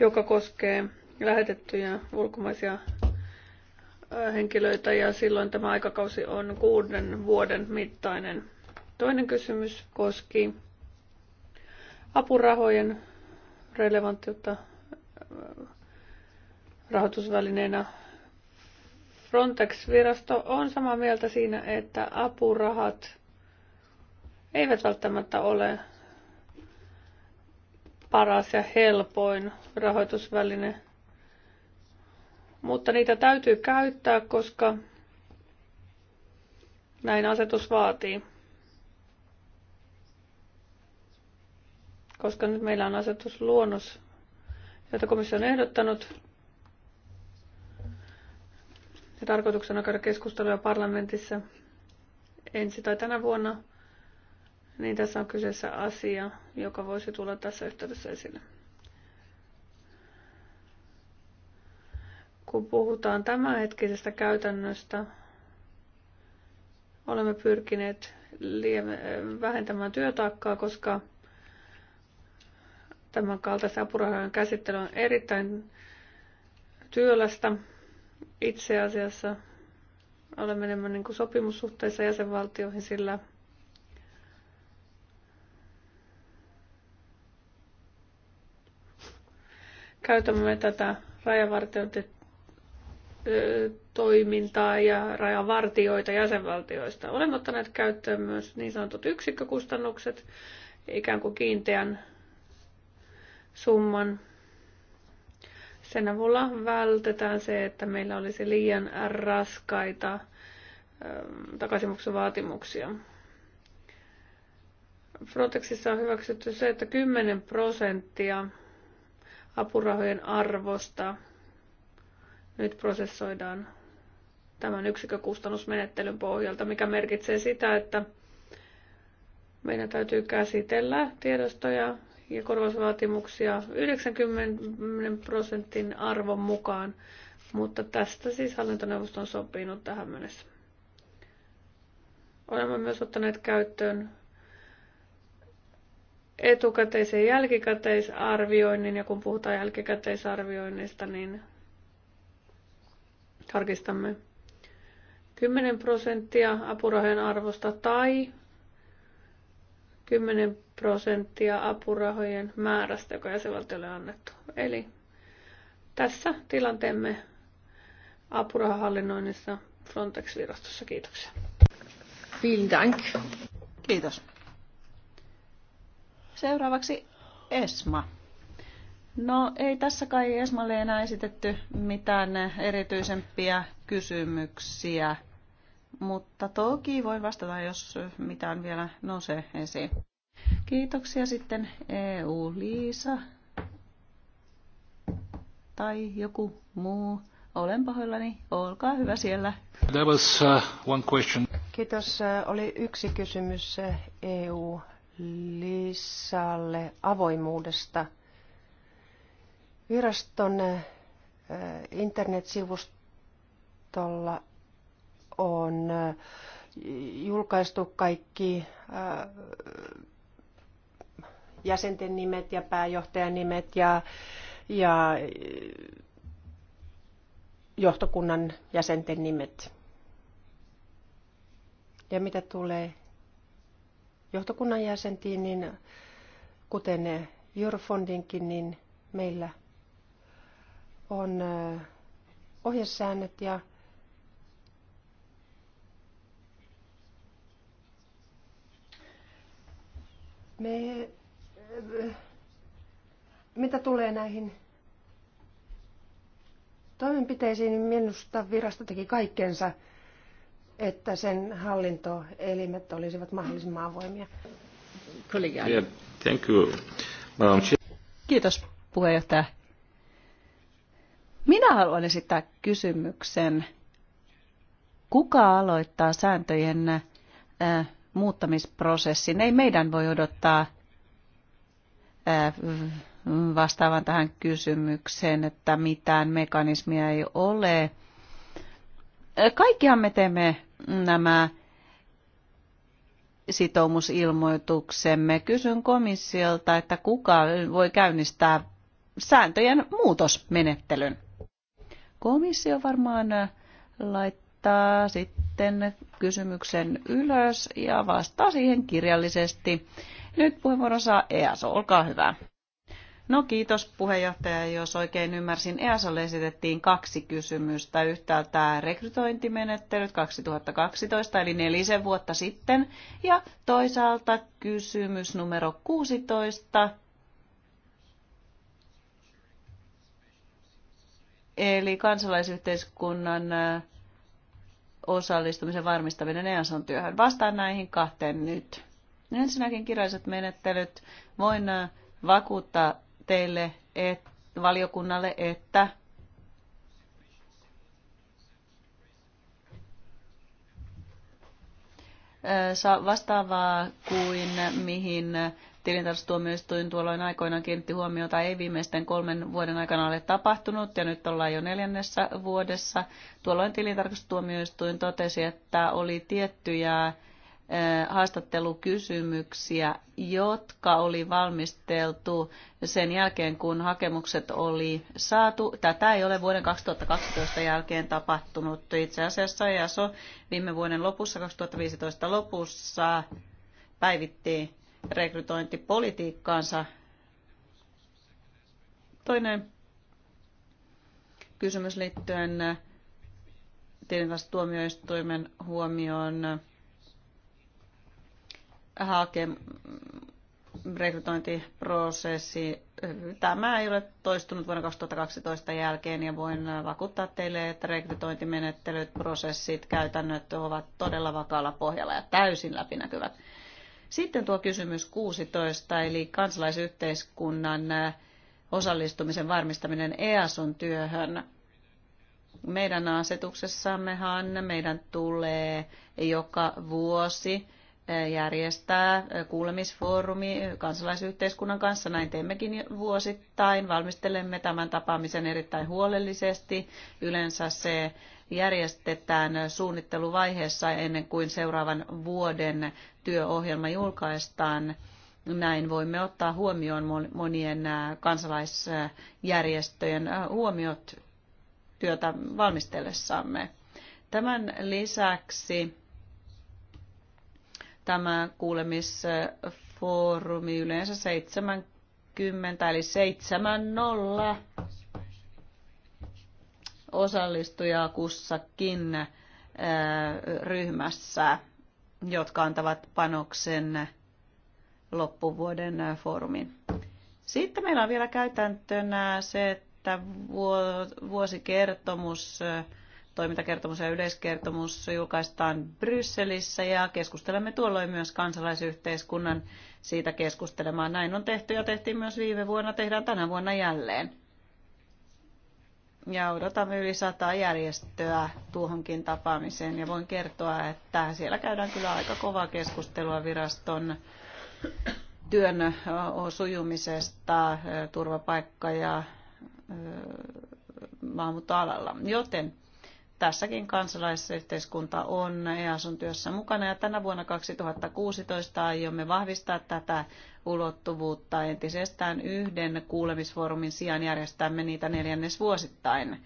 B: joka koskee lähetettyjä ulkomaisia äh, henkilöitä ja silloin tämä aikakausi on kuuden vuoden mittainen. Toinen kysymys koski apurahojen relevanttiutta äh, rahoitusvälineenä. Frontex-virasto on samaa mieltä siinä, että apurahat eivät välttämättä ole paras ja helpoin rahoitusväline, mutta niitä täytyy käyttää, koska näin asetus vaatii. Koska nyt meillä on asetusluonnos, jota komissio on ehdottanut, ja tarkoituksena on käydä keskusteluja parlamentissa ensi tai tänä vuonna, niin tässä on kyseessä asia, joka voisi tulla tässä yhteydessä esille. Kun puhutaan tämänhetkisestä käytännöstä, olemme pyrkineet vähentämään työtaakkaa, koska tämän kaltaisen apurahojen käsittely on erittäin työlästä itse asiassa olemme enemmän niin kuin sopimussuhteissa jäsenvaltioihin, sillä käytämme tätä rajavartiointitoimintaa ja rajavartioita jäsenvaltioista. Olemme ottaneet käyttöön myös niin sanotut yksikkökustannukset, ikään kuin kiinteän summan sen avulla vältetään se, että meillä olisi liian raskaita ähm, takaisinmaksuvaatimuksia. Frontexissa on hyväksytty se, että 10 prosenttia apurahojen arvosta nyt prosessoidaan tämän yksikkökustannusmenettelyn pohjalta, mikä merkitsee sitä, että meidän täytyy käsitellä tiedostoja ja korvausvaatimuksia 90 prosentin arvon mukaan, mutta tästä siis hallintoneuvosto on sopinut tähän mennessä. Olemme myös ottaneet käyttöön etukäteisen jälkikäteisarvioinnin, ja kun puhutaan jälkikäteisarvioinnista, niin tarkistamme 10 prosenttia apurahojen arvosta tai 10 prosenttia apurahojen määrästä, joka jäsenvaltiolle on annettu. Eli tässä tilanteemme apurahahallinnoinnissa
A: Frontex-virastossa. Kiitoksia. Vielen Dank. Kiitos. Seuraavaksi Esma. No ei tässä kai Esmalle enää esitetty mitään erityisempiä kysymyksiä mutta toki voin vastata, jos mitään vielä nousee esiin. Kiitoksia sitten EU-Liisa tai joku muu. Olen pahoillani. Olkaa hyvä siellä.
B: There was, uh, one question.
A: Kiitos. Uh, oli yksi kysymys uh,
C: EU-Liisalle avoimuudesta. Viraston uh, internetsivustolla on julkaistu kaikki jäsenten nimet ja pääjohtajan nimet ja, ja johtokunnan jäsenten nimet. Ja mitä tulee johtokunnan jäsentiin, niin kuten Eurofondinkin, niin meillä on ohjesäännöt ja Me, mitä tulee näihin toimenpiteisiin, niin minusta virasto teki kaikkensa, että sen hallintoelimet olisivat mahdollisimman
A: avoimia. Kiitos puheenjohtaja. Minä haluan esittää kysymyksen. Kuka aloittaa sääntöjen äh, muuttamisprosessin. Ei meidän voi odottaa äh, vastaavan tähän kysymykseen, että mitään mekanismia ei ole. Kaikkihan me teemme nämä sitoumusilmoituksemme. Kysyn komissiolta, että kuka voi käynnistää sääntöjen muutosmenettelyn. Komissio varmaan laittaa sitten sitten kysymyksen ylös ja vastaa siihen kirjallisesti. Nyt puheenvuoro saa EASO, olkaa hyvä. No kiitos puheenjohtaja. Jos oikein ymmärsin, EASOlle esitettiin kaksi kysymystä. Yhtäältä rekrytointimenettelyt 2012 eli nelisen vuotta sitten ja toisaalta kysymys numero 16 eli kansalaisyhteiskunnan osallistumisen varmistaminen EASOn työhön. Vastaan näihin kahteen nyt. Ensinnäkin kirjalliset menettelyt. Voin äh, vakuuttaa teille, et, valiokunnalle, että äh, vastaavaa kuin mihin Tilintarkastustuomioistuin tuolloin aikoinaan kiinnitti huomiota, ei viimeisten kolmen vuoden aikana ole tapahtunut ja nyt ollaan jo neljännessä vuodessa. Tuolloin tilintarkastustuomioistuin totesi, että oli tiettyjä haastattelukysymyksiä, jotka oli valmisteltu sen jälkeen, kun hakemukset oli saatu. Tätä ei ole vuoden 2012 jälkeen tapahtunut. Itse asiassa se viime vuoden lopussa, 2015 lopussa, päivitti rekrytointipolitiikkaansa. Toinen kysymys liittyen kanssa tuomioistuimen huomioon hake rekrytointiprosessi. Tämä ei ole toistunut vuonna 2012 jälkeen ja voin vakuuttaa teille, että rekrytointimenettelyt, prosessit, käytännöt ovat todella vakaalla pohjalla ja täysin läpinäkyvät. Sitten tuo kysymys 16, eli kansalaisyhteiskunnan äh, osallistumisen varmistaminen EASun työhön. Meidän asetuksessammehan meidän tulee joka vuosi äh, järjestää äh, kuulemisfoorumi kansalaisyhteiskunnan kanssa. Näin teemmekin vuosittain. Valmistelemme tämän tapaamisen erittäin huolellisesti. Yleensä se järjestetään suunnitteluvaiheessa ennen kuin seuraavan vuoden työohjelma julkaistaan. Näin voimme ottaa huomioon monien kansalaisjärjestöjen huomiot työtä valmistellessamme. Tämän lisäksi tämä kuulemisfoorumi yleensä 70 eli 70 osallistujaa kussakin ryhmässä, jotka antavat panoksen loppuvuoden foorumiin. Sitten meillä on vielä käytäntönä se, että vuosikertomus, toimintakertomus ja yleiskertomus julkaistaan Brysselissä ja keskustelemme tuolloin myös kansalaisyhteiskunnan siitä keskustelemaan. Näin on tehty ja tehtiin myös viime vuonna, tehdään tänä vuonna jälleen ja odotamme yli sata järjestöä tuohonkin tapaamiseen ja voin kertoa, että siellä käydään kyllä aika kovaa keskustelua viraston työn sujumisesta turvapaikka- ja maahanmuuttoalalla. Joten tässäkin kansalaisyhteiskunta on EASUn työssä mukana ja tänä vuonna 2016 aiomme vahvistaa tätä ulottuvuutta entisestään yhden kuulemisfoorumin sijaan järjestämme niitä neljännesvuosittain.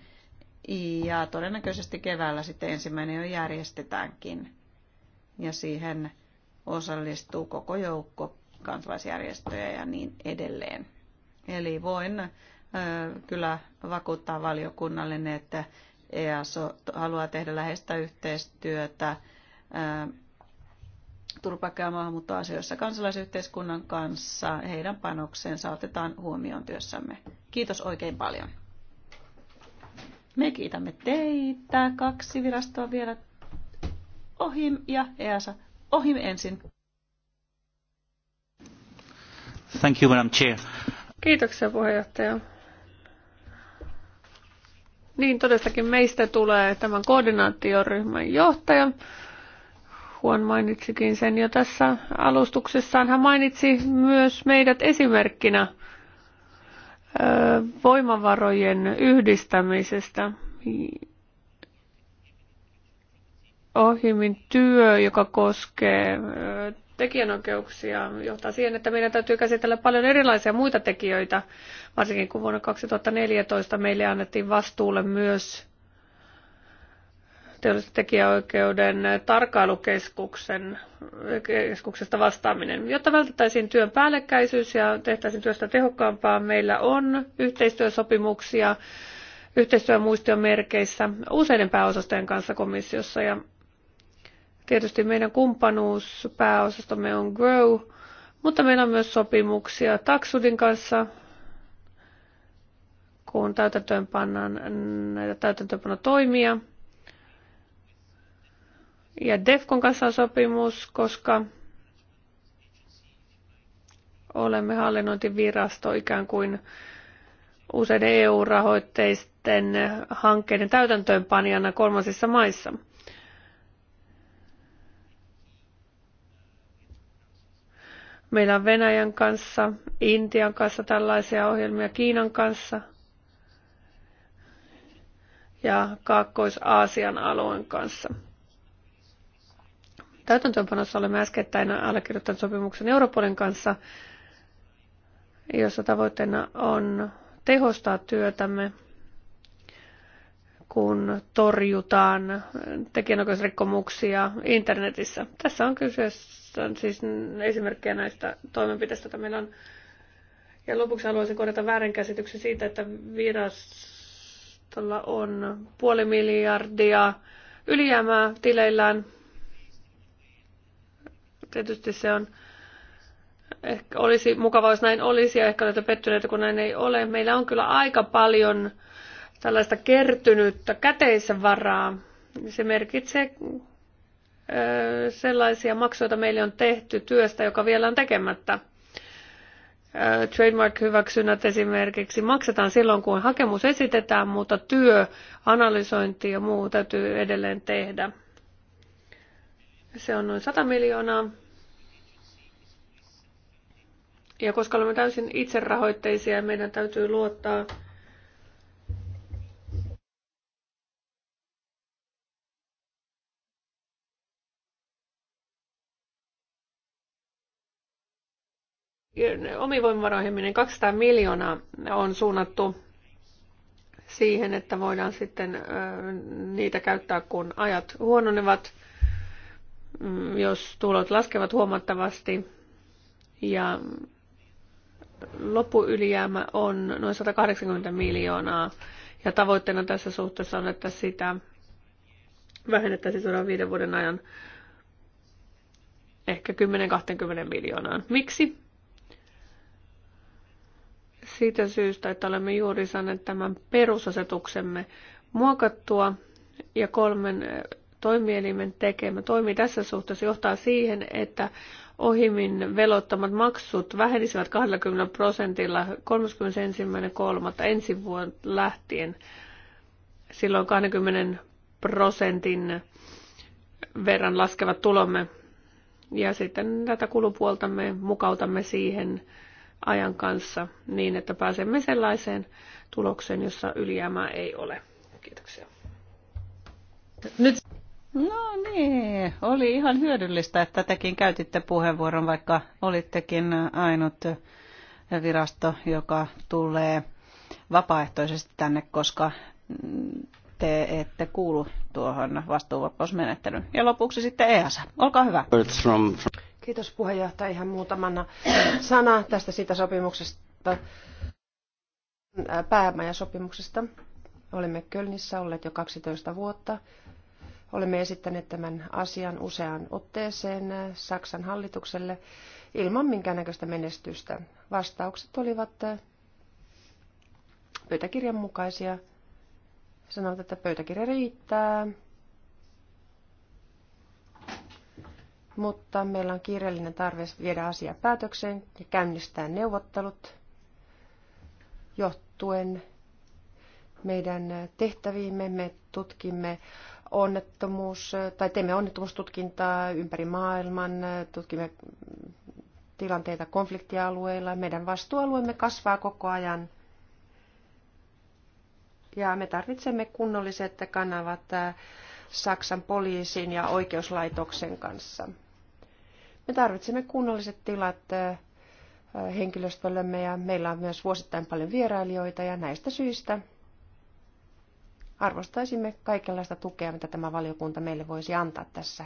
A: Ja todennäköisesti keväällä sitten ensimmäinen jo järjestetäänkin. Ja siihen osallistuu koko joukko kansalaisjärjestöjä ja niin edelleen. Eli voin kyllä vakuuttaa valiokunnalle, että EASO haluaa tehdä läheistä yhteistyötä turvapaikka- ja maahanmuuttoasioissa kansalaisyhteiskunnan kanssa. Heidän panoksensa otetaan huomioon työssämme. Kiitos oikein paljon. Me kiitämme teitä. Kaksi virastoa vielä. Ohim ja EASA. Ohim ensin. Thank you, Madam Chair. Kiitoksia puheenjohtaja.
B: Niin todellakin meistä tulee tämän koordinaatioryhmän johtaja. Juan mainitsikin sen jo tässä alustuksessaan. Hän mainitsi myös meidät esimerkkinä voimavarojen yhdistämisestä. Ohimin työ, joka koskee tekijänoikeuksia johtaa siihen, että meidän täytyy käsitellä paljon erilaisia muita tekijöitä, varsinkin kun vuonna 2014 meille annettiin vastuulle myös teollisen tekijäoikeuden tarkkailukeskuksen keskuksesta vastaaminen. Jotta vältettäisiin työn päällekkäisyys ja tehtäisiin työstä tehokkaampaa, meillä on yhteistyösopimuksia yhteistyömuistion merkeissä useiden pääosastojen kanssa komissiossa ja Tietysti meidän kumppanuuspääosastomme on Grow, mutta meillä on myös sopimuksia Taksudin kanssa, kun täytäntöönpannaan näitä täytäntöönpanotoimia. Ja Defcon kanssa on sopimus, koska olemme hallinnointivirasto ikään kuin useiden EU-rahoitteisten hankkeiden täytäntöönpanijana kolmansissa maissa. Meillä on Venäjän kanssa, Intian kanssa tällaisia ohjelmia, Kiinan kanssa ja Kaakkois-Aasian alueen kanssa. Täytäntöönpanossa olemme äskettäin allekirjoittaneet sopimuksen Europolin kanssa, jossa tavoitteena on tehostaa työtämme, kun torjutaan tekijänoikeusrikkomuksia internetissä. Tässä on kyseessä on siis esimerkkejä näistä toimenpiteistä, joita meillä on. Ja lopuksi haluaisin korjata väärinkäsityksen siitä, että virastolla on puoli miljardia ylijäämää tileillään. Tietysti se on ehkä olisi mukava, jos näin olisi, ja ehkä olette pettyneitä, kun näin ei ole. Meillä on kyllä aika paljon tällaista kertynyttä käteisen varaa. Se merkitsee sellaisia maksuja, meille on tehty työstä, joka vielä on tekemättä. Trademark-hyväksynnät esimerkiksi maksetaan silloin, kun hakemus esitetään, mutta työ, analysointi ja muu täytyy edelleen tehdä. Se on noin 100 miljoonaa. Ja koska olemme täysin itserahoitteisia, meidän täytyy luottaa omivoimavaroihin menee 200 miljoonaa on suunnattu siihen, että voidaan sitten niitä käyttää, kun ajat huononevat, mm, jos tulot laskevat huomattavasti. Ja loppuylijäämä on noin 180 miljoonaa. Ja tavoitteena tässä suhteessa on, että sitä vähennettäisiin seuraavan viiden vuoden ajan ehkä 10-20 miljoonaan. Miksi? siitä syystä, että olemme juuri saaneet tämän perusasetuksemme muokattua ja kolmen eh, toimielimen tekemä toimi tässä suhteessa johtaa siihen, että ohimin velottamat maksut vähenisivät 20 prosentilla 31.3. ensi vuonna lähtien. Silloin 20 prosentin verran laskevat tulomme. Ja sitten tätä kulupuolta me mukautamme siihen ajan kanssa niin, että pääsemme sellaiseen tulokseen, jossa ylijäämää ei ole. Kiitoksia.
A: Nyt. No niin, oli ihan hyödyllistä, että tekin käytitte puheenvuoron, vaikka olittekin ainut virasto, joka tulee vapaaehtoisesti tänne, koska te ette kuulu tuohon vastuuvapausmenettelyyn. Ja lopuksi sitten EASA. Olkaa hyvä. Kiitos puheenjohtaja.
C: Ihan muutamana sana tästä siitä sopimuksesta, päämajasopimuksesta. Olemme Kölnissä olleet jo 12 vuotta. Olemme esittäneet tämän asian useaan otteeseen Saksan hallitukselle ilman minkäännäköistä menestystä. Vastaukset olivat pöytäkirjan mukaisia. Sanoit, että pöytäkirja riittää, mutta meillä on kiireellinen tarve viedä asia päätökseen ja käynnistää neuvottelut johtuen meidän tehtäviimme. Me tutkimme onnettomuus, tai teemme onnettomuustutkintaa ympäri maailman, tutkimme tilanteita konfliktialueilla. Meidän vastuualueemme kasvaa koko ajan. Ja me tarvitsemme kunnolliset kanavat Saksan poliisin ja oikeuslaitoksen kanssa. Me tarvitsemme kunnolliset tilat henkilöstöllemme ja meillä on myös vuosittain paljon vierailijoita ja näistä syistä arvostaisimme kaikenlaista tukea, mitä tämä valiokunta meille voisi antaa tässä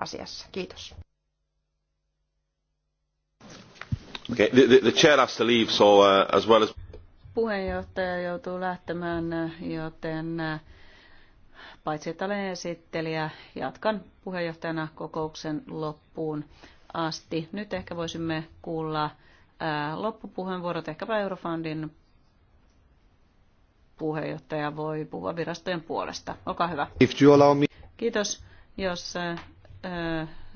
C: asiassa. Kiitos. Okay, the, the chair has to leave, so, uh, as well as...
A: Puheenjohtaja joutuu lähtemään, uh, joten uh, Paitsi että olen esittelijä, jatkan puheenjohtajana kokouksen loppuun asti. Nyt ehkä voisimme kuulla loppupuheenvuorot, ehkäpä Eurofundin puheenjohtaja voi puhua virastojen puolesta. Olkaa hyvä. Kiitos. Jos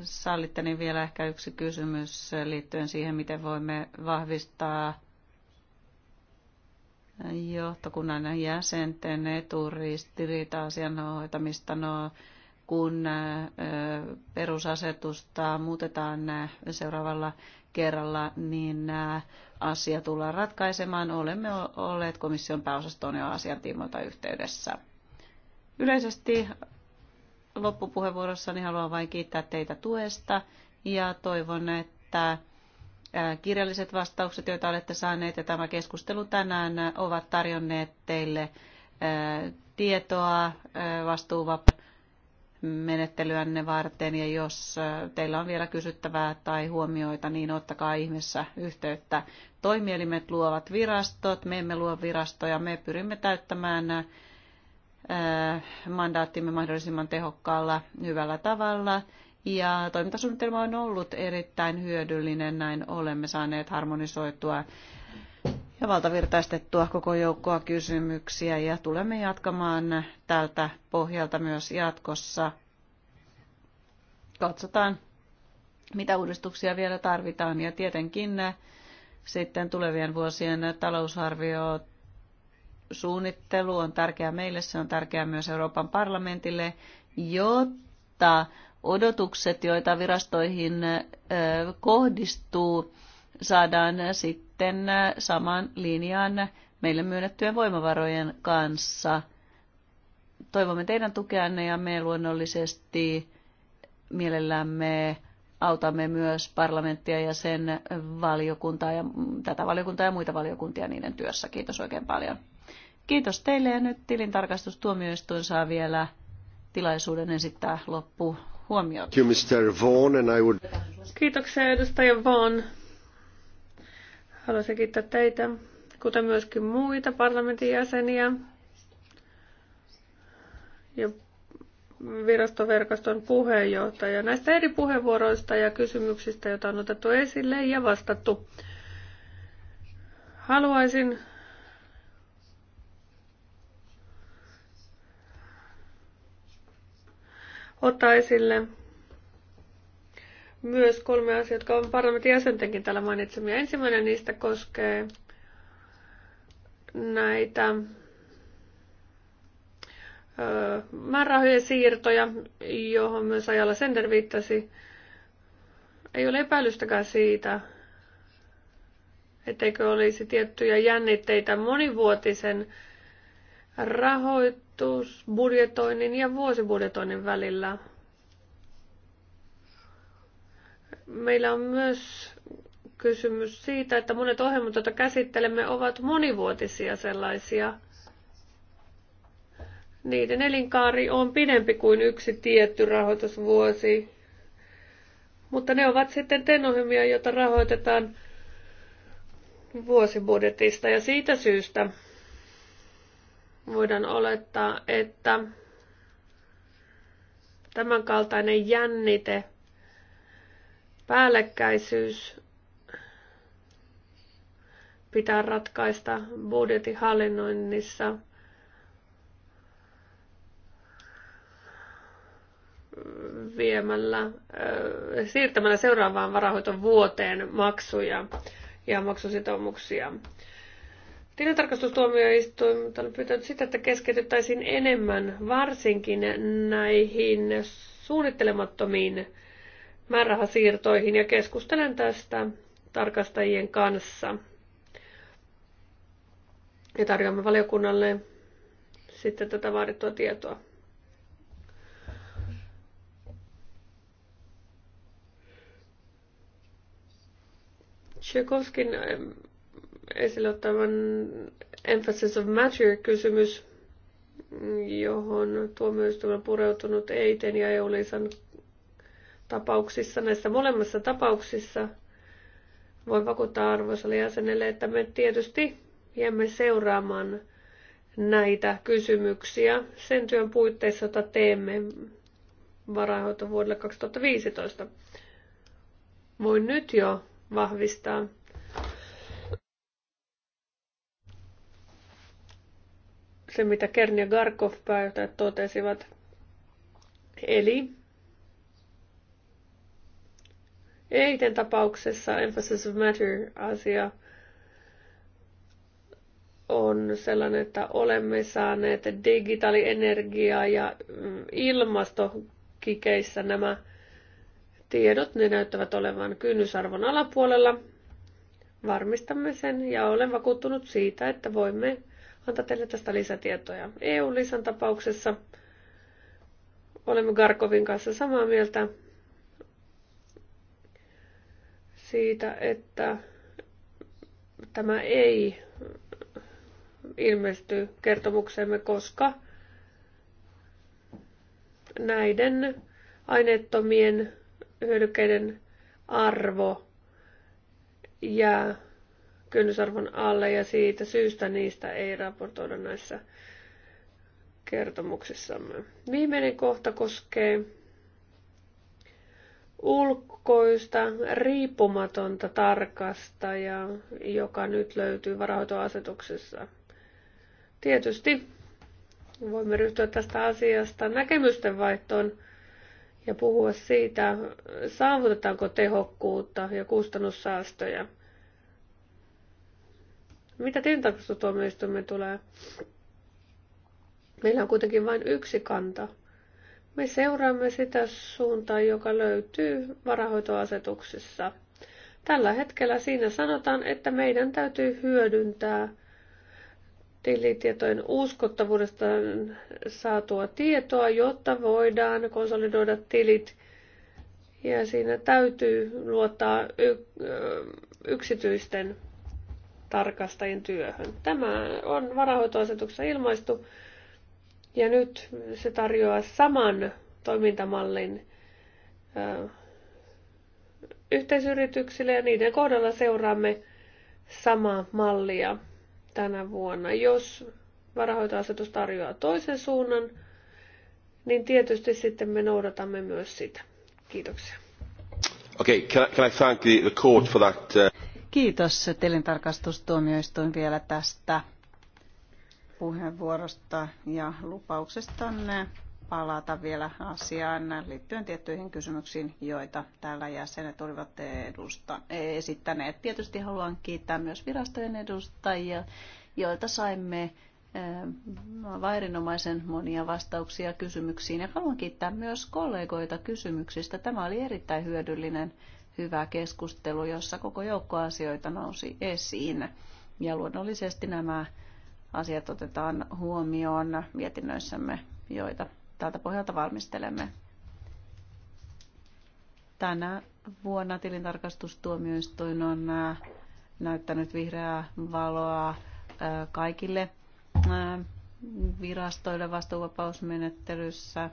A: sallitte, niin vielä ehkä yksi kysymys liittyen siihen, miten voimme vahvistaa johtokunnan jäsenten eturistiriita-asian hoitamista. No, kun perusasetusta muutetaan seuraavalla kerralla, niin asia tullaan ratkaisemaan. Olemme olleet komission pääosastoon jo asiantiimoilta yhteydessä. Yleisesti loppupuheenvuorossani haluan vain kiittää teitä tuesta ja toivon, että kirjalliset vastaukset, joita olette saaneet ja tämä keskustelu tänään ovat tarjonneet teille tietoa vastuuvap menettelyänne varten ja jos teillä on vielä kysyttävää tai huomioita, niin ottakaa ihmeessä yhteyttä. Toimielimet luovat virastot, me emme luo virastoja, me pyrimme täyttämään mandaattimme mahdollisimman tehokkaalla, hyvällä tavalla ja toimintasuunnitelma on ollut erittäin hyödyllinen, näin olemme saaneet harmonisoitua ja valtavirtaistettua koko joukkoa kysymyksiä ja tulemme jatkamaan tältä pohjalta myös jatkossa. Katsotaan, mitä uudistuksia vielä tarvitaan ja tietenkin sitten tulevien vuosien talousarvio suunnittelu on tärkeää meille, se on tärkeää myös Euroopan parlamentille, jotta odotukset, joita virastoihin kohdistuu, saadaan sitten saman linjan meille myönnettyjen voimavarojen kanssa. Toivomme teidän tukeanne ja me luonnollisesti mielellämme autamme myös parlamenttia ja sen valiokuntaa ja tätä valiokuntaa ja muita valiokuntia niiden työssä. Kiitos oikein paljon. Kiitos teille ja nyt tilintarkastustuomioistuin saa vielä tilaisuuden esittää loppu huomiota. Kiitoksia edustaja
B: Vaughan. Haluaisin kiittää teitä, kuten myöskin muita parlamentin jäseniä ja virastoverkoston puheenjohtaja näistä eri puheenvuoroista ja kysymyksistä, joita on otettu esille ja vastattu. Haluaisin ottaa esille myös kolme asiaa, jotka on parlamentin jäsentenkin täällä mainitsemia. Ensimmäinen niistä koskee näitä määrärahojen siirtoja, johon myös ajalla Sender viittasi. Ei ole epäilystäkään siitä, etteikö olisi tiettyjä jännitteitä monivuotisen rahoit rahoitusbudjetoinnin ja vuosibudjetoinnin välillä. Meillä on myös kysymys siitä, että monet ohjelmat, joita käsittelemme, ovat monivuotisia sellaisia. Niiden elinkaari on pidempi kuin yksi tietty rahoitusvuosi. Mutta ne ovat sitten tenohjelmia, joita rahoitetaan vuosibudjetista ja siitä syystä voidaan olettaa, että tämänkaltainen jännite, päällekkäisyys pitää ratkaista budjetin viemällä, siirtämällä seuraavaan varahoiton vuoteen maksuja ja maksusitoumuksia. Tilintarkastustuomioistuin on pyytänyt sitä, että keskityttäisiin enemmän varsinkin näihin suunnittelemattomiin määrärahasiirtoihin ja keskustelen tästä tarkastajien kanssa. Ja tarjoamme valiokunnalle sitten tätä vaadittua tietoa. Tchaikovskin esille ottavan emphasis of matter-kysymys, johon tuomioistuin on pureutunut EITen ja EU-liisan tapauksissa. Näissä molemmissa tapauksissa voin vakuuttaa arvoisalle jäsenelle, että me tietysti jäämme seuraamaan näitä kysymyksiä sen työn puitteissa, jota teemme varainhoitovuodelle 2015. Voin nyt jo vahvistaa, se, mitä Kern ja Garkov pääjohtajat totesivat. Eli Eiten tapauksessa emphasis of matter-asia on sellainen, että olemme saaneet digitaalienergiaa ja mm, ilmastokikeissä nämä tiedot, ne näyttävät olevan kynnysarvon alapuolella. Varmistamme sen ja olen vakuuttunut siitä, että voimme antaa teille tästä lisätietoja. EU-lisän tapauksessa olemme Garkovin kanssa samaa mieltä siitä, että tämä ei ilmesty kertomuksemme, koska näiden aineettomien hyödykkeiden arvo jää kynnysarvon alle ja siitä syystä niistä ei raportoida näissä kertomuksissamme. Viimeinen kohta koskee ulkoista riippumatonta tarkastajaa, joka nyt löytyy varahoitoasetuksessa. Tietysti voimme ryhtyä tästä asiasta näkemysten vaihtoon ja puhua siitä, saavutetaanko tehokkuutta ja kustannussäästöjä – mitä tilintarkastustuomioistuimen tulee? Meillä on kuitenkin vain yksi kanta. Me seuraamme sitä suuntaa, joka löytyy varahoitoasetuksessa. Tällä hetkellä siinä sanotaan, että meidän täytyy hyödyntää tilitietojen uskottavuudesta saatua tietoa, jotta voidaan konsolidoida tilit. Ja siinä täytyy luottaa yksityisten tarkastajien työhön. Tämä on varahoitoasetuksessa ilmaistu ja nyt se tarjoaa saman toimintamallin ö, yhteisyrityksille ja niiden kohdalla seuraamme samaa mallia tänä vuonna. Jos varahoitoasetus tarjoaa toisen suunnan, niin tietysti sitten me noudatamme myös sitä. Kiitoksia.
C: Okay, can I, can I thank the, the court for that? Uh...
A: Kiitos tilintarkastustuomioistuin vielä tästä puheenvuorosta ja lupauksestanne palata vielä asiaan liittyen tiettyihin kysymyksiin, joita täällä jäsenet olivat edusta, esittäneet. Tietysti haluan kiittää myös virastojen edustajia, joilta saimme vairinomaisen monia vastauksia kysymyksiin ja haluan kiittää myös kollegoita kysymyksistä. Tämä oli erittäin hyödyllinen hyvä keskustelu, jossa koko joukko asioita nousi esiin. Ja luonnollisesti nämä asiat otetaan huomioon mietinnöissämme, joita tältä pohjalta valmistelemme. Tänä vuonna tilintarkastustuomioistuin on näyttänyt vihreää valoa kaikille virastoille vastuuvapausmenettelyssä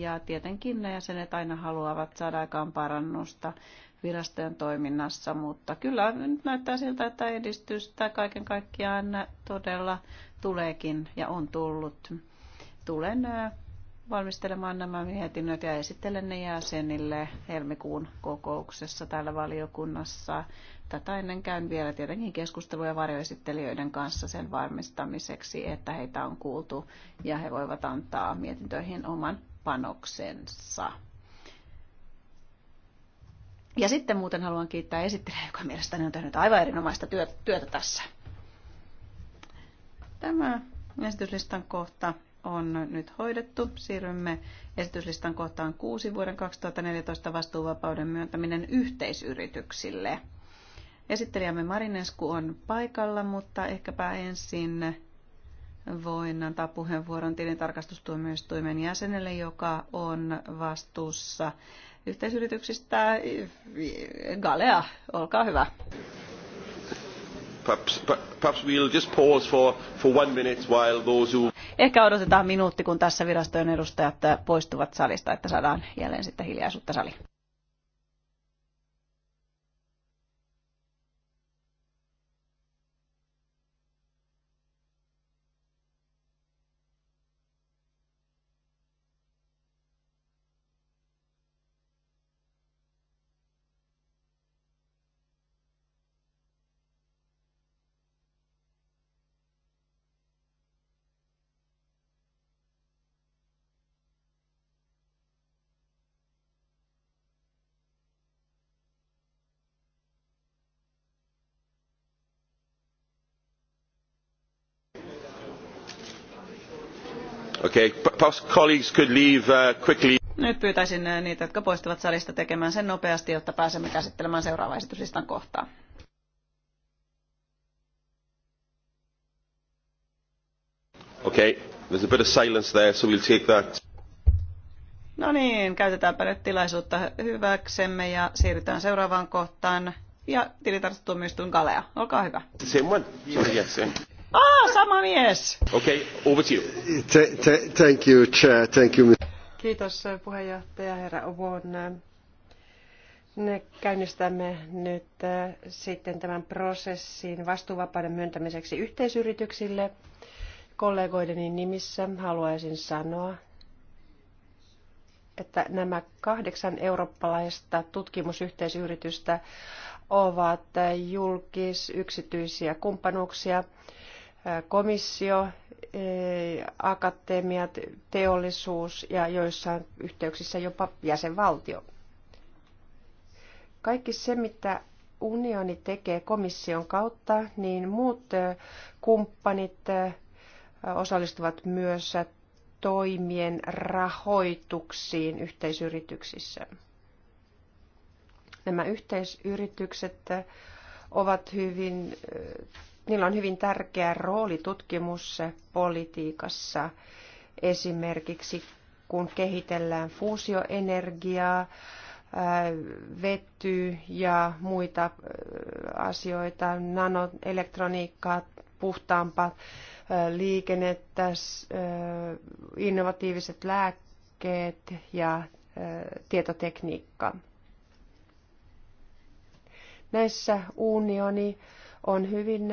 A: ja tietenkin ne jäsenet aina haluavat saada aikaan parannusta virastojen toiminnassa, mutta kyllä nyt näyttää siltä, että edistystä kaiken kaikkiaan todella tuleekin ja on tullut. Tulen valmistelemaan nämä mietinnöt ja esittelen ne jäsenille helmikuun kokouksessa täällä valiokunnassa. Tätä ennen käyn vielä tietenkin keskusteluja varjoesittelijöiden kanssa sen varmistamiseksi, että heitä on kuultu ja he voivat antaa mietintöihin oman panoksensa. Ja sitten muuten haluan kiittää esittelijää, joka mielestäni on tehnyt aivan erinomaista työtä tässä. Tämä esityslistan kohta on nyt hoidettu. Siirrymme esityslistan kohtaan 6 vuoden 2014 vastuuvapauden myöntäminen yhteisyrityksille. Esittelijämme Marinesku on paikalla, mutta ehkäpä ensin voin antaa puheenvuoron tilintarkastustuomioistuimen jäsenelle, joka on vastuussa yhteisyrityksistä. Galea, olkaa hyvä. Ehkä odotetaan minuutti, kun tässä virastojen edustajat poistuvat salista, että saadaan jälleen sitten hiljaisuutta saliin.
B: Uh,
A: nyt pyytäisin uh, niitä, jotka poistuvat salista tekemään sen nopeasti, jotta pääsemme käsittelemään seuraavaa esityslistan kohtaa.
C: Okay, there's a bit of silence there, so we'll take that.
A: No niin, käytetäänpä nyt tilaisuutta hyväksemme ja siirrytään seuraavaan kohtaan. Ja tilintarkastustuomioistuin Galea, olkaa hyvä.
C: Same one. Yes, same.
A: Ah, sama mies!
C: Okei, okay, over to you. thank you, chair. Thank you.
A: Kiitos eh,
C: puheenjohtaja herra Ovon. Me käynnistämme nyt eh, sitten tämän prosessin vastuuvapauden myöntämiseksi yhteisyrityksille. Kollegoideni nimissä haluaisin sanoa, että nämä kahdeksan eurooppalaista tutkimusyhteisyritystä ovat eh, julkis-yksityisiä kumppanuuksia, komissio, akatemiat, teollisuus ja joissain yhteyksissä jopa jäsenvaltio. Kaikki se, mitä unioni tekee komission kautta, niin muut kumppanit osallistuvat myös toimien rahoituksiin yhteisyrityksissä. Nämä yhteisyritykset ovat hyvin niillä on hyvin tärkeä rooli tutkimuspolitiikassa esimerkiksi kun kehitellään fuusioenergiaa, äh, vety ja muita äh, asioita, nanoelektroniikkaa, puhtaampaa äh, liikennettä, innovatiiviset lääkkeet ja tietotekniikka. Näissä unioni on hyvin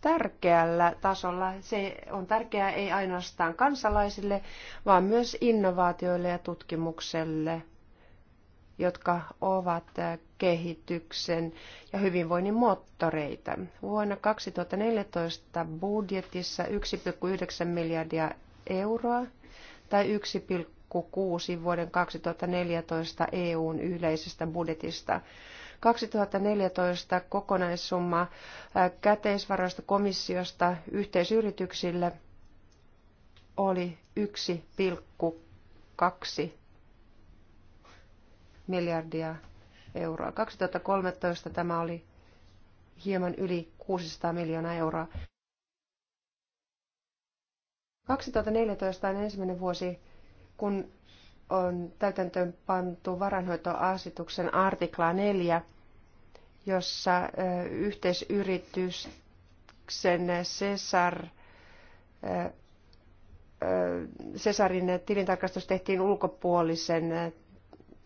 C: tärkeällä tasolla. Se on tärkeää ei ainoastaan kansalaisille, vaan myös innovaatioille ja tutkimukselle, jotka ovat kehityksen ja hyvinvoinnin moottoreita. Vuonna 2014 budjetissa 1,9 miljardia euroa tai 1,6 vuoden 2014 EUn yleisestä budjetista 2014 kokonaissumma äh, käteisvaroista komissiosta yhteisyrityksille oli 1,2 miljardia euroa. 2013 tämä oli hieman yli 600 miljoonaa euroa. 2014 on ensimmäinen vuosi, kun on täytäntöön pantu varanhoitoasetuksen artikla 4, jossa yhteisyrityksen Cesar, Cesarin tilintarkastus tehtiin ulkopuolisen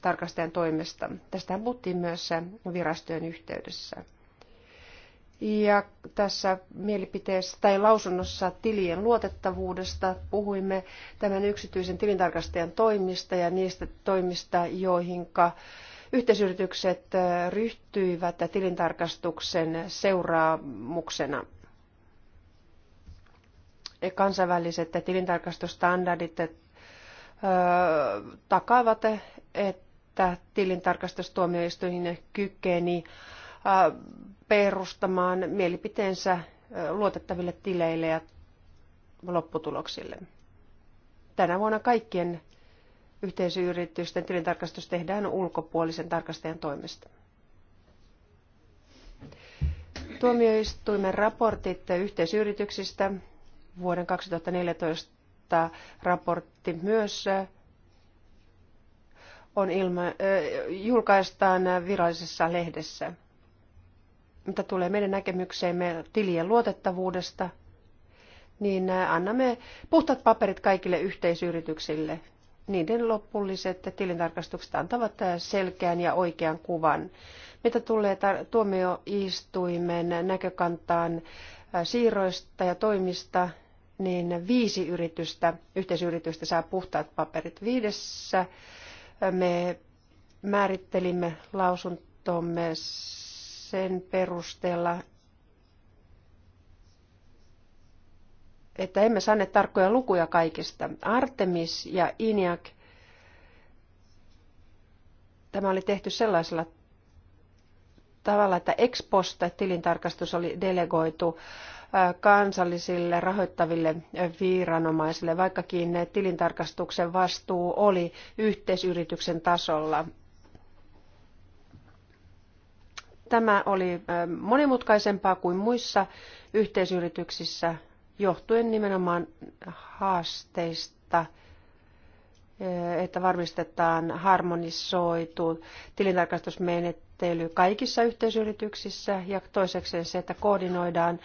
C: tarkastajan toimesta. Tästä puhuttiin myös virastojen yhteydessä. Ja tässä mielipiteessä tai lausunnossa tilien luotettavuudesta puhuimme tämän yksityisen tilintarkastajan toimista ja niistä toimista, joihinka yhteisyritykset ryhtyivät tilintarkastuksen seuraamuksena. Kansainväliset tilintarkastustandardit takaavat, että tilintarkastustuomioistuin kykeni perustamaan mielipiteensä luotettaville tileille ja lopputuloksille. Tänä vuonna kaikkien yhteisöyritysten tilintarkastus tehdään ulkopuolisen tarkastajan toimesta. Tuomioistuimen raportit yhteisyrityksistä vuoden 2014 raportti myös on ilma, julkaistaan virallisessa lehdessä mitä tulee meidän näkemykseemme tilien luotettavuudesta, niin annamme puhtat paperit kaikille yhteisyrityksille. Niiden lopulliset tilintarkastukset antavat selkeän ja oikean kuvan. Mitä tulee tuomioistuimen näkökantaan äh, siirroista ja toimista, niin viisi yritystä, yhteisyritystä saa puhtaat paperit. Viidessä me määrittelimme lausuntomme sen perusteella, että emme saaneet tarkkoja lukuja kaikista. Artemis ja Iniak, tämä oli tehty sellaisella tavalla, että ex tilintarkastus oli delegoitu äh, kansallisille rahoittaville viranomaisille, vaikkakin tilintarkastuksen vastuu oli yhteisyrityksen tasolla. Tämä oli monimutkaisempaa kuin muissa yhteisyrityksissä johtuen nimenomaan haasteista, että varmistetaan harmonisoitu tilintarkastusmenettely kaikissa yhteisyrityksissä ja toiseksi se, että koordinoidaan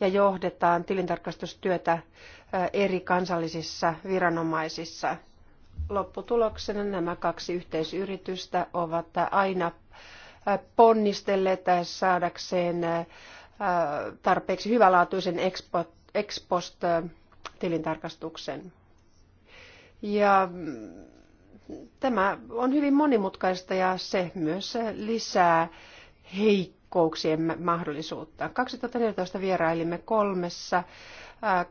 C: ja johdetaan tilintarkastustyötä eri kansallisissa viranomaisissa. Lopputuloksena nämä kaksi yhteisyritystä ovat aina ponnistelleet saadakseen tarpeeksi hyvälaatuisen expost tilintarkastuksen. Ja mm, tämä on hyvin monimutkaista ja se myös lisää heikkouksien mahdollisuutta. 2014 vierailimme kolmessa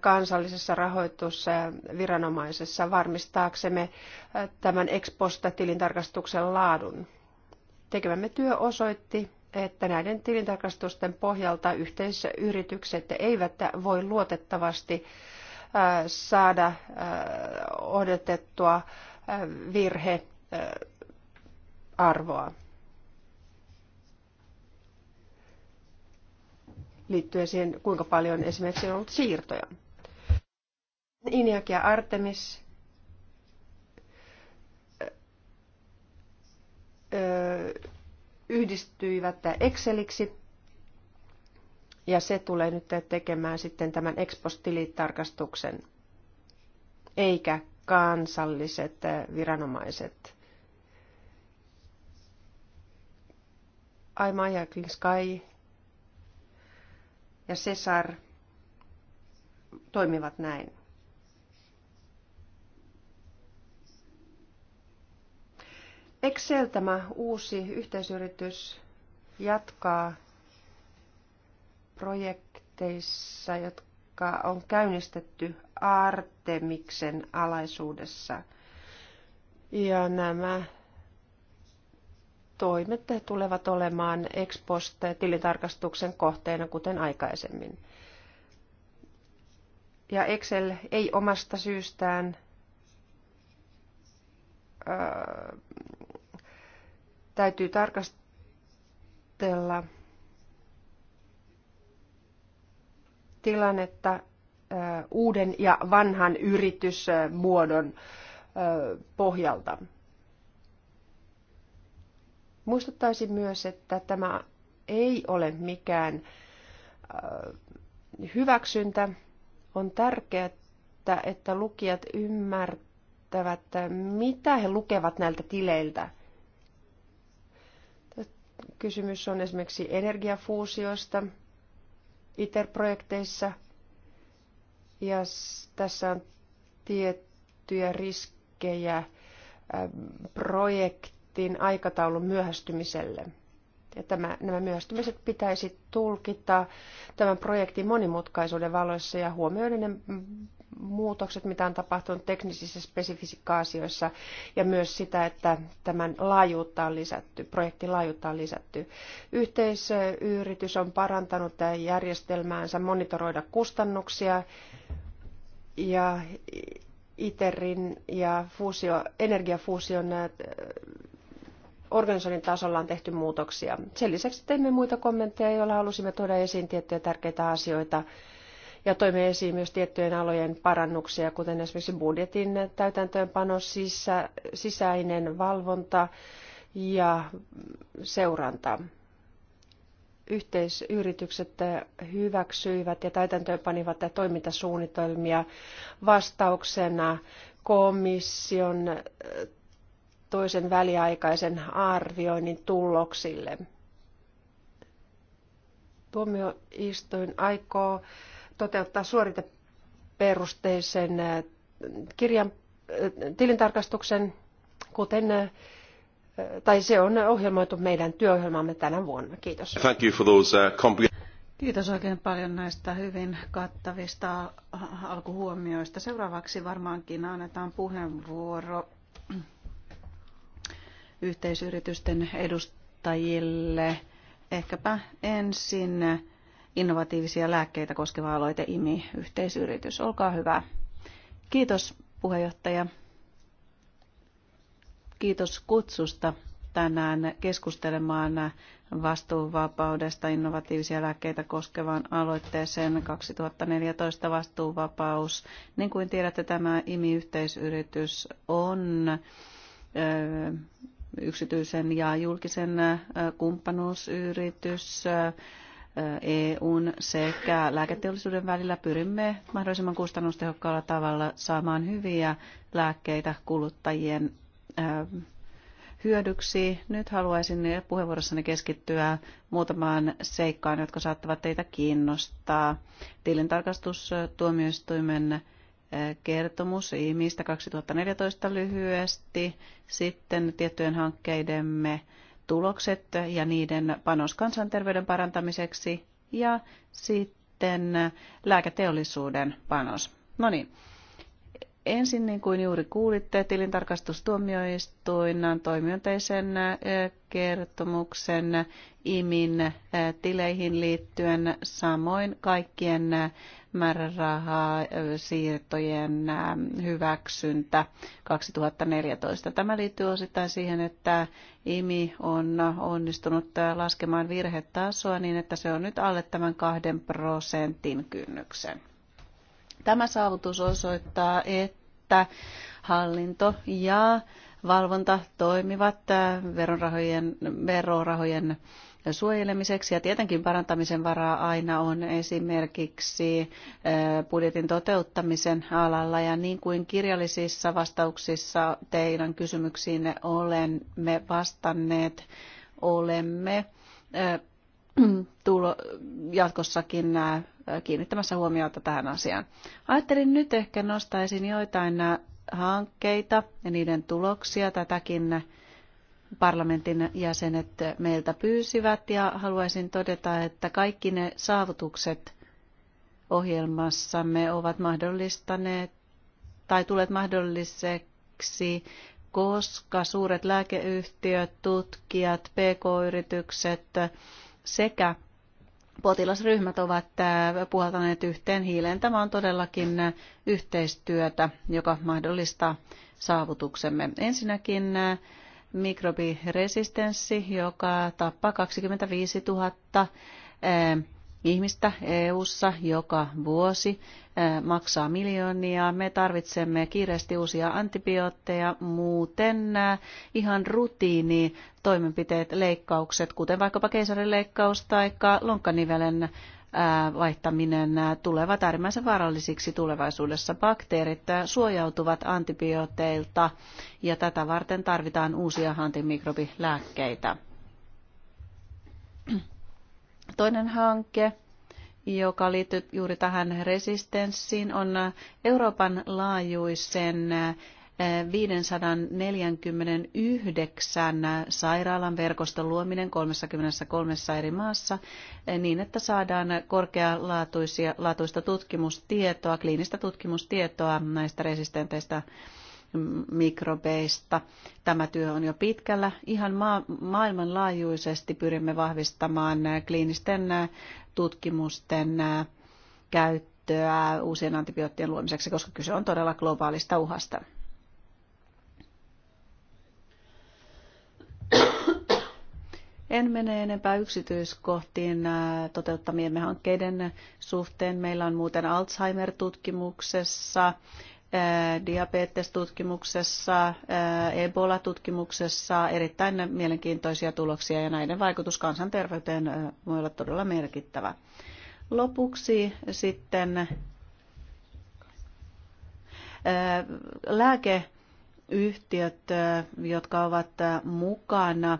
C: kansallisessa rahoitusviranomaisessa varmistaaksemme tämän ex tilintarkastuksen laadun. Tekemämme työ osoitti, että näiden tilintarkastusten pohjalta yhteisyritykset eivät voi luotettavasti äh, saada äh, odotettua äh, virhearvoa. liittyen siihen, kuinka paljon esimerkiksi on ollut siirtoja. Iniakia Artemis yhdistyivät Exceliksi. Ja se tulee nyt tekemään sitten tämän Expos-tilitarkastuksen, eikä kansalliset viranomaiset. Aima ja Sky ja Cesar toimivat näin. Excel, tämä uusi yhteisyritys, jatkaa projekteissa, jotka on käynnistetty Artemiksen alaisuudessa. Ja nämä toimet tulevat olemaan ex tilitarkastuksen kohteena, kuten aikaisemmin. Ja Excel ei omasta syystään täytyy tarkastella tilannetta uuden ja vanhan yritysmuodon pohjalta. Muistuttaisin myös, että tämä ei ole mikään hyväksyntä. On tärkeää, että lukijat ymmärtävät, mitä he lukevat näiltä tileiltä. Kysymys on esimerkiksi energiafuusioista ITER-projekteissa. Ja tässä on tiettyjä riskejä projektin aikataulun myöhästymiselle. Ja tämä, nämä myöhästymiset pitäisi tulkita tämän projektin monimutkaisuuden valossa ja huomioiden muutokset, mitä on tapahtunut teknisissä spesifikaatioissa ja myös sitä, että tämän laajuutta on lisätty, projektin laajuutta on lisätty. Yhteisyritys on parantanut järjestelmäänsä monitoroida kustannuksia ja ITERin ja fuusio, energiafuusion äh, organisoinnin tasolla on tehty muutoksia. Sen lisäksi teimme muita kommentteja, joilla halusimme tuoda esiin tiettyjä tärkeitä asioita ja toimme esiin myös tiettyjen alojen parannuksia, kuten esimerkiksi budjetin täytäntöönpano, sisä, sisäinen valvonta ja seuranta. Yhteisyritykset hyväksyivät ja täytäntöönpanivat toimintasuunnitelmia vastauksena komission toisen väliaikaisen arvioinnin tuloksille. Tuomioistuin aikoo toteuttaa suoriteperusteisen äh, kirjan äh, tilintarkastuksen, kuten äh, tai se on ohjelmoitu meidän työohjelmamme tänä vuonna. Kiitos. Thank you for those, uh,
A: Kiitos oikein paljon näistä hyvin kattavista alkuhuomioista. Seuraavaksi varmaankin annetaan puheenvuoro yhteisyritysten edustajille. Ehkäpä ensin innovatiivisia lääkkeitä koskeva aloite IMI-yhteisyritys. Olkaa hyvä. Kiitos puheenjohtaja. Kiitos kutsusta tänään keskustelemaan vastuuvapaudesta innovatiivisia lääkkeitä koskevaan aloitteeseen 2014 vastuuvapaus. Niin kuin tiedätte, tämä IMI-yhteisyritys on yksityisen ja julkisen kumppanuusyritys EUn sekä lääketeollisuuden välillä pyrimme mahdollisimman kustannustehokkaalla tavalla saamaan hyviä lääkkeitä kuluttajien hyödyksi. Nyt haluaisin puheenvuorossani keskittyä muutamaan seikkaan, jotka saattavat teitä kiinnostaa. Tilintarkastustuomioistuimen kertomus IMIistä 2014 lyhyesti, sitten tiettyjen hankkeidemme tulokset ja niiden panos kansanterveyden parantamiseksi ja sitten lääketeollisuuden panos. No niin, Ensin, niin kuin juuri kuulitte, tilintarkastustuomioistuinnan toimijoiden kertomuksen IMIN tileihin liittyen, samoin kaikkien määrärahasiirtojen hyväksyntä 2014. Tämä liittyy osittain siihen, että IMI on onnistunut laskemaan virhetasoa niin, että se on nyt alle tämän kahden prosentin kynnyksen. Tämä saavutus osoittaa, että hallinto ja valvonta toimivat äh, verorahojen, verorahojen suojelemiseksi ja tietenkin parantamisen varaa aina on esimerkiksi äh, budjetin toteuttamisen alalla ja niin kuin kirjallisissa vastauksissa teidän kysymyksiinne olemme vastanneet, olemme äh, tulo, jatkossakin äh, kiinnittämässä huomiota tähän asiaan. Ajattelin nyt ehkä nostaisin joitain äh, hankkeita ja niiden tuloksia. Tätäkin äh, parlamentin jäsenet meiltä pyysivät ja haluaisin todeta, että kaikki ne saavutukset ohjelmassamme ovat mahdollistaneet tai tulet mahdolliseksi, koska suuret lääkeyhtiöt, tutkijat, pk-yritykset, sekä potilasryhmät ovat äh, puhaltaneet yhteen hiileen. Tämä on todellakin äh, yhteistyötä, joka mahdollistaa saavutuksemme. Ensinnäkin äh, mikrobiresistenssi, joka tappaa 25 000 ihmistä EU:ssa joka vuosi maksaa miljoonia. Me tarvitsemme kiireesti uusia antibiootteja, muuten ihan rutiini toimenpiteet, leikkaukset, kuten vaikkapa keisarileikkaus tai lonkkanivelen vaihtaminen tulevat äärimmäisen vaarallisiksi tulevaisuudessa. Bakteerit suojautuvat antibiooteilta ja tätä varten tarvitaan uusia antimikrobilääkkeitä toinen hanke, joka liittyy juuri tähän resistenssiin, on Euroopan laajuisen 549 eh, sairaalan verkoston luominen 33 eri maassa eh, niin, että saadaan korkealaatuista tutkimustietoa, kliinistä tutkimustietoa näistä resistenteistä mikrobeista. Tämä työ on jo pitkällä. Ihan ma- maailmanlaajuisesti pyrimme vahvistamaan kliinisten äh, tutkimusten äh, käyttöä uusien antibioottien luomiseksi, koska kyse on todella globaalista uhasta. En mene enempää yksityiskohtiin äh, toteuttamiemme hankkeiden suhteen. Meillä on muuten Alzheimer-tutkimuksessa Äh, diabetestutkimuksessa, äh, Ebola-tutkimuksessa erittäin mielenkiintoisia tuloksia ja näiden vaikutus kansanterveyteen äh, voi olla todella merkittävä. Lopuksi sitten lääkeyhtiöt, jotka ovat mukana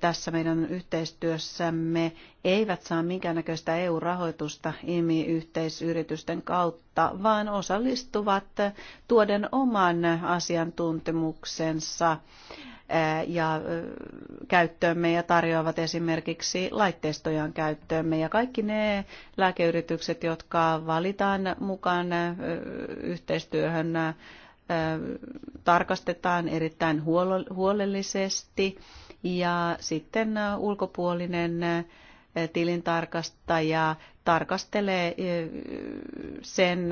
A: tässä meidän yhteistyössämme eivät saa minkäännäköistä EU-rahoitusta IMI-yhteisyritysten kautta, vaan osallistuvat tuoden oman asiantuntemuksensa ja käyttöömme ja tarjoavat esimerkiksi laitteistojaan käyttöömme. Ja kaikki ne lääkeyritykset, jotka valitaan mukaan yhteistyöhön tarkastetaan erittäin huolellisesti ja sitten ulkopuolinen tilintarkastaja tarkastelee sen,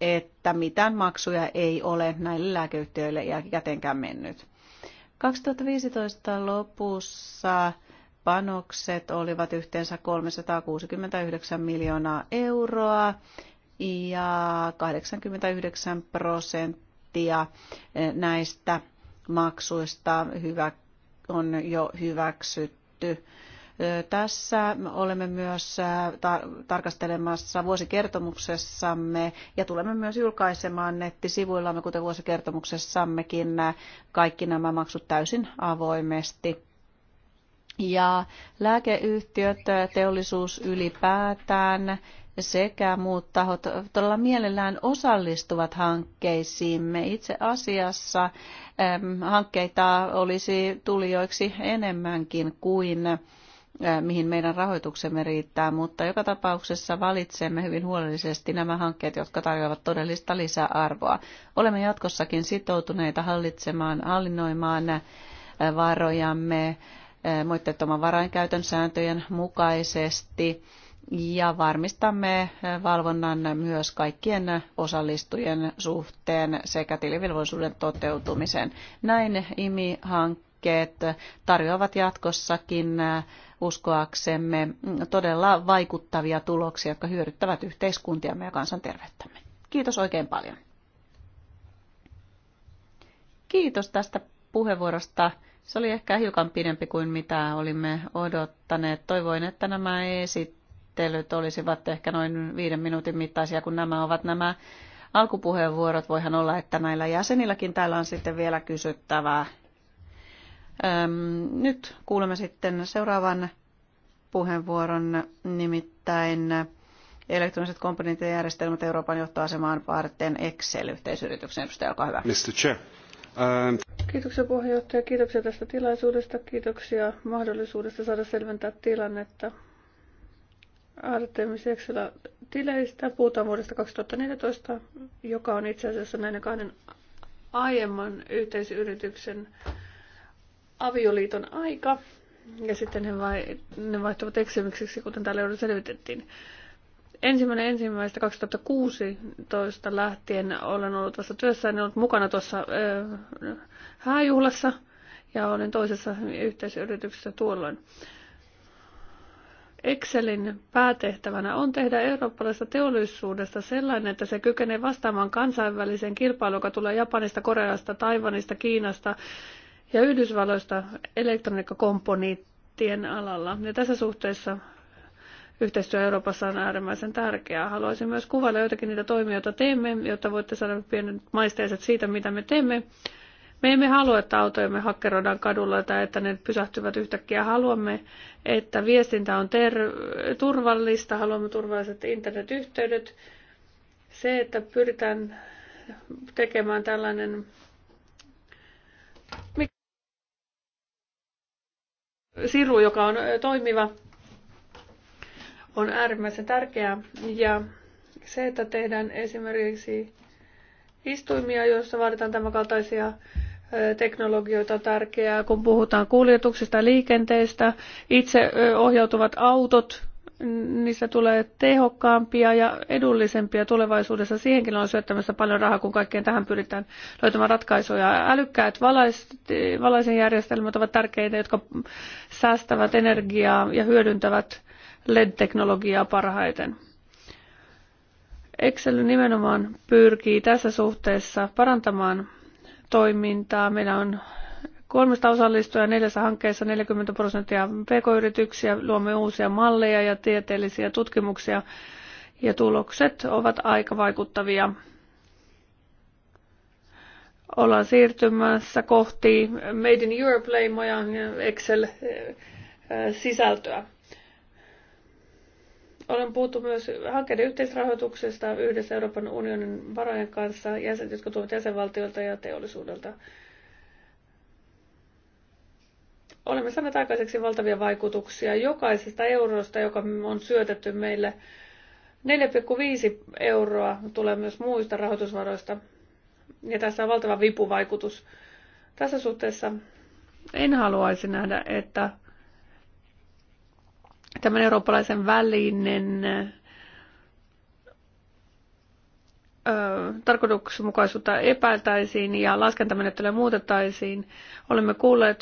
A: että mitään maksuja ei ole näille lääkeyhtiöille jätenkään mennyt. 2015 lopussa panokset olivat yhteensä 369 miljoonaa euroa ja 89 prosenttia eh, näistä maksuista hyvä, on jo hyväksytty. Eh, tässä olemme myös eh, tarkastelemassa vuosikertomuksessamme ja tulemme myös julkaisemaan nettisivuillamme, kuten vuosikertomuksessammekin, kaikki nämä maksut täysin avoimesti. Ja lääkeyhtiöt, teollisuus ylipäätään sekä muut tahot todella mielellään osallistuvat hankkeisiimme. Itse asiassa hankkeita olisi tulijoiksi enemmänkin kuin mihin meidän rahoituksemme riittää, mutta joka tapauksessa valitsemme hyvin huolellisesti nämä hankkeet, jotka tarjoavat todellista lisäarvoa. Olemme jatkossakin sitoutuneita hallitsemaan, hallinnoimaan varojamme moitteettoman varainkäytön sääntöjen mukaisesti ja varmistamme eh, valvonnan myös kaikkien osallistujien suhteen sekä tilivelvollisuuden toteutumisen. Näin IMI-hankkeet tarjoavat jatkossakin eh, uskoaksemme mm, todella vaikuttavia tuloksia, jotka hyödyttävät yhteiskuntiamme ja kansanterveyttämme. Kiitos oikein paljon. Kiitos tästä puheenvuorosta. Se oli ehkä hiukan pidempi kuin mitä olimme odottaneet. Toivoin, että nämä esit esittelyt olisivat ehkä noin viiden minuutin mittaisia, kun nämä ovat nämä alkupuheenvuorot. Voihan olla, että näillä jäsenilläkin täällä on sitten vielä kysyttävää. Öm, nyt kuulemme sitten seuraavan puheenvuoron, nimittäin elektroniset komponentit ja järjestelmät Euroopan johtoasemaan varten Excel-yhteisyrityksen edustaja, olkaa hyvä. Mr. Chair.
C: Um...
B: Kiitoksia puheenjohtaja, kiitoksia tästä tilaisuudesta, kiitoksia mahdollisuudesta saada selventää tilannetta Artemis Excela tileistä. Puhutaan vuodesta 2014, joka on itse asiassa näiden kahden aiemman yhteisyrityksen avioliiton aika. Ja sitten he vai, ne vaihtuvat eksymykseksi, kuten täällä jo selvitettiin. Ensimmäinen ensimmäistä 2016 lähtien olen ollut tuossa työssä ja ollut mukana tuossa ö, hääjuhlassa ja olin toisessa yhteisyrityksessä tuolloin. Excelin päätehtävänä on tehdä eurooppalaisesta teollisuudesta sellainen, että se kykenee vastaamaan kansainväliseen kilpailuun, joka tulee Japanista, Koreasta, Taivanista, Kiinasta ja Yhdysvalloista elektroniikkakomponenttien alalla. Ja tässä suhteessa yhteistyö Euroopassa on äärimmäisen tärkeää. Haluaisin myös kuvailla joitakin niitä toimia, joita teemme, jotta voitte saada pienet maisteiset siitä, mitä me teemme. Me emme halua, että autojamme hakkeroidaan kadulla tai että ne pysähtyvät yhtäkkiä. Haluamme, että viestintä on ter- turvallista, haluamme turvalliset internetyhteydet. Se, että pyritään tekemään tällainen siru, joka on toimiva, on äärimmäisen tärkeää. Ja se, että tehdään esimerkiksi istuimia, joissa vaaditaan tämänkaltaisia kaltaisia teknologioita on tärkeää, kun puhutaan kuljetuksista ja liikenteestä. Itse ohjautuvat autot, niistä tulee tehokkaampia ja edullisempia tulevaisuudessa. Siihenkin on syöttämässä paljon rahaa, kun kaikkeen tähän pyritään löytämään ratkaisuja. Älykkäät valaisinjärjestelmät ovat tärkeitä, jotka säästävät energiaa ja hyödyntävät LED-teknologiaa parhaiten. Excel nimenomaan pyrkii tässä suhteessa parantamaan toimintaa. Meillä on 300 osallistujaa neljässä hankkeessa 40 prosenttia pk-yrityksiä. Luomme uusia malleja ja tieteellisiä tutkimuksia ja tulokset ovat aika vaikuttavia. Ollaan siirtymässä kohti Made in Europe-leimoja Excel-sisältöä. Olen puhuttu myös hankkeiden yhteisrahoituksesta yhdessä Euroopan unionin varojen kanssa, jäsen, jotka tuovat jäsenvaltioilta ja teollisuudelta. Olemme saaneet aikaiseksi valtavia vaikutuksia jokaisesta eurosta, joka on syötetty meille. 4,5 euroa tulee myös muista rahoitusvaroista. Ja tässä on valtava vipuvaikutus. Tässä suhteessa en haluaisi nähdä, että tämän eurooppalaisen välinen tarkoituksenmukaisuutta epäiltäisiin ja laskentamenettelyä muutettaisiin. Olemme kuulleet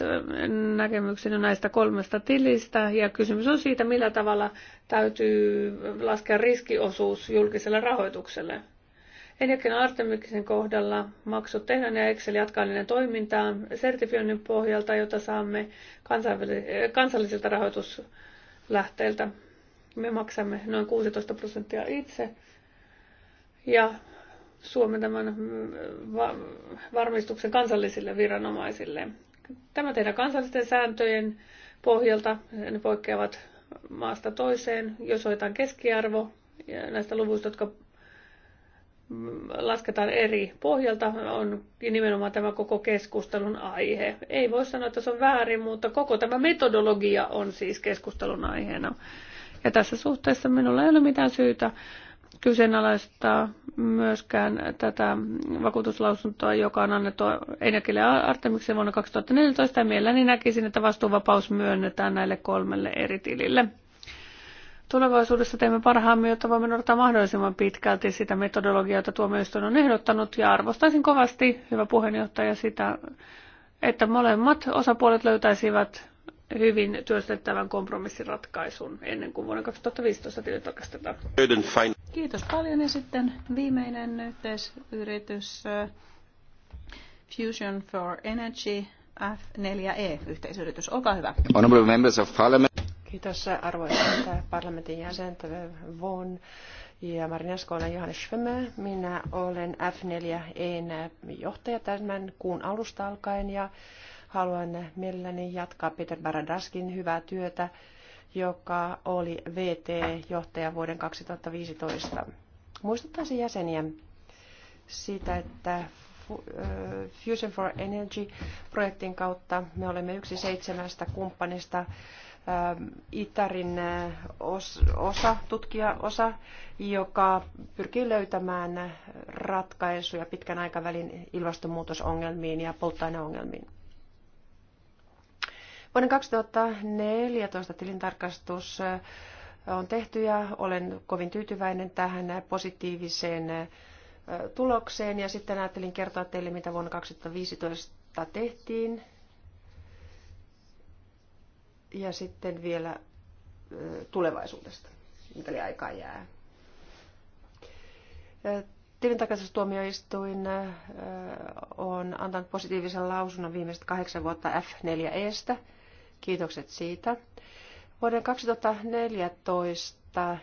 B: näkemyksen näistä kolmesta tilistä ja kysymys on siitä, millä tavalla täytyy laskea riskiosuus julkiselle rahoitukselle. Energian Artemiksen kohdalla maksut tehdään ja Excel jatkaa niiden toimintaa sertifioinnin pohjalta, jota saamme kansallisilta rahoitus- lähteiltä. Me maksamme noin 16 prosenttia itse ja Suomen tämän mm, varmistuksen kansallisille viranomaisille. Tämä tehdään kansallisten sääntöjen pohjalta. Ne poikkeavat maasta toiseen. Jos hoitaan keskiarvo näistä luvuista, jotka lasketaan eri pohjalta, on nimenomaan tämä koko keskustelun aihe. Ei voi sanoa, että se on väärin, mutta koko tämä metodologia on siis keskustelun aiheena. Ja tässä suhteessa minulla ei ole mitään syytä kyseenalaistaa myöskään tätä vakuutuslausuntoa, joka on annettu Einakille Artemiksen vuonna 2014. Ja mielelläni näkisin, että vastuuvapaus myönnetään näille kolmelle eri tilille. Tulevaisuudessa teemme parhaamme, jotta voimme noudattaa mahdollisimman pitkälti sitä metodologiaa, jota tuomioistuin on ehdottanut, ja arvostaisin kovasti, hyvä puheenjohtaja, sitä, että molemmat osapuolet löytäisivät hyvin työstettävän kompromissiratkaisun ennen kuin vuonna 2015 tilit tarkastetaan.
A: Kiitos paljon ja sitten viimeinen yhteisyritys eh, Fusion for Energy F4E yhteisyritys. Olkaa hyvä. Honorable members of parliament
C: arvoisa parlamentin jäsentä vaughan ja Marinesko olen Johannes Schwemme. Minä olen f neljä en johtaja tämän kuun alusta alkaen ja haluan mielelläni jatkaa Peter Baradaskin hyvää työtä, joka oli VT-johtaja vuoden 2015. Muistuttaisin jäseniä siitä, että Fusion for Energy-projektin kautta me olemme yksi seitsemästä kumppanista Ähm, Itarin äh, osa, tutkijaosa, joka pyrkii löytämään ratkaisuja pitkän aikavälin ilmastonmuutosongelmiin ja polttoaineongelmiin. Vuoden 2014 tilintarkastus äh, on tehty ja olen kovin tyytyväinen tähän positiiviseen äh, tulokseen. Ja sitten ajattelin kertoa teille, mitä vuonna 2015 tehtiin ja sitten vielä tulevaisuudesta, mikäli aikaa jää. Tilintarkastustuomioistuin on antanut positiivisen lausunnon viimeiset kahdeksan vuotta F4Estä. Kiitokset siitä. Vuoden 2014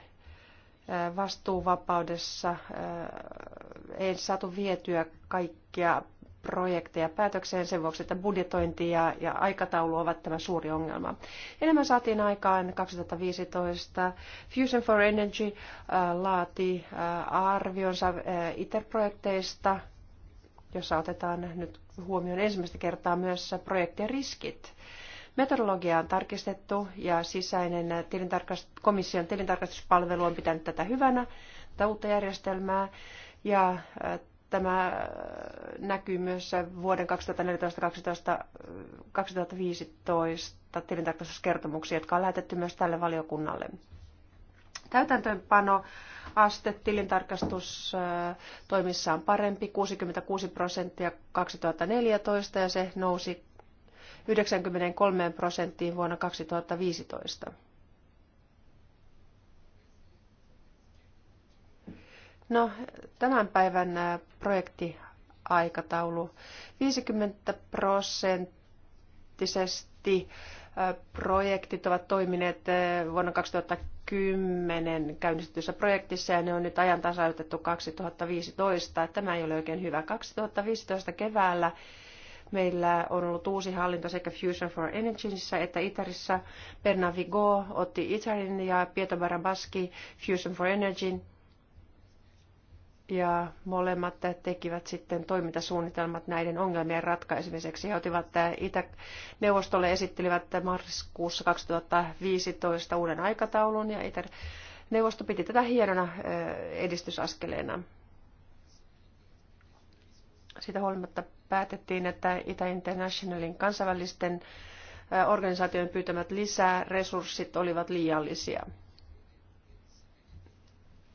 C: vastuuvapaudessa ei saatu vietyä kaikkia projekteja päätökseen sen vuoksi, että budjetointi ja, ja aikataulu ovat tämä suuri ongelma. Enemmän saatiin aikaan 2015. Fusion for Energy äh, laati äh, arvionsa äh, ITER-projekteista, jossa otetaan nyt huomioon ensimmäistä kertaa myös projektien riskit. Metodologia on tarkistettu ja sisäinen tilintarkast- komission tilintarkastuspalvelu on pitänyt tätä hyvänä, tätä uutta järjestelmää. Ja Tämä äh, näkyy myös vuoden 2014-2015 äh, tilintarkastuskertomuksia, jotka on lähetetty myös tälle valiokunnalle. Täytäntöönpano aste toimissa on parempi, 66 prosenttia 2014 ja se nousi 93 prosenttiin vuonna 2015. No, tämän päivän projektiaikataulu 50 prosenttisesti projektit ovat toimineet vuonna 2010 käynnistetyssä projektissa ja ne on nyt tasautettu 2015. Tämä ei ole oikein hyvä. 2015 keväällä meillä on ollut uusi hallinto sekä Fusion for Energyssä että Itarissa. Bernard Vigo otti Itarin ja Pietro Barabaski Fusion for Energy ja molemmat tekivät sitten toimintasuunnitelmat näiden ongelmien ratkaisemiseksi. He otivat Itä-neuvostolle esittelivät marraskuussa 2015 uuden aikataulun ja Itä-neuvosto piti tätä hienona edistysaskeleena. Siitä huolimatta päätettiin, että Itä Internationalin kansainvälisten organisaatioiden pyytämät lisää resurssit olivat liiallisia.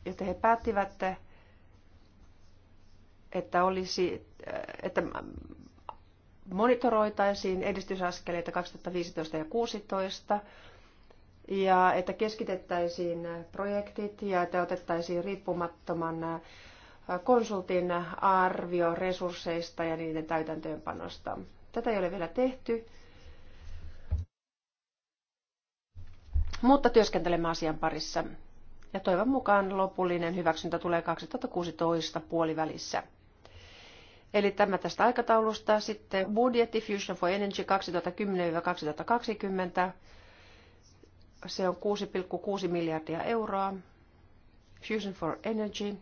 C: Joten he päättivät, että että olisi, äh, että monitoroitaisiin edistysaskeleita 2015 ja 2016 ja että keskitettäisiin projektit ja että otettaisiin riippumattoman äh, konsultin arvio resursseista ja niiden täytäntöönpanosta. Tätä ei ole vielä tehty, mutta työskentelemme asian parissa. Ja toivon mukaan lopullinen hyväksyntä tulee 2016 puolivälissä. Eli tämä tästä aikataulusta. Sitten budjetti Fusion for Energy 2010-2020. Se on 6,6 miljardia euroa. Fusion for Energy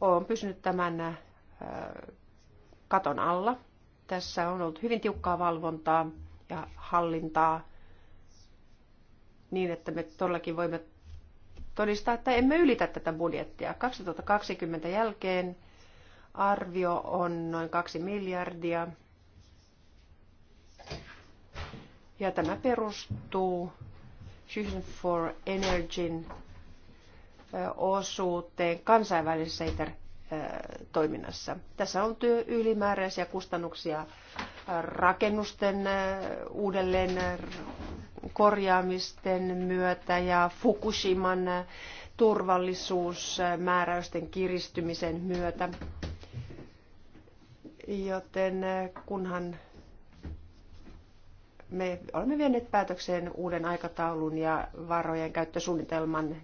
C: on pysynyt tämän äh, katon alla. Tässä on ollut hyvin tiukkaa valvontaa ja hallintaa niin, että me todellakin voimme todistaa, että emme ylitä tätä budjettia. 2020 jälkeen arvio on noin 2 miljardia. Ja tämä perustuu Fusion for Energyn osuuteen kansainvälisessä toiminnassa. Tässä on työ ylimääräisiä kustannuksia rakennusten uudelleen korjaamisten myötä ja Fukushiman turvallisuusmääräysten kiristymisen myötä. Joten eh, kunhan me olemme vienneet päätökseen uuden aikataulun ja varojen käyttösuunnitelman.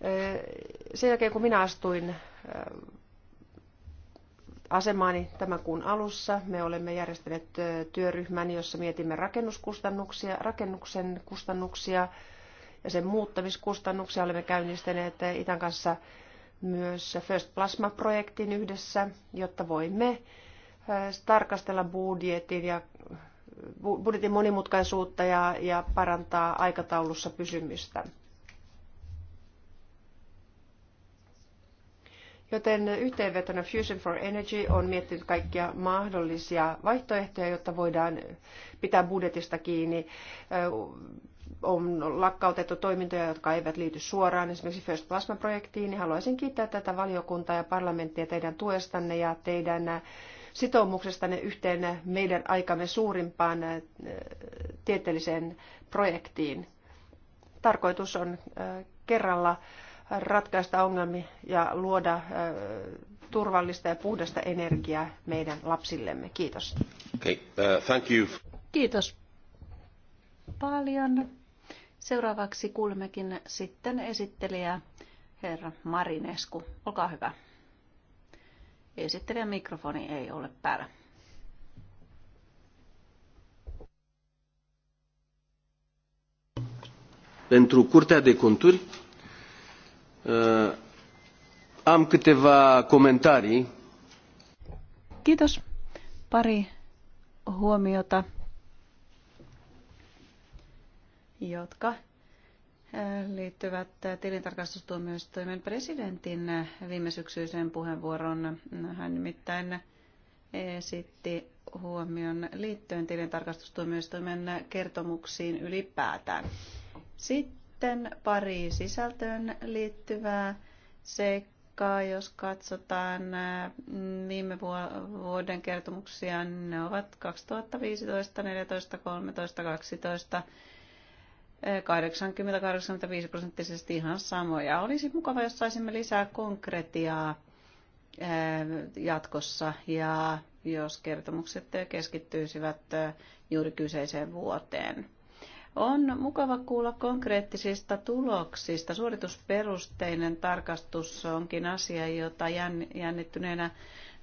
C: Eh, sen jälkeen kun minä astuin eh, asemaani tämän kuun alussa, me olemme järjestäneet työryhmän, jossa mietimme rakennuskustannuksia, rakennuksen kustannuksia ja sen muuttamiskustannuksia. Olemme käynnistäneet Itän kanssa myös First Plasma-projektin yhdessä, jotta voimme tarkastella budjetin ja budjetin monimutkaisuutta ja, ja parantaa aikataulussa pysymistä. Joten yhteenvetona Fusion for Energy on miettinyt kaikkia mahdollisia vaihtoehtoja, jotta voidaan pitää budjetista kiinni on lakkautettu toimintoja, jotka eivät liity suoraan esimerkiksi First Plasma-projektiin, niin haluaisin kiittää tätä valiokuntaa ja parlamenttia teidän tuestanne ja teidän äh, sitoumuksestanne yhteen meidän aikamme suurimpaan äh, tieteelliseen projektiin. Tarkoitus on äh, kerralla ratkaista ongelmia ja luoda turvallista ja puhdasta
A: energiaa meidän lapsillemme. Kiitos.
C: Okay, uh, thank you.
A: Kiitos paljon. Seuraavaksi kuulemmekin sitten esittelijä herra Marinesku. Olkaa hyvä. Esittelijän mikrofoni ei ole päällä. Pentru Curtea de Conturi uh,
C: am câteva comentarii.
A: Kiitos. Pari huomiota jotka liittyvät tilintarkastustuomioistuimen presidentin viime syksyiseen puheenvuoroon. Hän nimittäin esitti huomion liittyen tilintarkastustuomioistuimen kertomuksiin ylipäätään. Sitten pari sisältöön liittyvää seikkaa, jos katsotaan viime vuoden kertomuksia, ne ovat 2015, 2014, 2013, 2012 80-85 prosenttisesti ihan samoja. Olisi mukava, jos saisimme lisää konkretiaa jatkossa ja jos kertomukset keskittyisivät juuri kyseiseen vuoteen. On mukava kuulla konkreettisista tuloksista. Suoritusperusteinen tarkastus onkin asia, jota jännittyneenä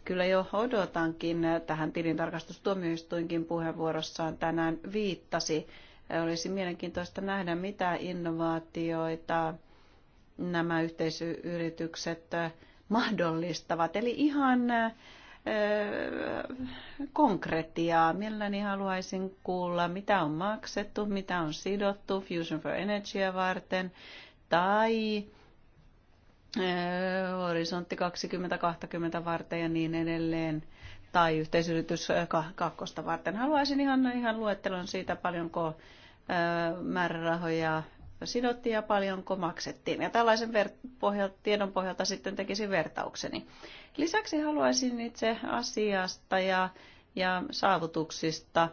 A: kyllä jo odotankin. Tähän tilintarkastustuomioistuinkin puheenvuorossaan tänään viittasi. Olisi mielenkiintoista nähdä, mitä innovaatioita nämä yhteisyritykset mahdollistavat. Eli ihan konkretiaa. Mielelläni haluaisin kuulla, mitä on maksettu, mitä on sidottu Fusion for Energya varten tai Horisontti 2020 varten ja niin edelleen tai yhteisyritys äh, kakkosta varten. Haluaisin ihan, ihan luettelon siitä, paljonko äh, määrärahoja sidottiin ja paljonko maksettiin. Ja tällaisen ver- pohjalta, tiedon pohjalta sitten tekisin vertaukseni. Lisäksi haluaisin itse asiasta ja, ja saavutuksista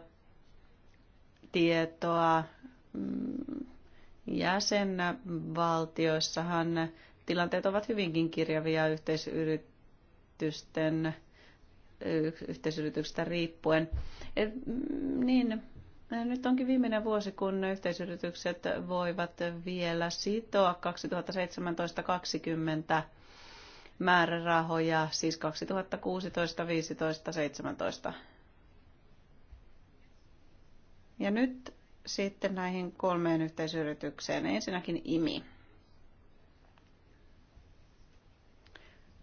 A: tietoa. Mm, jäsenvaltioissahan tilanteet ovat hyvinkin kirjavia yhteisyritysten yhteisyrityksestä riippuen. Et, eh, mm, niin, eh, nyt onkin viimeinen vuosi, kun yhteisyritykset voivat vielä sitoa 2017-2020 määrärahoja, siis 2016, 15, 17. Ja nyt sitten näihin kolmeen yhteisyritykseen. Ensinnäkin IMI.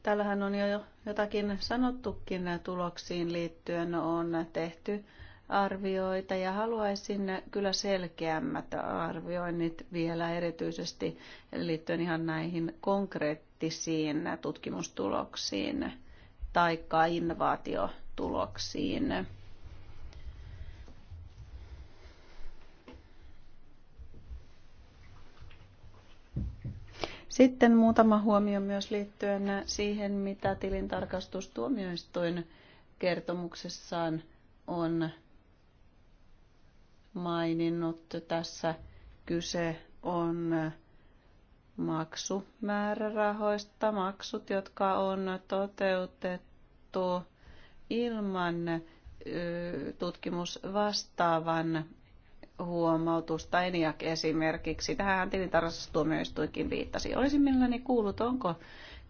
A: Täällähän on jo jotakin sanottukin tuloksiin liittyen, on tehty arvioita ja haluaisin kyllä selkeämmät arvioinnit vielä erityisesti liittyen ihan näihin konkreettisiin tutkimustuloksiin tai innovaatiotuloksiin. Sitten muutama huomio myös liittyen siihen, mitä tilintarkastustuomioistuin kertomuksessaan on maininnut. Tässä kyse on maksumäärärahoista, maksut, jotka on toteutettu ilman tutkimusvastaavan huomautusta ENIAC esimerkiksi. Tähän tilintarkastustuomioistuinkin viittasi. Olisin mielelläni kuullut, onko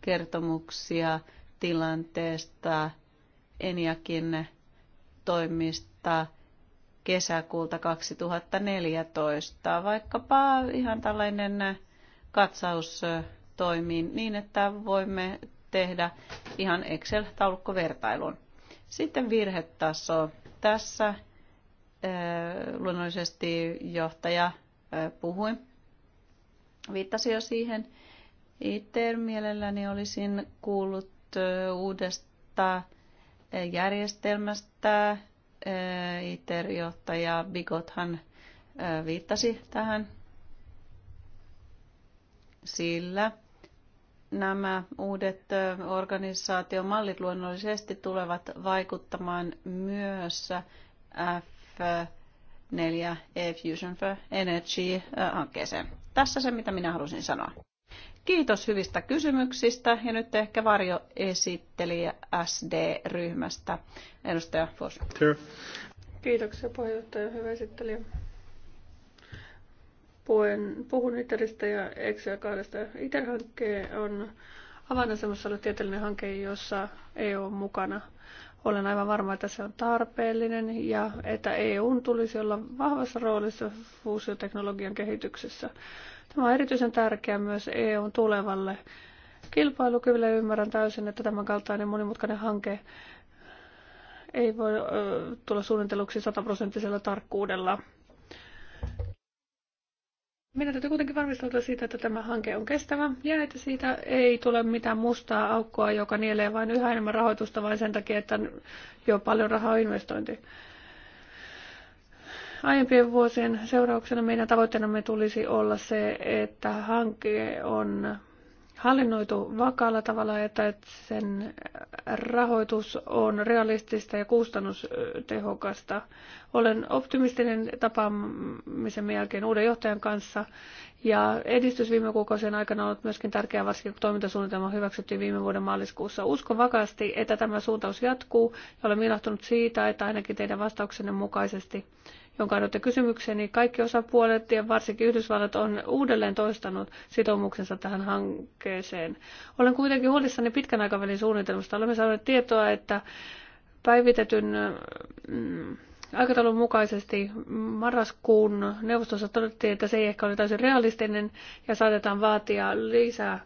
A: kertomuksia tilanteesta ENIAKin toimista kesäkuulta 2014, vaikkapa ihan tällainen katsaus toimiin niin, että voimme tehdä ihan Excel-taulukkovertailun. Sitten virhetaso. Tässä luonnollisesti johtaja puhui. Viittasi jo siihen. Itse mielelläni olisin kuullut uudesta järjestelmästä. ITER-johtaja Bigothan viittasi tähän, sillä nämä uudet organisaatiomallit luonnollisesti tulevat vaikuttamaan myös 4 E-Fusion for Energy-hankkeeseen. Tässä se, mitä minä halusin sanoa. Kiitos hyvistä kysymyksistä ja nyt ehkä Varjo esitteli SD-ryhmästä. Edustaja Fos.
B: Kiitoksia puheenjohtaja, hyvä esittelijä. Puhun, puhun ITERistä ja EXIA-kaudesta. ITER-hankkeen on avainasemassa ollut tieteellinen hanke, jossa EU on mukana – olen aivan varma, että se on tarpeellinen ja että EUn tulisi olla vahvassa roolissa fuusioteknologian kehityksessä. Tämä on erityisen tärkeää myös EUn tulevalle kilpailukyvylle. Ymmärrän täysin, että tämän kaltainen monimutkainen hanke ei voi tulla suunnitelluksi sataprosenttisella tarkkuudella. Meidän täytyy kuitenkin varmistautua siitä, että tämä hanke on kestävä ja että siitä ei tule mitään mustaa aukkoa, joka nielee vain yhä enemmän rahoitusta vain sen takia, että jo paljon rahaa on investointi. Aiempien vuosien seurauksena meidän tavoitteenamme tulisi olla se, että hanke on hallinnoitu vakaalla tavalla, että sen rahoitus on realistista ja kustannustehokasta. Olen optimistinen tapaamisen jälkeen uuden johtajan kanssa ja edistys viime kuukausien aikana on ollut myöskin tärkeä varsinkin, kun toimintasuunnitelma hyväksyttiin viime vuoden maaliskuussa. Uskon vakaasti, että tämä suuntaus jatkuu ja olen ilahtunut siitä, että ainakin teidän vastauksenne mukaisesti jonka annoitte kysymykseni, kaikki osapuolet ja varsinkin Yhdysvallat on uudelleen toistanut sitoumuksensa tähän hankkeeseen. Olen kuitenkin huolissani pitkän aikavälin suunnitelmasta. Olemme saaneet tietoa, että päivitetyn mm, aikataulun mukaisesti marraskuun neuvostossa todettiin, että se ei ehkä ole täysin realistinen ja saatetaan vaatia lisää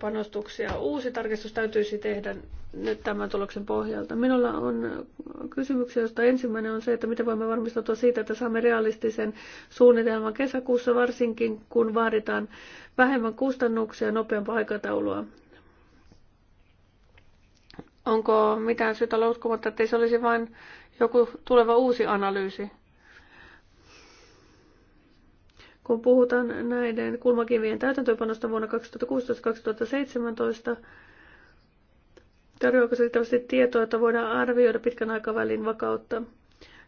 B: panostuksia. Uusi tarkistus täytyisi tehdä nyt tämän tuloksen pohjalta. Minulla on kysymyksiä, joista ensimmäinen on se, että miten voimme varmistua siitä, että saamme realistisen suunnitelman kesäkuussa, varsinkin kun vaaditaan vähemmän kustannuksia ja nopeampaa aikataulua. Onko mitään syytä loukumatta, että se olisi vain joku tuleva uusi analyysi? Kun puhutaan näiden kulmakivien täytäntöönpanosta vuonna 2016-2017, tarjoako se riittävästi tietoa, että voidaan arvioida pitkän aikavälin vakautta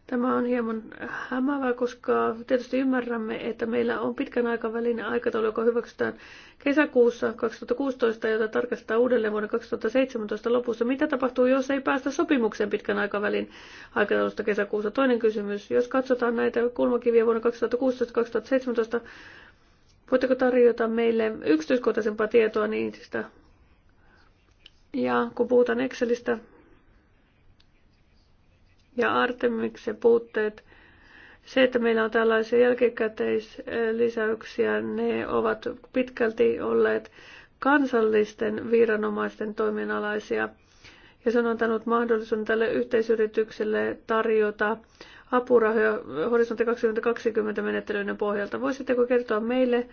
B: Tämä on hieman hämävä, koska tietysti ymmärrämme, että meillä on pitkän aikavälin aikataulu, joka hyväksytään kesäkuussa 2016, jota tarkastetaan uudelleen vuonna 2017 lopussa. Mitä tapahtuu, jos ei päästä sopimukseen pitkän aikavälin aikataulusta kesäkuussa? Toinen kysymys, jos katsotaan näitä kulmakiviä vuonna 2016-2017, voitteko tarjota meille yksityiskohtaisempaa tietoa niistä? Ja kun puhutaan Excelistä, ja Artemiksen puutteet. Se, että meillä on tällaisia jälkikäteislisäyksiä, ne ovat pitkälti olleet kansallisten viranomaisten toiminnalaisia. Ja se on antanut mahdollisuuden tälle yhteisyritykselle tarjota apurahoja Horisontti 2020 menettelyiden pohjalta. Voisitteko kertoa meille,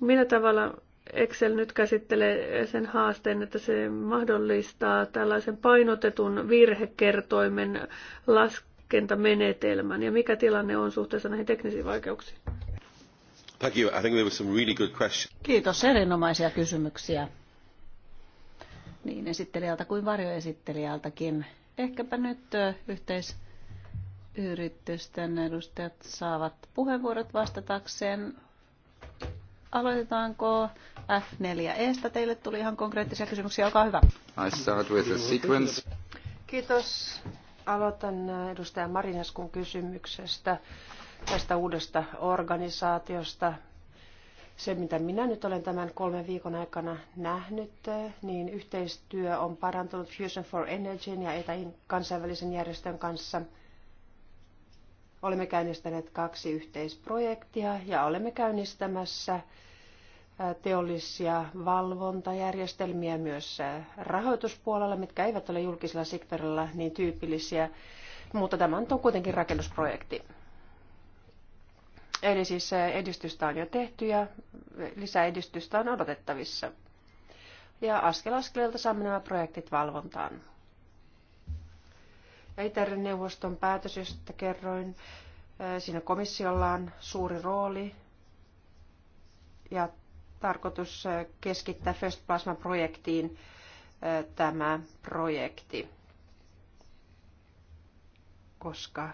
B: millä tavalla Excel nyt käsittelee sen haasteen, että se mahdollistaa tällaisen painotetun virhekertoimen laskentamenetelmän. Ja mikä tilanne on suhteessa näihin teknisiin vaikeuksiin?
C: Thank you. I think there some really good
A: Kiitos, erinomaisia kysymyksiä niin esittelijältä kuin varjoesittelijältäkin. Ehkäpä nyt yhteis yritysten edustajat saavat puheenvuorot vastatakseen. Aloitetaanko F4Estä. Teille tuli ihan konkreettisia kysymyksiä. Olkaa hyvä. I start with the sequence.
C: Kiitos. Aloitan äh, edustaja Marineskun kysymyksestä tästä uudesta organisaatiosta. Se, mitä minä nyt olen tämän kolmen viikon aikana nähnyt, äh, niin yhteistyö on parantunut Fusion for Energyn ja etäin kansainvälisen järjestön kanssa. Olemme käynnistäneet kaksi yhteisprojektia ja olemme käynnistämässä teollisia valvontajärjestelmiä myös rahoituspuolella, mitkä eivät ole julkisella sektorilla niin tyypillisiä, mutta tämä on kuitenkin rakennusprojekti. Eli siis edistystä on jo tehty ja lisää edistystä on odotettavissa. Ja askel askeleelta saamme nämä projektit valvontaan. Ja Itärin neuvoston päätös, josta kerroin, siinä komissiolla on suuri rooli ja tarkoitus äh, keskittää First Plasma-projektiin äh, tämä projekti, koska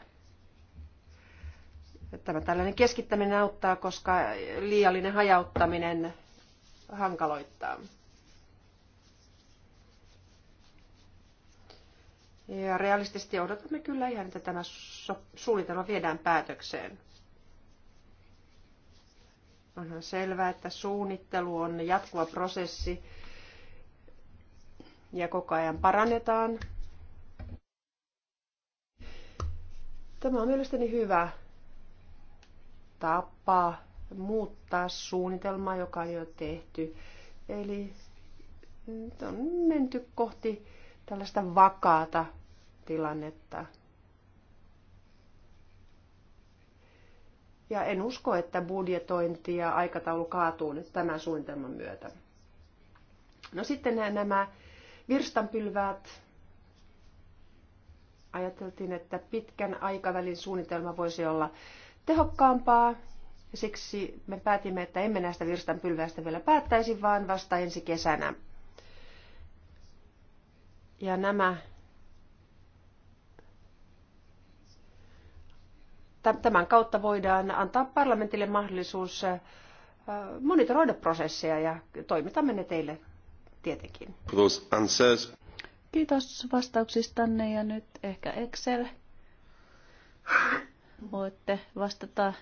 C: tämä tällainen keskittäminen auttaa, koska liiallinen hajauttaminen hankaloittaa. Ja realistisesti odotamme kyllä ihan, että tämä suunnitelma viedään päätökseen. Onhan selvää, että suunnittelu on jatkuva prosessi ja koko ajan parannetaan. Tämä on mielestäni hyvä tapa muuttaa suunnitelmaa, joka on jo tehty. Eli nyt on menty kohti tällaista vakaata tilannetta. Ja en usko, että budjetointi ja aikataulu kaatuu nyt tämän suunnitelman myötä. No sitten nämä virstanpylväät. Ajateltiin, että pitkän aikavälin suunnitelma voisi olla tehokkaampaa. Ja siksi me päätimme, että emme näistä virstanpylväistä vielä päättäisi, vaan vasta ensi kesänä. Ja nämä tämän kautta voidaan antaa parlamentille mahdollisuus monitoroida prosesseja ja toimitamme
A: ne teille tietenkin. Kiitos vastauksistanne ja nyt ehkä Excel. Voitte vastata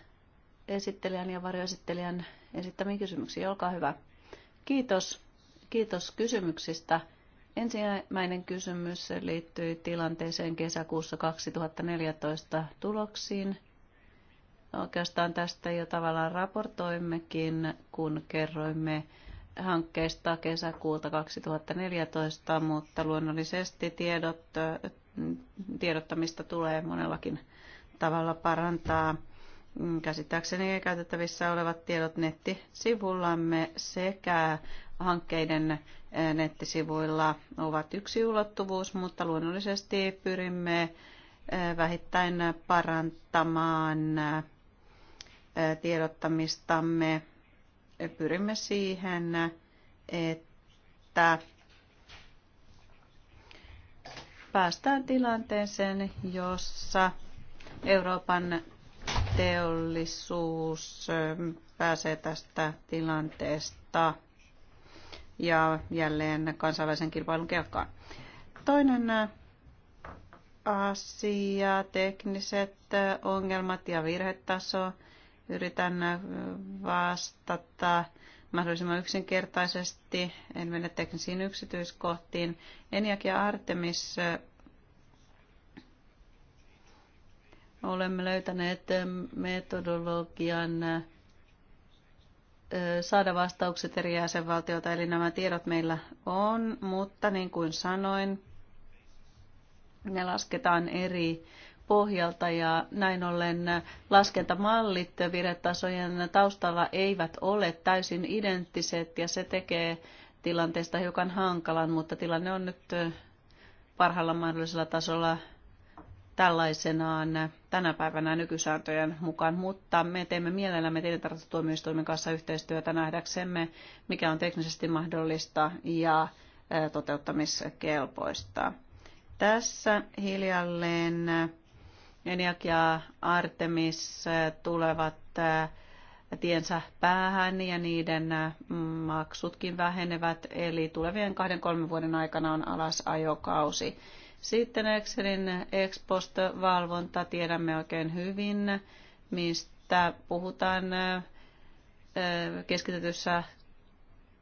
A: esittelijän ja varjoesittelijän esittämiin kysymyksiin. Olkaa hyvä. Kiitos. Kiitos kysymyksistä. Ensimmäinen kysymys liittyy tilanteeseen kesäkuussa 2014 tuloksiin Oikeastaan tästä jo tavallaan raportoimmekin, kun kerroimme hankkeesta kesäkuulta 2014, mutta luonnollisesti tiedot, tiedottamista tulee monellakin tavalla parantaa. Käsittääkseni käytettävissä olevat tiedot nettisivullamme sekä hankkeiden eh, nettisivuilla ovat yksi ulottuvuus, mutta luonnollisesti pyrimme eh, vähittäin parantamaan tiedottamistamme. Pyrimme siihen, että päästään tilanteeseen, jossa Euroopan teollisuus pääsee tästä tilanteesta ja jälleen kansainvälisen kilpailun kelkaan. Toinen asia, tekniset ongelmat ja virhetaso. Yritän vastata mahdollisimman yksinkertaisesti, en mennä teknisiin yksityiskohtiin. Eniak ja Artemis olemme löytäneet metodologian saada vastaukset eri jäsenvaltioilta, eli nämä tiedot meillä on, mutta niin kuin sanoin, ne lasketaan eri pohjalta ja näin ollen laskentamallit viretasojen taustalla eivät ole täysin identtiset ja se tekee tilanteesta hiukan hankalan, mutta tilanne on nyt parhaalla mahdollisella tasolla tällaisenaan tänä päivänä nykysääntöjen mukaan, mutta me teemme mielellämme tilintarkastustuomioistuimen kanssa yhteistyötä nähdäksemme, mikä on teknisesti mahdollista ja toteuttamiskelpoista. Tässä hiljalleen Eniak ja Artemis äh, tulevat äh, tiensä päähän ja niiden äh, maksutkin vähenevät, eli tulevien kahden kolmen vuoden aikana on alasajokausi. Sitten Excelin expost valvonta tiedämme oikein hyvin, mistä puhutaan keskitetyssä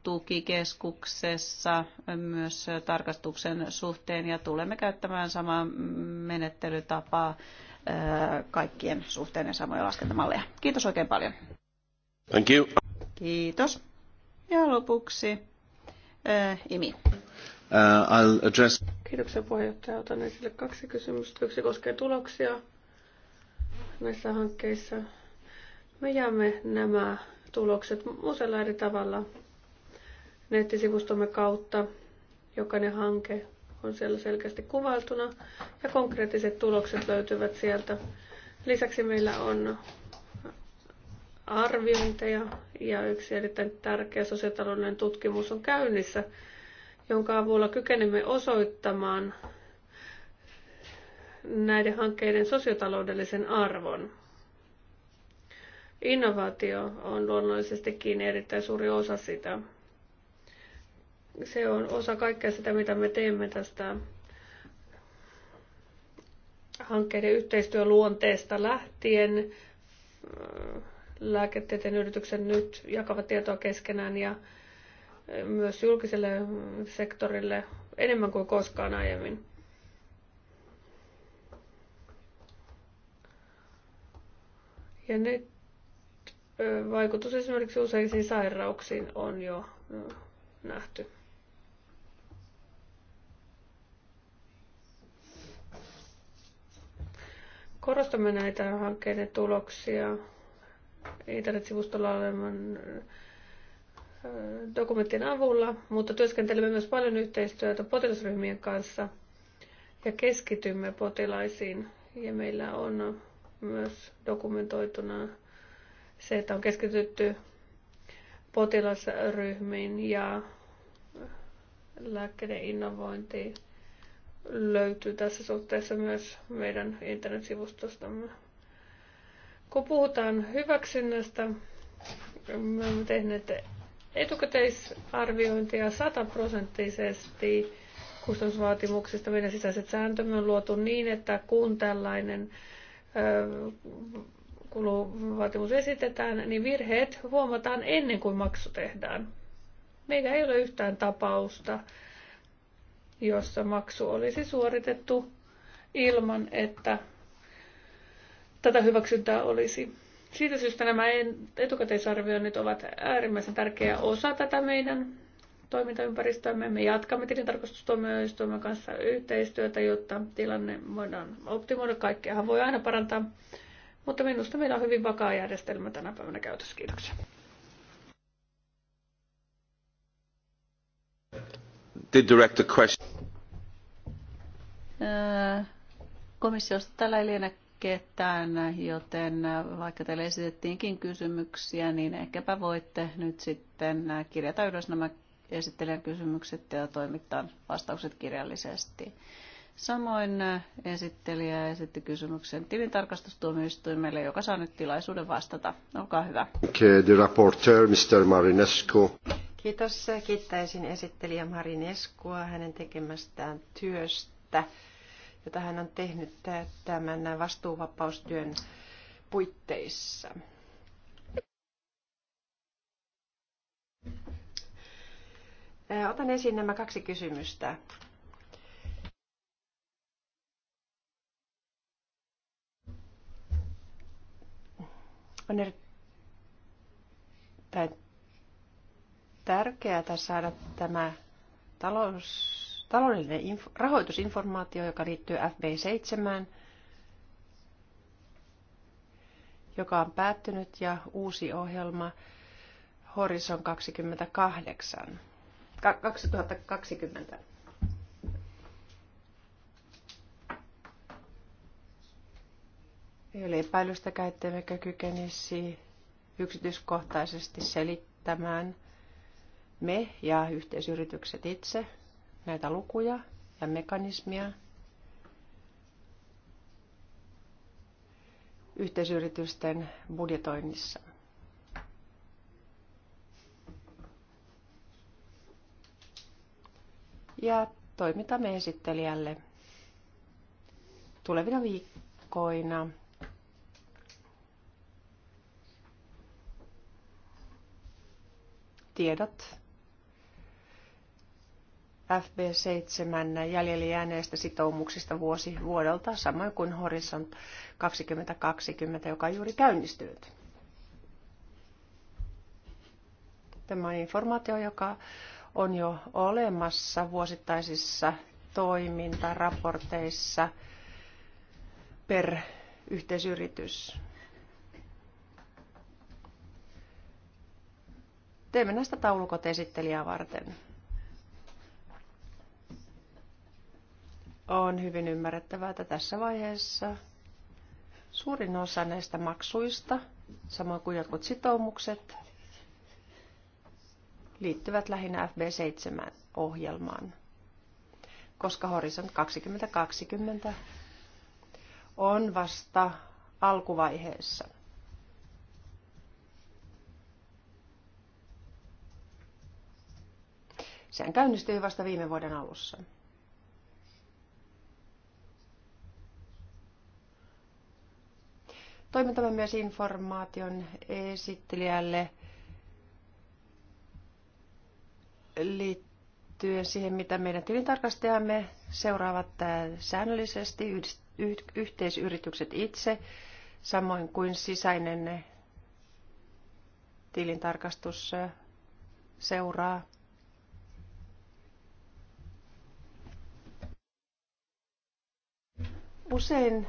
A: tukikeskuksessa myös tarkastuksen suhteen ja tulemme käyttämään samaa menettelytapaa kaikkien suhteen ja samoja laskentamalleja. Kiitos oikein paljon. Thank you. Kiitos. Ja lopuksi äh, Imi.
C: Uh, I'll address...
A: Kiitoksia puheenjohtaja. Otan esille
B: kaksi kysymystä. Yksi koskee tuloksia näissä hankkeissa. Me jäämme nämä tulokset usealla eri tavalla nettisivustomme kautta. Jokainen hanke on siellä selkeästi kuvailtuna ja konkreettiset tulokset löytyvät sieltä. Lisäksi meillä on arviointeja ja yksi erittäin tärkeä sosiaalinen tutkimus on käynnissä, jonka avulla kykenemme osoittamaan näiden hankkeiden sosiotaloudellisen arvon. Innovaatio on luonnollisestikin erittäin suuri osa sitä se on osa kaikkea sitä, mitä me teemme tästä hankkeiden yhteistyöluonteesta lähtien. Lääketieteen yrityksen nyt jakavat tietoa keskenään ja myös julkiselle sektorille enemmän kuin koskaan aiemmin. Ja nyt vaikutus esimerkiksi useisiin sairauksiin on jo nähty. Korostamme näitä hankkeiden tuloksia internetsivustolla olevan dokumenttien avulla, mutta työskentelemme myös paljon yhteistyötä potilasryhmien kanssa ja keskitymme potilaisiin. Ja meillä on myös dokumentoituna se, että on keskitytty potilasryhmiin ja lääkkeiden innovointiin löytyy tässä suhteessa myös meidän internetsivustostamme. Kun puhutaan hyväksynnästä, me olemme tehneet etukäteisarviointia sataprosenttisesti kustannusvaatimuksista. Meidän sisäiset sääntömme on luotu niin, että kun tällainen kuluvaatimus esitetään, niin virheet huomataan ennen kuin maksu tehdään. Meillä ei ole yhtään tapausta, jossa maksu olisi suoritettu ilman, että tätä hyväksyntää olisi. Siitä syystä nämä etukäteisarvioinnit ovat äärimmäisen tärkeä osa tätä meidän toimintaympäristöämme. Me jatkamme tilintarkastustoimioistuimen kanssa yhteistyötä, jotta tilanne voidaan optimoida. Kaikkeahan voi aina parantaa, mutta minusta meillä on hyvin vakaa järjestelmä tänä päivänä käytössä. Kiitoksia.
A: Did direct a question. Komissiosta täällä ei liene ketään, joten vaikka teille esitettiinkin kysymyksiä, niin ehkäpä voitte nyt sitten kirjata ylös nämä esittelijän kysymykset ja toimittaa vastaukset kirjallisesti. Samoin esittelijä esitti kysymyksen tilintarkastustuomioistuimelle, joka saa nyt tilaisuuden vastata. Olkaa hyvä.
C: The rapporteur, Mr. Marinescu. Kiitos. Kiittäisin esittelijä Marineskua hänen tekemästään työstä että, jota hän on tehnyt tämän vastuuvapaustyön puitteissa. Otan esiin nämä kaksi kysymystä. On erittäin tärkeää saada tämä talous taloudellinen inf- rahoitusinformaatio, joka liittyy FB7, joka on päättynyt, ja uusi ohjelma Horizon 28, 2020. Ei ole epäilystäkään, kykenisi yksityiskohtaisesti selittämään me ja yhteisyritykset itse – näitä lukuja ja mekanismia yhteisyritysten budjetoinnissa. Ja toimitamme esittelijälle tulevina viikkoina tiedot FB7 jäljelle jääneistä sitoumuksista vuosi vuodelta, samoin kuin Horizon 2020, joka on juuri käynnistynyt. Tämä on informaatio, joka on jo olemassa vuosittaisissa toimintaraporteissa per yhteisyritys. Teemme näistä taulukot esittelijää varten. on hyvin ymmärrettävää, että tässä vaiheessa suurin osa näistä maksuista, samoin kuin jotkut sitoumukset, liittyvät lähinnä FB7-ohjelmaan, koska Horizon 2020 on vasta alkuvaiheessa. Sen käynnistyi vasta viime vuoden alussa. toimitamme myös informaation esittelijälle liittyen siihen, mitä meidän tilintarkastajamme seuraavat äh, säännöllisesti yhteisyritykset itse, samoin kuin sisäinen tilintarkastus äh, seuraa usein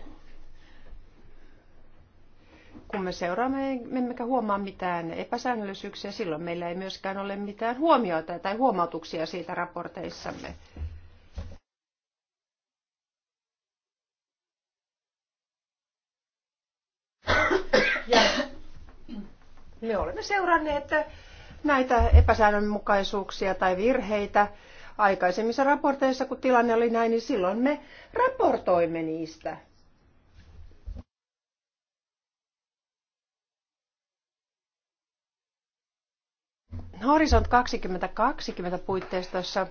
C: kun me seuraamme, me emmekä huomaa mitään epäsäännöllisyyksiä, silloin meillä ei myöskään ole mitään huomioita tai huomautuksia siitä raporteissamme. Ja me olemme seuranneet näitä epäsäännönmukaisuuksia tai virheitä aikaisemmissa raporteissa, kun tilanne oli näin, niin silloin me raportoimme niistä. Horisont 2020 puitteistossa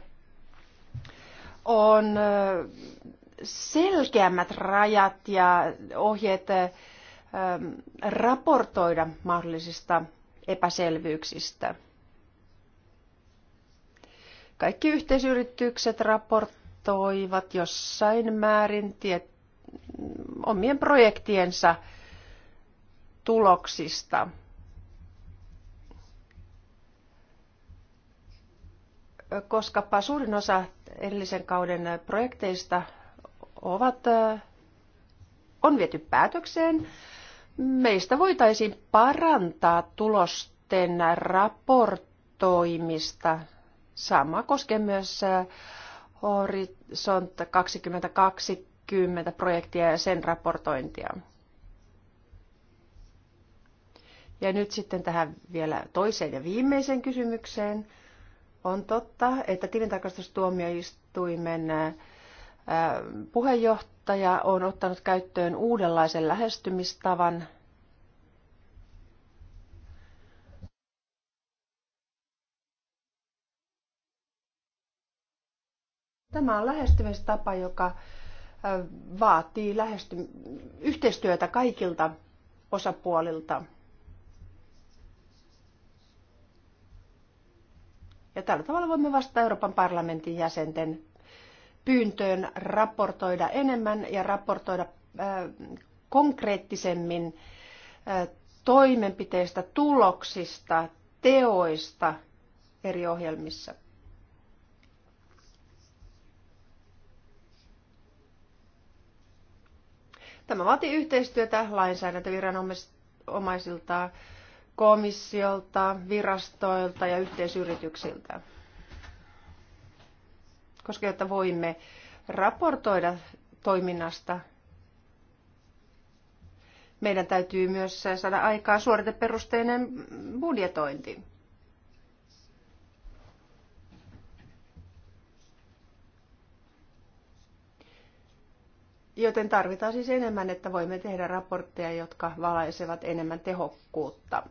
C: on selkeämmät rajat ja ohjeet raportoida mahdollisista epäselvyyksistä. Kaikki yhteisyritykset raportoivat jossain määrin tie, omien projektiensa tuloksista koska suurin osa edellisen kauden projekteista ovat, on viety päätökseen, meistä voitaisiin parantaa tulosten raportoimista. Sama koskee myös Horisont 2020 projektia ja sen raportointia. Ja nyt sitten tähän vielä toiseen ja viimeiseen kysymykseen – on totta, että tilintarkastustuomioistuimen puheenjohtaja on ottanut käyttöön uudenlaisen lähestymistavan Tämä on lähestymistapa, joka vaatii lähesty- yhteistyötä kaikilta osapuolilta. Ja tällä tavalla voimme vastata Euroopan parlamentin jäsenten pyyntöön raportoida enemmän ja raportoida konkreettisemmin toimenpiteistä, tuloksista, teoista eri ohjelmissa. Tämä vaatii yhteistyötä lainsäädäntöviranomaisilta komissiolta, virastoilta ja yhteisyrityksiltä. Koska että voimme raportoida toiminnasta, meidän täytyy myös saada aikaa suoriteperusteinen budjetointi. Joten tarvitaan siis enemmän, että voimme tehdä raportteja, jotka valaisevat enemmän tehokkuutta.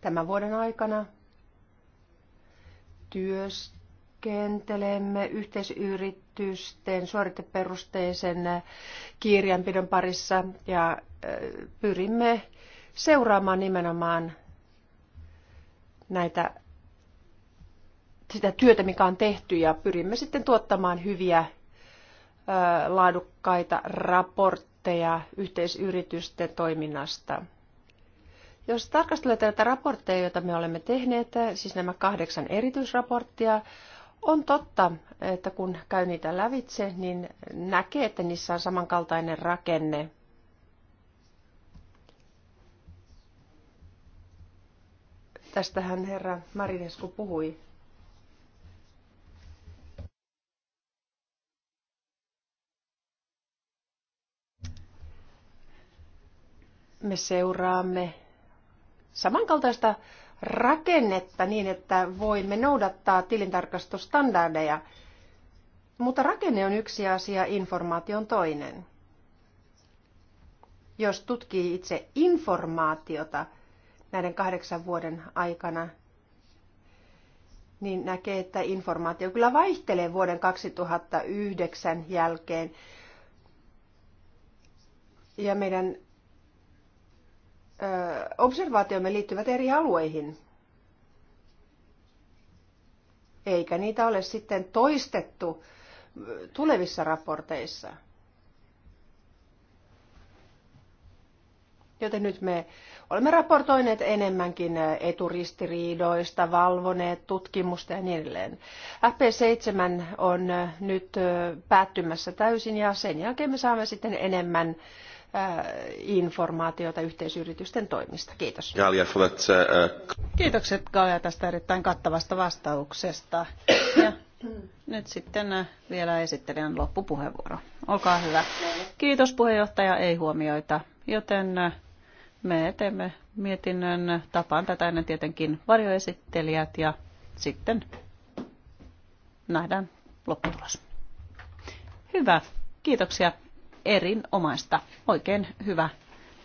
C: tämän vuoden aikana työskentelemme yhteisyritysten suoriteperusteisen kirjanpidon parissa ja pyrimme seuraamaan nimenomaan näitä sitä työtä, mikä on tehty, ja pyrimme sitten tuottamaan hyviä laadukkaita raportteja yhteisyritysten toiminnasta. Jos tarkastelette näitä raportteja, joita me olemme tehneet, siis nämä kahdeksan erityisraporttia, on totta, että kun käy niitä lävitse, niin näkee, että niissä on samankaltainen rakenne. Tästähän herra Marinesku puhui. Me seuraamme samankaltaista rakennetta niin, että voimme noudattaa tilintarkastusstandardeja, mutta rakenne on yksi asia, informaatio on toinen. Jos tutkii itse informaatiota näiden kahdeksan vuoden aikana, niin näkee, että informaatio kyllä vaihtelee vuoden 2009 jälkeen. Ja meidän observaatiomme liittyvät eri alueihin. Eikä niitä ole sitten toistettu tulevissa raporteissa. Joten nyt me olemme raportoineet enemmänkin eturistiriidoista, valvoneet tutkimusta ja niin edelleen. FP7 on nyt päättymässä täysin ja sen jälkeen me saamme sitten enemmän Äh,
A: informaatiota yhteisyritysten toimista. Kiitos. Uh,
C: uh,
A: Kiitokset Galia tästä erittäin kattavasta vastauksesta. Ja nyt sitten äh, vielä esittelijän loppupuheenvuoro. Olkaa hyvä. Kiitos puheenjohtaja, ei huomioita, joten äh, me teemme mietinnön tapaan tätä ennen tietenkin varjoesittelijät ja sitten nähdään lopputulos. Hyvä, kiitoksia erinomaista. Oikein hyvä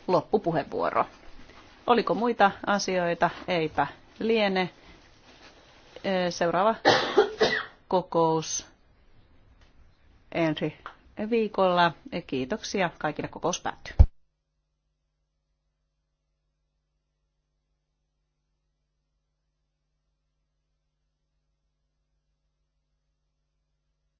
A: loppupuheenvuoro. Oliko muita asioita? Eipä liene. Seuraava kokous ensi viikolla. Kiitoksia. Kaikille kokous päättyy.